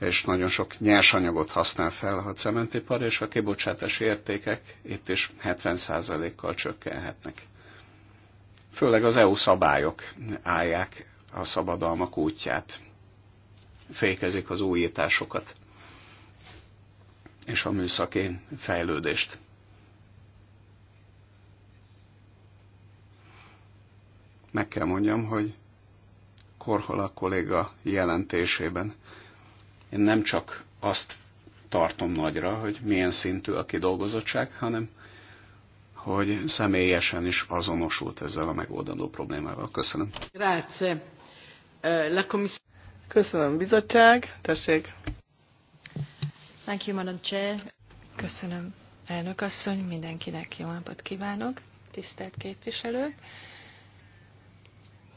és nagyon sok nyersanyagot használ fel a cementipar, és a kibocsátási értékek itt is 70%-kal csökkenhetnek. Főleg az EU szabályok állják a szabadalmak útját, fékezik az újításokat és a műszaki fejlődést. Meg kell mondjam, hogy Korhola kolléga jelentésében. Én nem csak azt tartom nagyra, hogy milyen szintű a kidolgozottság, hanem hogy személyesen is azonosult ezzel a megoldandó problémával. Köszönöm. Grazie. Eh, Köszönöm, bizottság. Tessék. Thank you, Madam Chair. Köszönöm, elnök asszony. Mindenkinek jó napot kívánok. Tisztelt képviselők.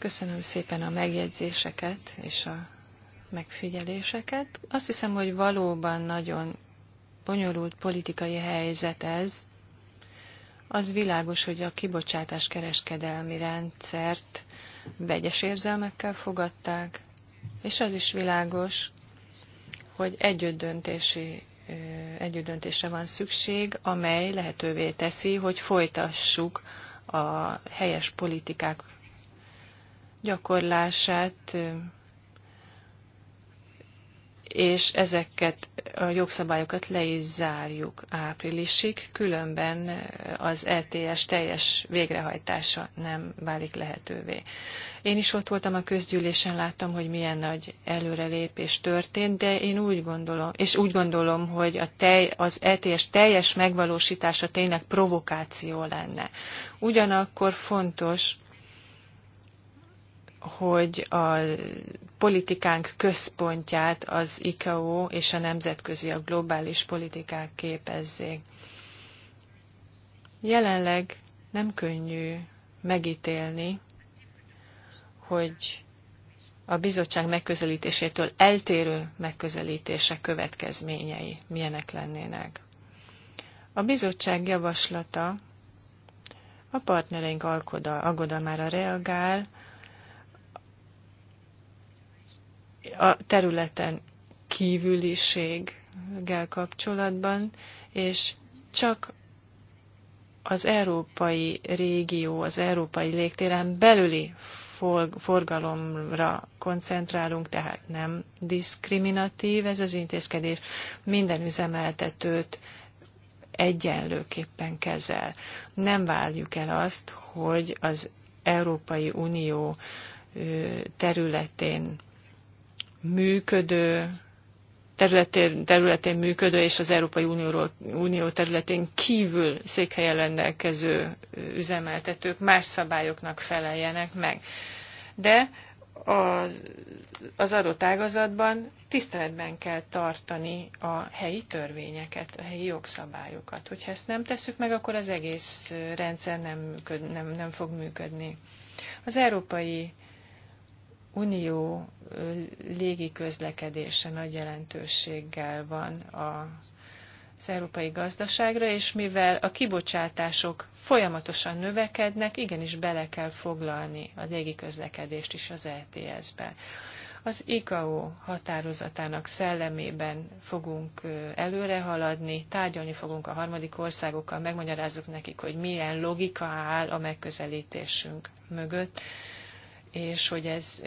Köszönöm szépen a megjegyzéseket és a megfigyeléseket. Azt hiszem, hogy valóban nagyon bonyolult politikai helyzet ez. Az világos, hogy a kibocsátás kereskedelmi rendszert vegyes érzelmekkel fogadták, és az is világos, hogy együttdöntési együttdöntésre van szükség, amely lehetővé teszi, hogy folytassuk a helyes politikák gyakorlását és ezeket a jogszabályokat le is zárjuk áprilisig, különben az LTS e teljes végrehajtása nem válik lehetővé. Én is ott voltam a közgyűlésen, láttam, hogy milyen nagy előrelépés történt, de én úgy gondolom, és úgy gondolom, hogy a tej, az LTS e teljes megvalósítása tényleg provokáció lenne. Ugyanakkor fontos, hogy a politikánk központját az ICAO és a nemzetközi, a globális politikák képezzék. Jelenleg nem könnyű megítélni, hogy a bizottság megközelítésétől eltérő megközelítése következményei milyenek lennének. A bizottság javaslata a partnereink aggodalmára reagál, a területen kívüliséggel kapcsolatban, és csak az európai régió, az európai légtéren belüli forgalomra koncentrálunk, tehát nem diszkriminatív ez az intézkedés, minden üzemeltetőt egyenlőképpen kezel. Nem várjuk el azt, hogy az Európai Unió területén működő, területén, területén működő és az Európai Unióról, Unió területén kívül székhelyen rendelkező üzemeltetők más szabályoknak feleljenek meg. De az, adott ágazatban tiszteletben kell tartani a helyi törvényeket, a helyi jogszabályokat. Hogyha ezt nem tesszük meg, akkor az egész rendszer nem, működ, nem, nem fog működni. Az Európai unió légi közlekedése nagy jelentőséggel van a az európai gazdaságra, és mivel a kibocsátások folyamatosan növekednek, igenis bele kell foglalni a légiközlekedést is az ETS-be. Az ICAO határozatának szellemében fogunk előre haladni, tárgyalni fogunk a harmadik országokkal, megmagyarázzuk nekik, hogy milyen logika áll a megközelítésünk mögött, és hogy ez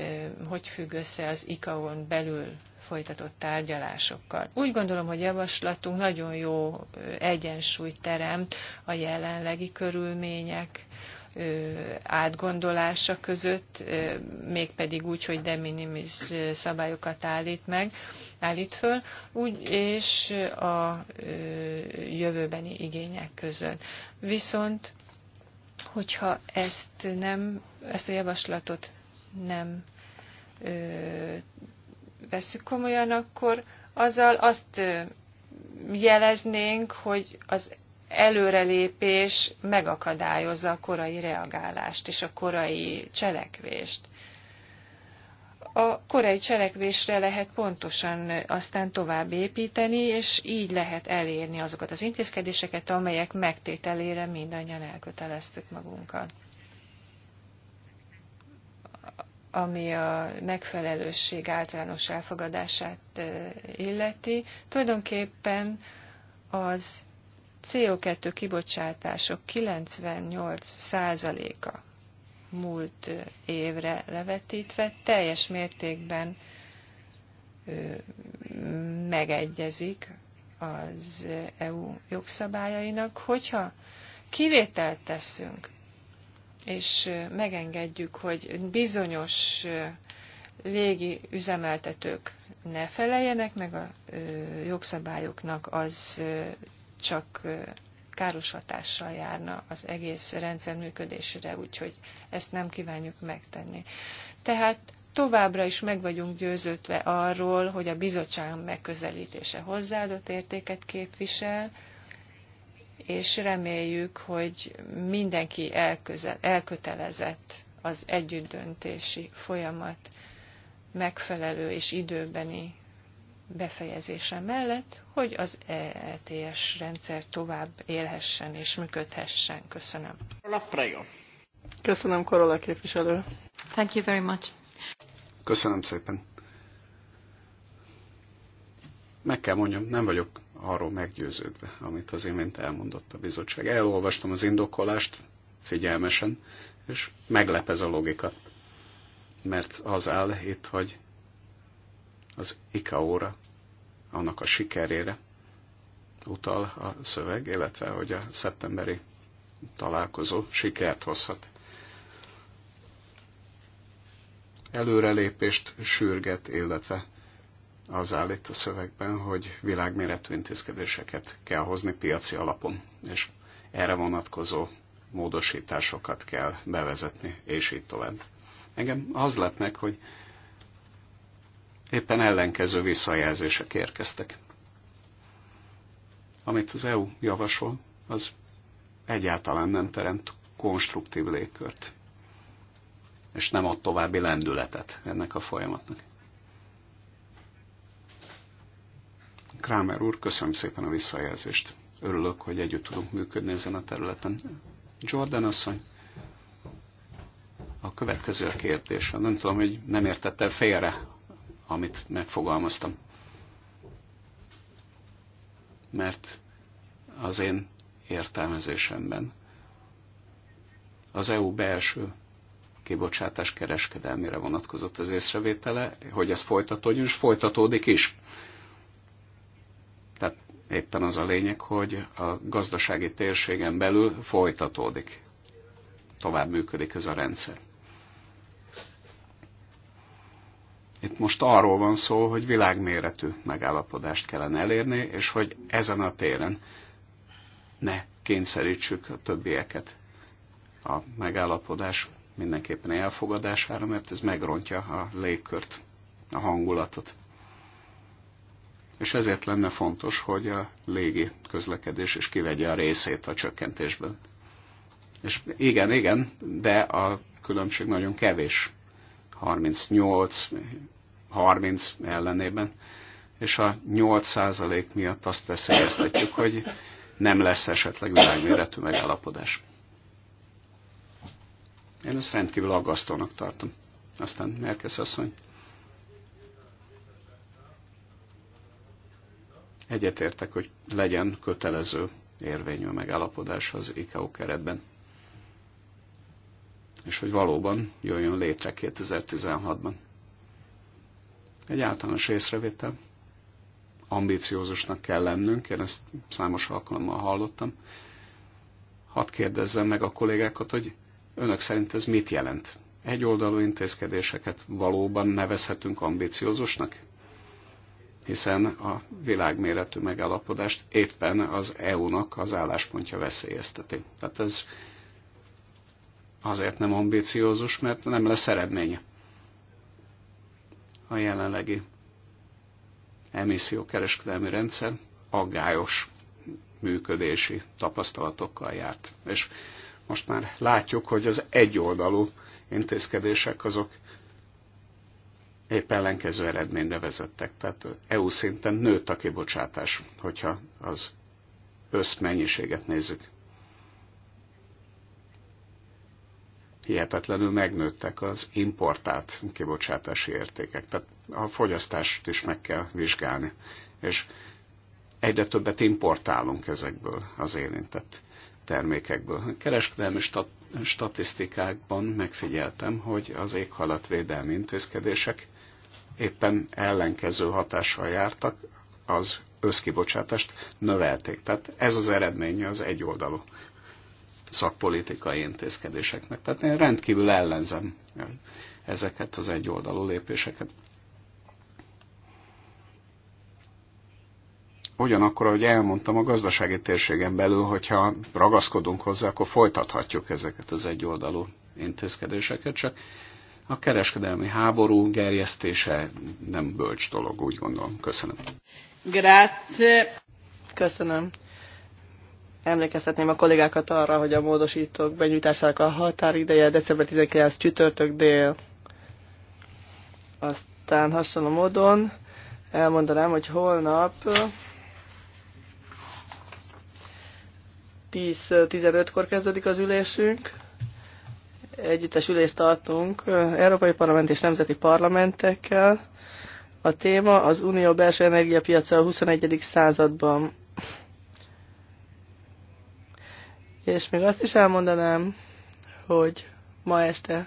hogy függ össze az ICAO-n belül folytatott tárgyalásokkal. Úgy gondolom, hogy javaslatunk nagyon jó egyensúlyt teremt a jelenlegi körülmények átgondolása között, mégpedig úgy, hogy de minimis szabályokat állít meg, állít föl, úgy és a jövőbeni igények között. Viszont hogyha ezt nem, ezt a javaslatot nem ö, veszük komolyan, akkor azzal azt jeleznénk, hogy az előrelépés megakadályozza a korai reagálást és a korai cselekvést. A korai cselekvésre lehet pontosan aztán tovább építeni, és így lehet elérni azokat az intézkedéseket, amelyek megtételére mindannyian elköteleztük magunkat. ami a megfelelősség általános elfogadását illeti, tulajdonképpen az CO2 kibocsátások 98%-a múlt évre levetítve teljes mértékben megegyezik az EU jogszabályainak, hogyha kivételt teszünk és megengedjük, hogy bizonyos légi üzemeltetők ne feleljenek meg a jogszabályoknak, az csak káros hatással járna az egész rendszer működésére, úgyhogy ezt nem kívánjuk megtenni. Tehát továbbra is meg vagyunk győződve arról, hogy a bizottság megközelítése hozzáadott értéket képvisel, és reméljük, hogy mindenki elközel, elkötelezett az együttdöntési folyamat megfelelő és időbeni befejezése mellett, hogy az ETS e rendszer tovább élhessen és működhessen. Köszönöm. Köszönöm, Karola képviselő. Thank you very much. Köszönöm szépen. Meg kell mondjam, nem vagyok arról meggyőződve, amit az imént elmondott a bizottság. Elolvastam az indokolást figyelmesen, és meglep ez a logika. Mert az áll itt, hogy az icao óra annak a sikerére utal a szöveg, illetve hogy a szeptemberi találkozó sikert hozhat. Előrelépést sürget, illetve az állít a szövegben, hogy világméretű intézkedéseket kell hozni piaci alapon, és erre vonatkozó módosításokat kell bevezetni, és így tovább. Engem az lett meg, hogy éppen ellenkező visszajelzések érkeztek. Amit az EU javasol, az egyáltalán nem teremt konstruktív légkört, és nem ad további lendületet ennek a folyamatnak. Kramer úr, köszönöm szépen a visszajelzést. Örülök, hogy együtt tudunk működni ezen a területen. Jordan asszony, a következő a kérdése. Nem tudom, hogy nem értette félre, amit megfogalmaztam. Mert az én értelmezésemben az EU belső kibocsátás kereskedelmére vonatkozott az észrevétele, hogy ez folytatódjon, és folytatódik is. Éppen az a lényeg, hogy a gazdasági térségen belül folytatódik. Tovább működik ez a rendszer. Itt most arról van szó, hogy világméretű megállapodást kellene elérni, és hogy ezen a téren ne kényszerítsük a többieket a megállapodás mindenképpen elfogadására, mert ez megrontja a légkört, a hangulatot és ezért lenne fontos, hogy a légi közlekedés is kivegye a részét a csökkentésben. És igen, igen, de a különbség nagyon kevés. 38, 30 ellenében. És a 8% miatt azt veszélyeztetjük, hogy nem lesz esetleg világméretű megállapodás. Én ezt rendkívül aggasztónak tartom. Aztán Merkesz asszony. Hogy... egyetértek, hogy legyen kötelező érvényű megállapodás az ICAO keretben. És hogy valóban jöjjön létre 2016-ban. Egy általános észrevétel. Ambiciózusnak kell lennünk, én ezt számos alkalommal hallottam. Hadd kérdezzem meg a kollégákat, hogy önök szerint ez mit jelent? Egyoldalú intézkedéseket valóban nevezhetünk ambiciózusnak? hiszen a világméretű megállapodást éppen az EU-nak az álláspontja veszélyezteti. Tehát ez azért nem ambíciózus, mert nem lesz eredménye a jelenlegi emissziókereskedelmi rendszer aggályos működési tapasztalatokkal járt. És most már látjuk, hogy az egyoldalú intézkedések azok épp ellenkező eredményre vezettek. Tehát EU szinten nőtt a kibocsátás, hogyha az összmennyiséget nézzük. Hihetetlenül megnőttek az importált kibocsátási értékek. Tehát a fogyasztást is meg kell vizsgálni. És egyre többet importálunk ezekből az érintett termékekből. A kereskedelmi stat- statisztikákban megfigyeltem, hogy az éghalatvédelmi intézkedések éppen ellenkező hatással jártak, az összkibocsátást növelték. Tehát ez az eredménye az egyoldalú szakpolitikai intézkedéseknek. Tehát én rendkívül ellenzem ezeket az egyoldalú lépéseket. Ugyanakkor, ahogy elmondtam, a gazdasági térségen belül, hogyha ragaszkodunk hozzá, akkor folytathatjuk ezeket az egyoldalú intézkedéseket, csak a kereskedelmi háború gerjesztése nem bölcs dolog, úgy gondolom. Köszönöm. Grazie. Köszönöm. Emlékeztetném a kollégákat arra, hogy a módosítók benyújtásának a határideje december 19 csütörtök dél. Aztán hasonló módon elmondanám, hogy holnap 10-15-kor kezdődik az ülésünk, együttes ülést tartunk Európai Parlament és Nemzeti Parlamentekkel. A téma az Unió belső energiapiaca a 21. században. És még azt is elmondanám, hogy ma este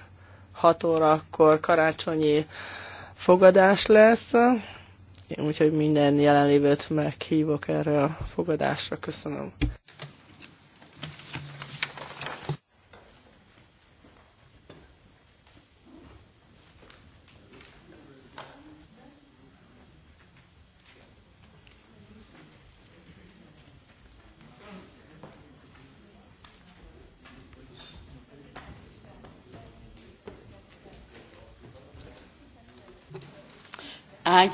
6 órakor karácsonyi fogadás lesz, úgyhogy minden jelenlévőt meghívok erre a fogadásra. Köszönöm.